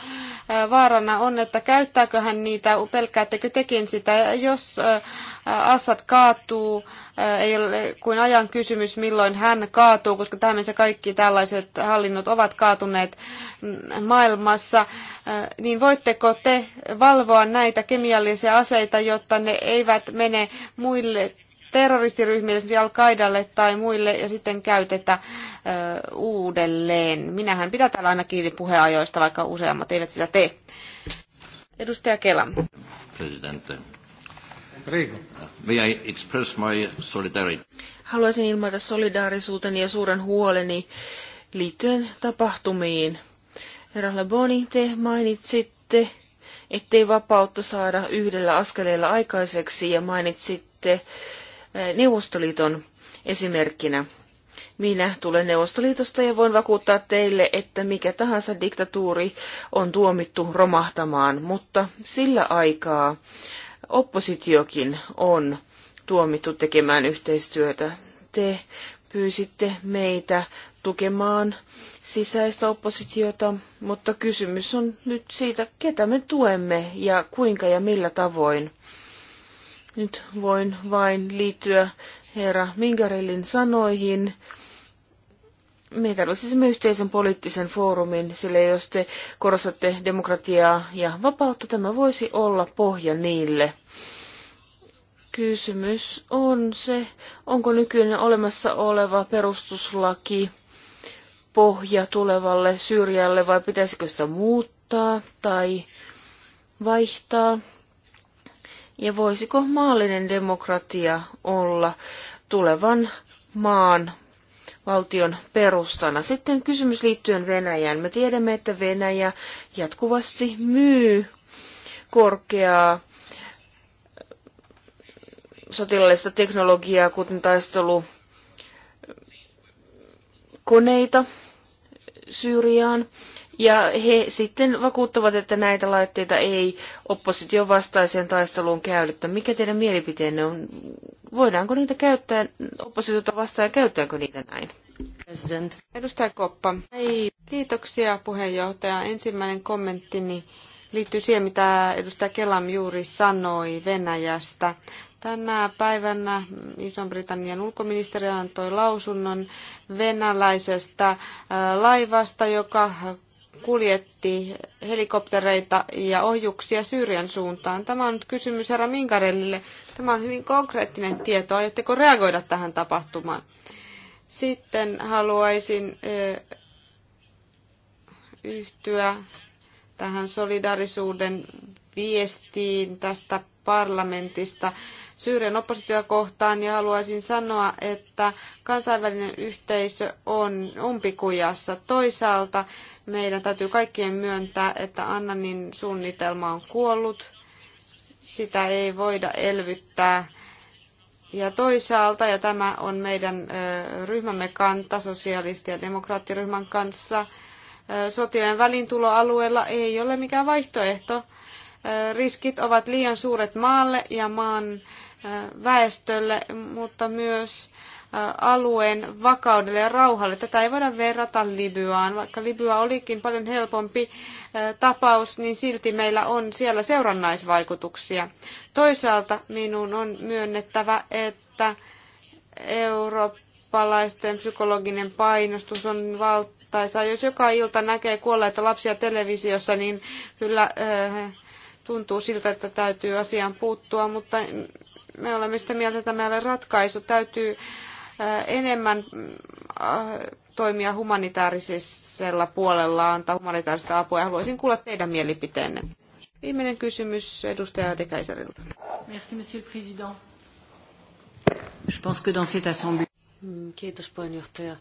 Vaarana on, että käyttääkö hän niitä, pelkäättekö tekin sitä, jos Assad kaatuu, ei ole kuin ajan kysymys, milloin hän kaatuu, koska tähän mennessä kaikki tällaiset hallinnot ovat kaatuneet mm, maailmassa, niin voitteko te valvoa näitä kemiallisia aseita, jotta ne eivät mene muille terroristiryhmille, Al-Qaidalle tai muille, ja sitten käytetä ö, uudelleen. Minähän pidän täällä aina kiinni puheajoista, vaikka useammat eivät sitä tee. Edustaja Kela. Presidentti. Haluaisin ilmaista solidaarisuuteni ja suuren huoleni liittyen tapahtumiin. Herra Laboni, te mainitsitte, ettei vapautta saada yhdellä askeleella aikaiseksi ja mainitsitte Neuvostoliiton esimerkkinä. Minä tulen Neuvostoliitosta ja voin vakuuttaa teille, että mikä tahansa diktatuuri on tuomittu romahtamaan, mutta sillä aikaa oppositiokin on tuomittu tekemään yhteistyötä. Te pyysitte meitä tukemaan sisäistä oppositiota, mutta kysymys on nyt siitä, ketä me tuemme ja kuinka ja millä tavoin. Nyt voin vain liittyä herra Minkarillin sanoihin. Me tarvitsisimme yhteisen poliittisen foorumin, sillä jos te korostatte demokratiaa ja vapautta, tämä voisi olla pohja niille. Kysymys on se, onko nykyinen olemassa oleva perustuslaki pohja tulevalle syrjälle vai pitäisikö sitä muuttaa tai vaihtaa. Ja voisiko maallinen demokratia olla tulevan maan valtion perustana? Sitten kysymys liittyen Venäjään. Me tiedämme, että Venäjä jatkuvasti myy korkeaa sotilaallista teknologiaa, kuten taistelukoneita Syyriaan. Ja he sitten vakuuttavat, että näitä laitteita ei opposition vastaiseen taisteluun käytetä. Mikä teidän mielipiteenne on? Voidaanko niitä käyttää oppositiota vastaan ja käyttääkö niitä näin? President. Edustaja Koppa. Hei. Kiitoksia puheenjohtaja. Ensimmäinen kommenttini liittyy siihen, mitä edustaja Kelam juuri sanoi Venäjästä. Tänä päivänä iso britannian ulkoministeri antoi lausunnon venäläisestä äh, laivasta, joka kuljetti helikoptereita ja ohjuksia Syyrian suuntaan. Tämä on nyt kysymys herra Minkarellille. Tämä on hyvin konkreettinen tieto. Aiotteko reagoida tähän tapahtumaan? Sitten haluaisin yhtyä tähän solidarisuuden viestiin tästä parlamentista. Syyrian oppositiota kohtaan ja haluaisin sanoa, että kansainvälinen yhteisö on umpikujassa. Toisaalta meidän täytyy kaikkien myöntää, että Annanin suunnitelma on kuollut. Sitä ei voida elvyttää. Ja toisaalta, ja tämä on meidän ryhmämme kanta, sosiaalisti- ja demokraattiryhmän kanssa, sotilaiden välintuloalueella ei ole mikään vaihtoehto. Riskit ovat liian suuret maalle ja maan väestölle, mutta myös alueen vakaudelle ja rauhalle. Tätä ei voida verrata Libyaan. Vaikka Libya olikin paljon helpompi tapaus, niin silti meillä on siellä seurannaisvaikutuksia. Toisaalta minun on myönnettävä, että eurooppalaisten psykologinen painostus on valtaisa. Jos joka ilta näkee kuolleita lapsia televisiossa, niin kyllä tuntuu siltä, että täytyy asiaan puuttua, mutta me olemme sitä mieltä, että meillä ratkaisu täytyy äh, enemmän äh, toimia humanitaarisella puolella, antaa humanitaarista apua ja haluaisin kuulla teidän mielipiteenne. Viimeinen kysymys edustaja De Merci, monsieur le président. Je pense que dans cette assemblée... Mm, kiitos puheenjohtaja.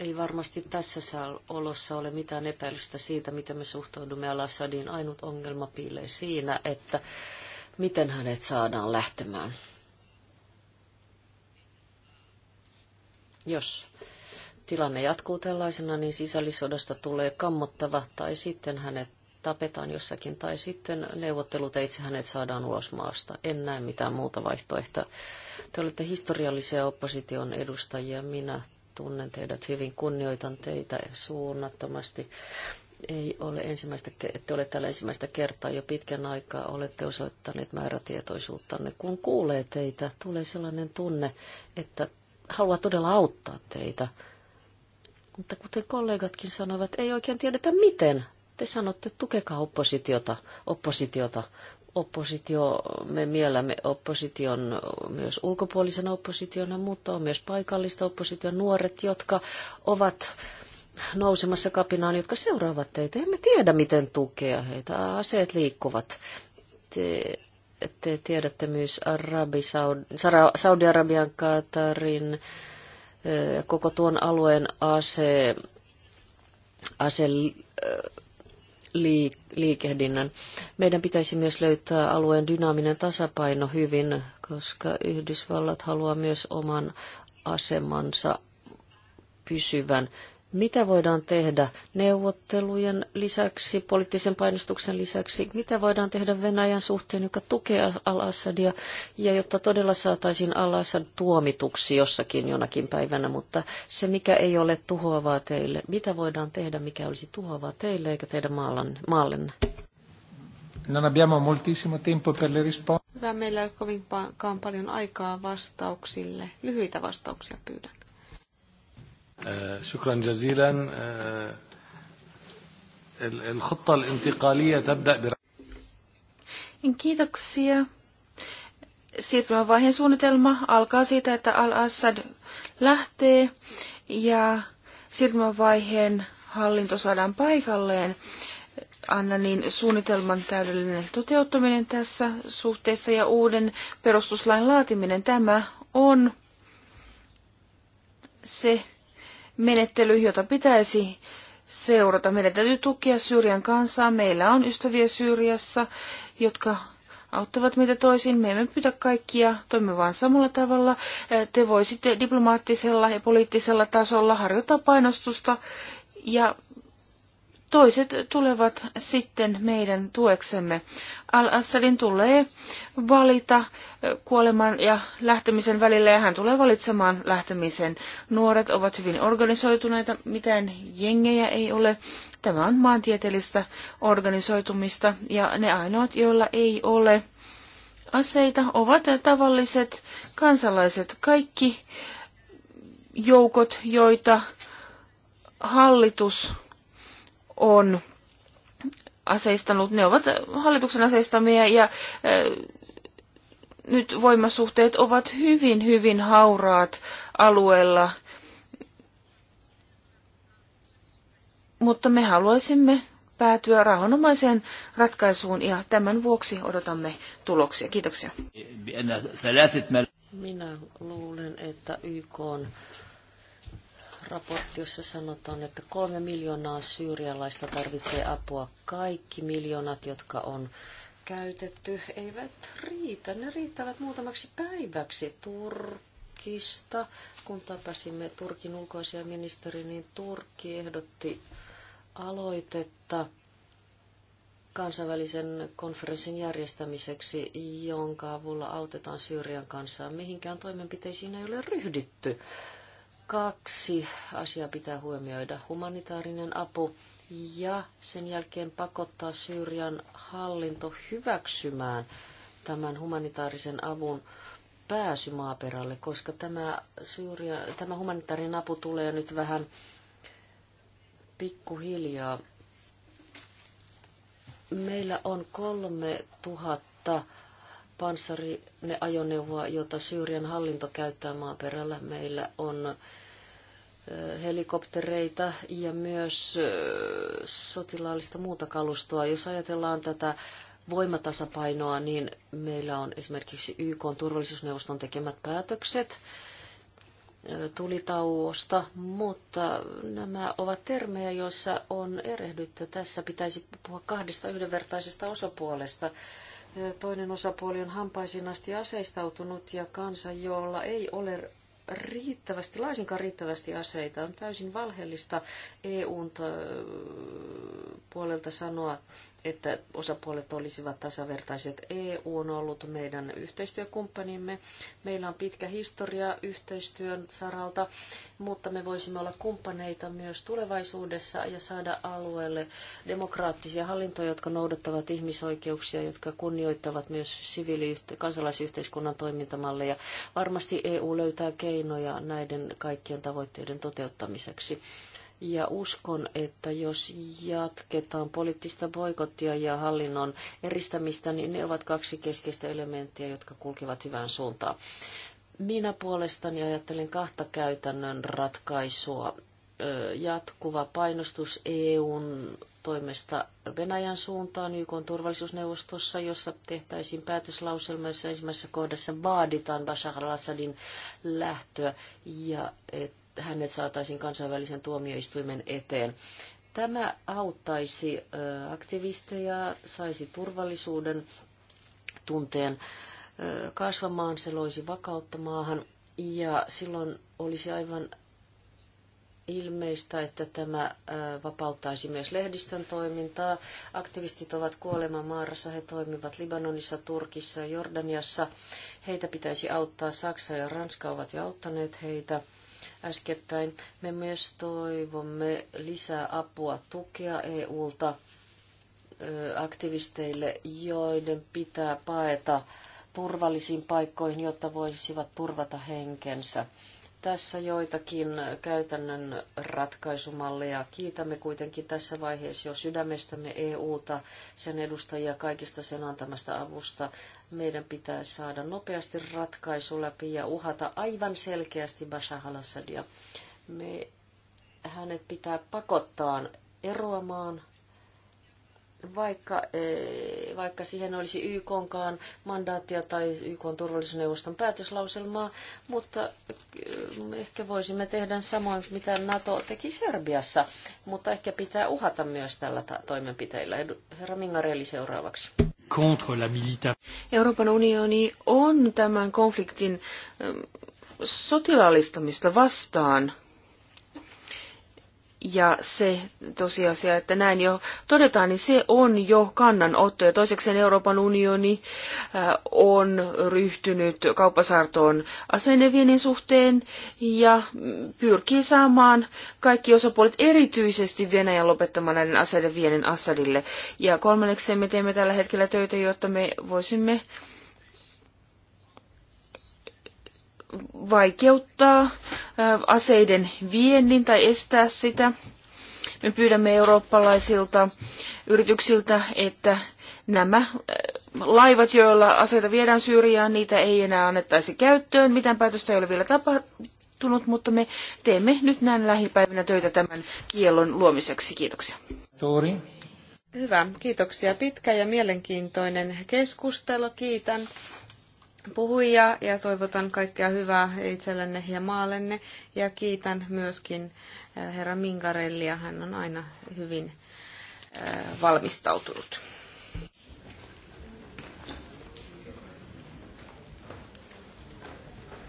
Ei varmasti tässä olossa ole mitään epäilystä siitä, miten me suhtaudumme Al-Assadin. Ainut ongelma piilee siinä, että miten hänet saadaan lähtemään. Jos tilanne jatkuu tällaisena, niin sisällissodasta tulee kammottava tai sitten hänet tapetaan jossakin tai sitten neuvotteluteitse hänet saadaan ulos maasta. En näe mitään muuta vaihtoehtoa. Te olette historiallisia opposition edustajia. Minä tunnen teidät hyvin, kunnioitan teitä suunnattomasti ei ole ensimmäistä, että ole täällä ensimmäistä kertaa jo pitkän aikaa, olette osoittaneet määrätietoisuuttanne. Kun kuulee teitä, tulee sellainen tunne, että haluaa todella auttaa teitä. Mutta kuten kollegatkin sanovat, ei oikein tiedetä miten. Te sanotte, tukekaa oppositiota, oppositiota. Oppositio, me mielämme opposition myös ulkopuolisena oppositiona, mutta on myös paikallista opposition nuoret, jotka ovat nousemassa kapinaan, jotka seuraavat teitä. Emme tiedä, miten tukea heitä. Aseet liikkuvat. Te, te tiedätte myös Arabi, Saudi-Arabian, Katarin, eh, koko tuon alueen ase, ase eh, liikehdinnän. Meidän pitäisi myös löytää alueen dynaaminen tasapaino hyvin, koska Yhdysvallat haluaa myös oman asemansa pysyvän mitä voidaan tehdä neuvottelujen lisäksi, poliittisen painostuksen lisäksi? Mitä voidaan tehdä Venäjän suhteen, joka tukee Al-Assadia ja jotta todella saataisiin Al-Assad tuomituksi jossakin jonakin päivänä, mutta se mikä ei ole tuhoavaa teille, mitä voidaan tehdä, mikä olisi tuhoavaa teille eikä teidän maallenne? Non abbiamo moltissimo tempo per le risposte. Hyvä, meillä ei ole kovinkaan paljon aikaa vastauksille. Lyhyitä vastauksia pyydän. شكرا جزيلا الخطة الانتقالية تبدأ بر... Kiitoksia. Siirtymän vaiheen suunnitelma alkaa siitä, että Al-Assad lähtee ja vaiheen hallinto saadaan paikalleen. Anna, niin suunnitelman täydellinen toteuttaminen tässä suhteessa ja uuden perustuslain laatiminen, tämä on se menettely, jota pitäisi seurata. Meidän täytyy tukea Syyrian kansaa. Meillä on ystäviä Syyriassa, jotka auttavat meitä toisin. Me emme pyytä kaikkia toimimaan samalla tavalla. Te voisitte diplomaattisella ja poliittisella tasolla harjoittaa painostusta ja Toiset tulevat sitten meidän tueksemme. Al-Assadin tulee valita eh, kuoleman ja lähtemisen välillä ja hän tulee valitsemaan lähtemisen. Nuoret ovat hyvin organisoituneita, mitään jengejä ei ole. Tämä on maantieteellistä organisoitumista ja ne ainoat, joilla ei ole aseita, ovat tavalliset kansalaiset. Kaikki joukot, joita hallitus on aseistanut, ne ovat hallituksen aseistamia ja nyt voimasuhteet ovat hyvin, hyvin hauraat alueella. Mutta me haluaisimme päätyä rauhanomaiseen ratkaisuun ja tämän vuoksi odotamme tuloksia. Kiitoksia. Minä luulen, että YK on raportti, jossa sanotaan, että kolme miljoonaa syyrialaista tarvitsee apua. Kaikki miljoonat, jotka on käytetty, eivät riitä. Ne riittävät muutamaksi päiväksi Turkista. Kun tapasimme Turkin ulkoisia ministeri, niin Turkki ehdotti aloitetta kansainvälisen konferenssin järjestämiseksi, jonka avulla autetaan Syyrian kansaa. Mihinkään toimenpiteisiin ei ole ryhdytty. Kaksi asiaa pitää huomioida. Humanitaarinen apu ja sen jälkeen pakottaa Syyrian hallinto hyväksymään tämän humanitaarisen avun pääsy maaperälle, koska tämä, Syyria, tämä humanitaarinen apu tulee nyt vähän pikkuhiljaa. Meillä on kolme tuhatta panssarineajoneuvoa, jota Syyrian hallinto käyttää maaperällä. Meillä on helikoptereita ja myös sotilaallista muuta kalustoa. Jos ajatellaan tätä voimatasapainoa, niin meillä on esimerkiksi YK turvallisuusneuvoston tekemät päätökset tulitauosta, mutta nämä ovat termejä, joissa on erehdytty. Tässä pitäisi puhua kahdesta yhdenvertaisesta osapuolesta. Toinen osapuoli on hampaisiin asti aseistautunut ja kansa, jolla ei ole riittävästi, laisinkaan riittävästi aseita. On täysin valheellista EUn puolelta sanoa, että osapuolet olisivat tasavertaiset. EU on ollut meidän yhteistyökumppanimme. Meillä on pitkä historia yhteistyön saralta, mutta me voisimme olla kumppaneita myös tulevaisuudessa ja saada alueelle demokraattisia hallintoja, jotka noudattavat ihmisoikeuksia, jotka kunnioittavat myös siviili- kansalaisyhteiskunnan toimintamalleja. Varmasti EU löytää keinoja näiden kaikkien tavoitteiden toteuttamiseksi. Ja uskon, että jos jatketaan poliittista boikottia ja hallinnon eristämistä, niin ne ovat kaksi keskeistä elementtiä, jotka kulkevat hyvään suuntaan. Minä puolestani ajattelen kahta käytännön ratkaisua. Jatkuva painostus EUn toimesta Venäjän suuntaan YK turvallisuusneuvostossa, jossa tehtäisiin päätöslauselma, jossa ensimmäisessä kohdassa vaaditaan Bashar al-Assadin lähtöä ja että hänet saataisiin kansainvälisen tuomioistuimen eteen. Tämä auttaisi aktivisteja, saisi turvallisuuden tunteen kasvamaan, se loisi vakautta maahan ja silloin olisi aivan ilmeistä, että tämä vapauttaisi myös lehdistön toimintaa. Aktivistit ovat kuoleman maarassa, he toimivat Libanonissa, Turkissa ja Jordaniassa. Heitä pitäisi auttaa, Saksa ja Ranska ovat jo auttaneet heitä – äskettäin. Me myös toivomme lisää apua, tukea EUlta aktivisteille, joiden pitää paeta turvallisiin paikkoihin, jotta voisivat turvata henkensä tässä joitakin käytännön ratkaisumalleja. Kiitämme kuitenkin tässä vaiheessa jo sydämestämme EUta, sen edustajia kaikista sen antamasta avusta. Meidän pitää saada nopeasti ratkaisu läpi ja uhata aivan selkeästi Bashar al-Assadia. Me, hänet pitää pakottaa eroamaan vaikka, eh, vaikka siihen olisi YKkaan mandaattia tai YK turvallisuusneuvoston päätöslauselmaa, mutta eh, ehkä voisimme tehdä samoin, mitä NATO teki Serbiassa, mutta ehkä pitää uhata myös tällä toimenpiteillä. Herra Mingarelli seuraavaksi. Euroopan unioni on tämän konfliktin eh, sotilaallistamista vastaan ja se tosiasia, että näin jo todetaan, niin se on jo kannanotto. Ja toiseksi Euroopan unioni äh, on ryhtynyt kauppasaartoon aseineviennin suhteen ja pyrkii saamaan kaikki osapuolet erityisesti Venäjän lopettamaan näiden aseiden vienin Assadille. Ja kolmanneksi me teemme tällä hetkellä töitä, jotta me voisimme vaikeuttaa aseiden viennin tai estää sitä. Me pyydämme eurooppalaisilta yrityksiltä, että nämä laivat, joilla aseita viedään Syyriaan, niitä ei enää annettaisi käyttöön. Mitään päätöstä ei ole vielä tapahtunut, mutta me teemme nyt näin lähipäivinä töitä tämän kiellon luomiseksi. Kiitoksia. Tuuri. Hyvä, kiitoksia. Pitkä ja mielenkiintoinen keskustelu. Kiitän puhujia ja toivotan kaikkea hyvää itsellenne ja maallenne. Ja kiitän myöskin eh, herra Minkarellia, hän on aina hyvin eh, valmistautunut.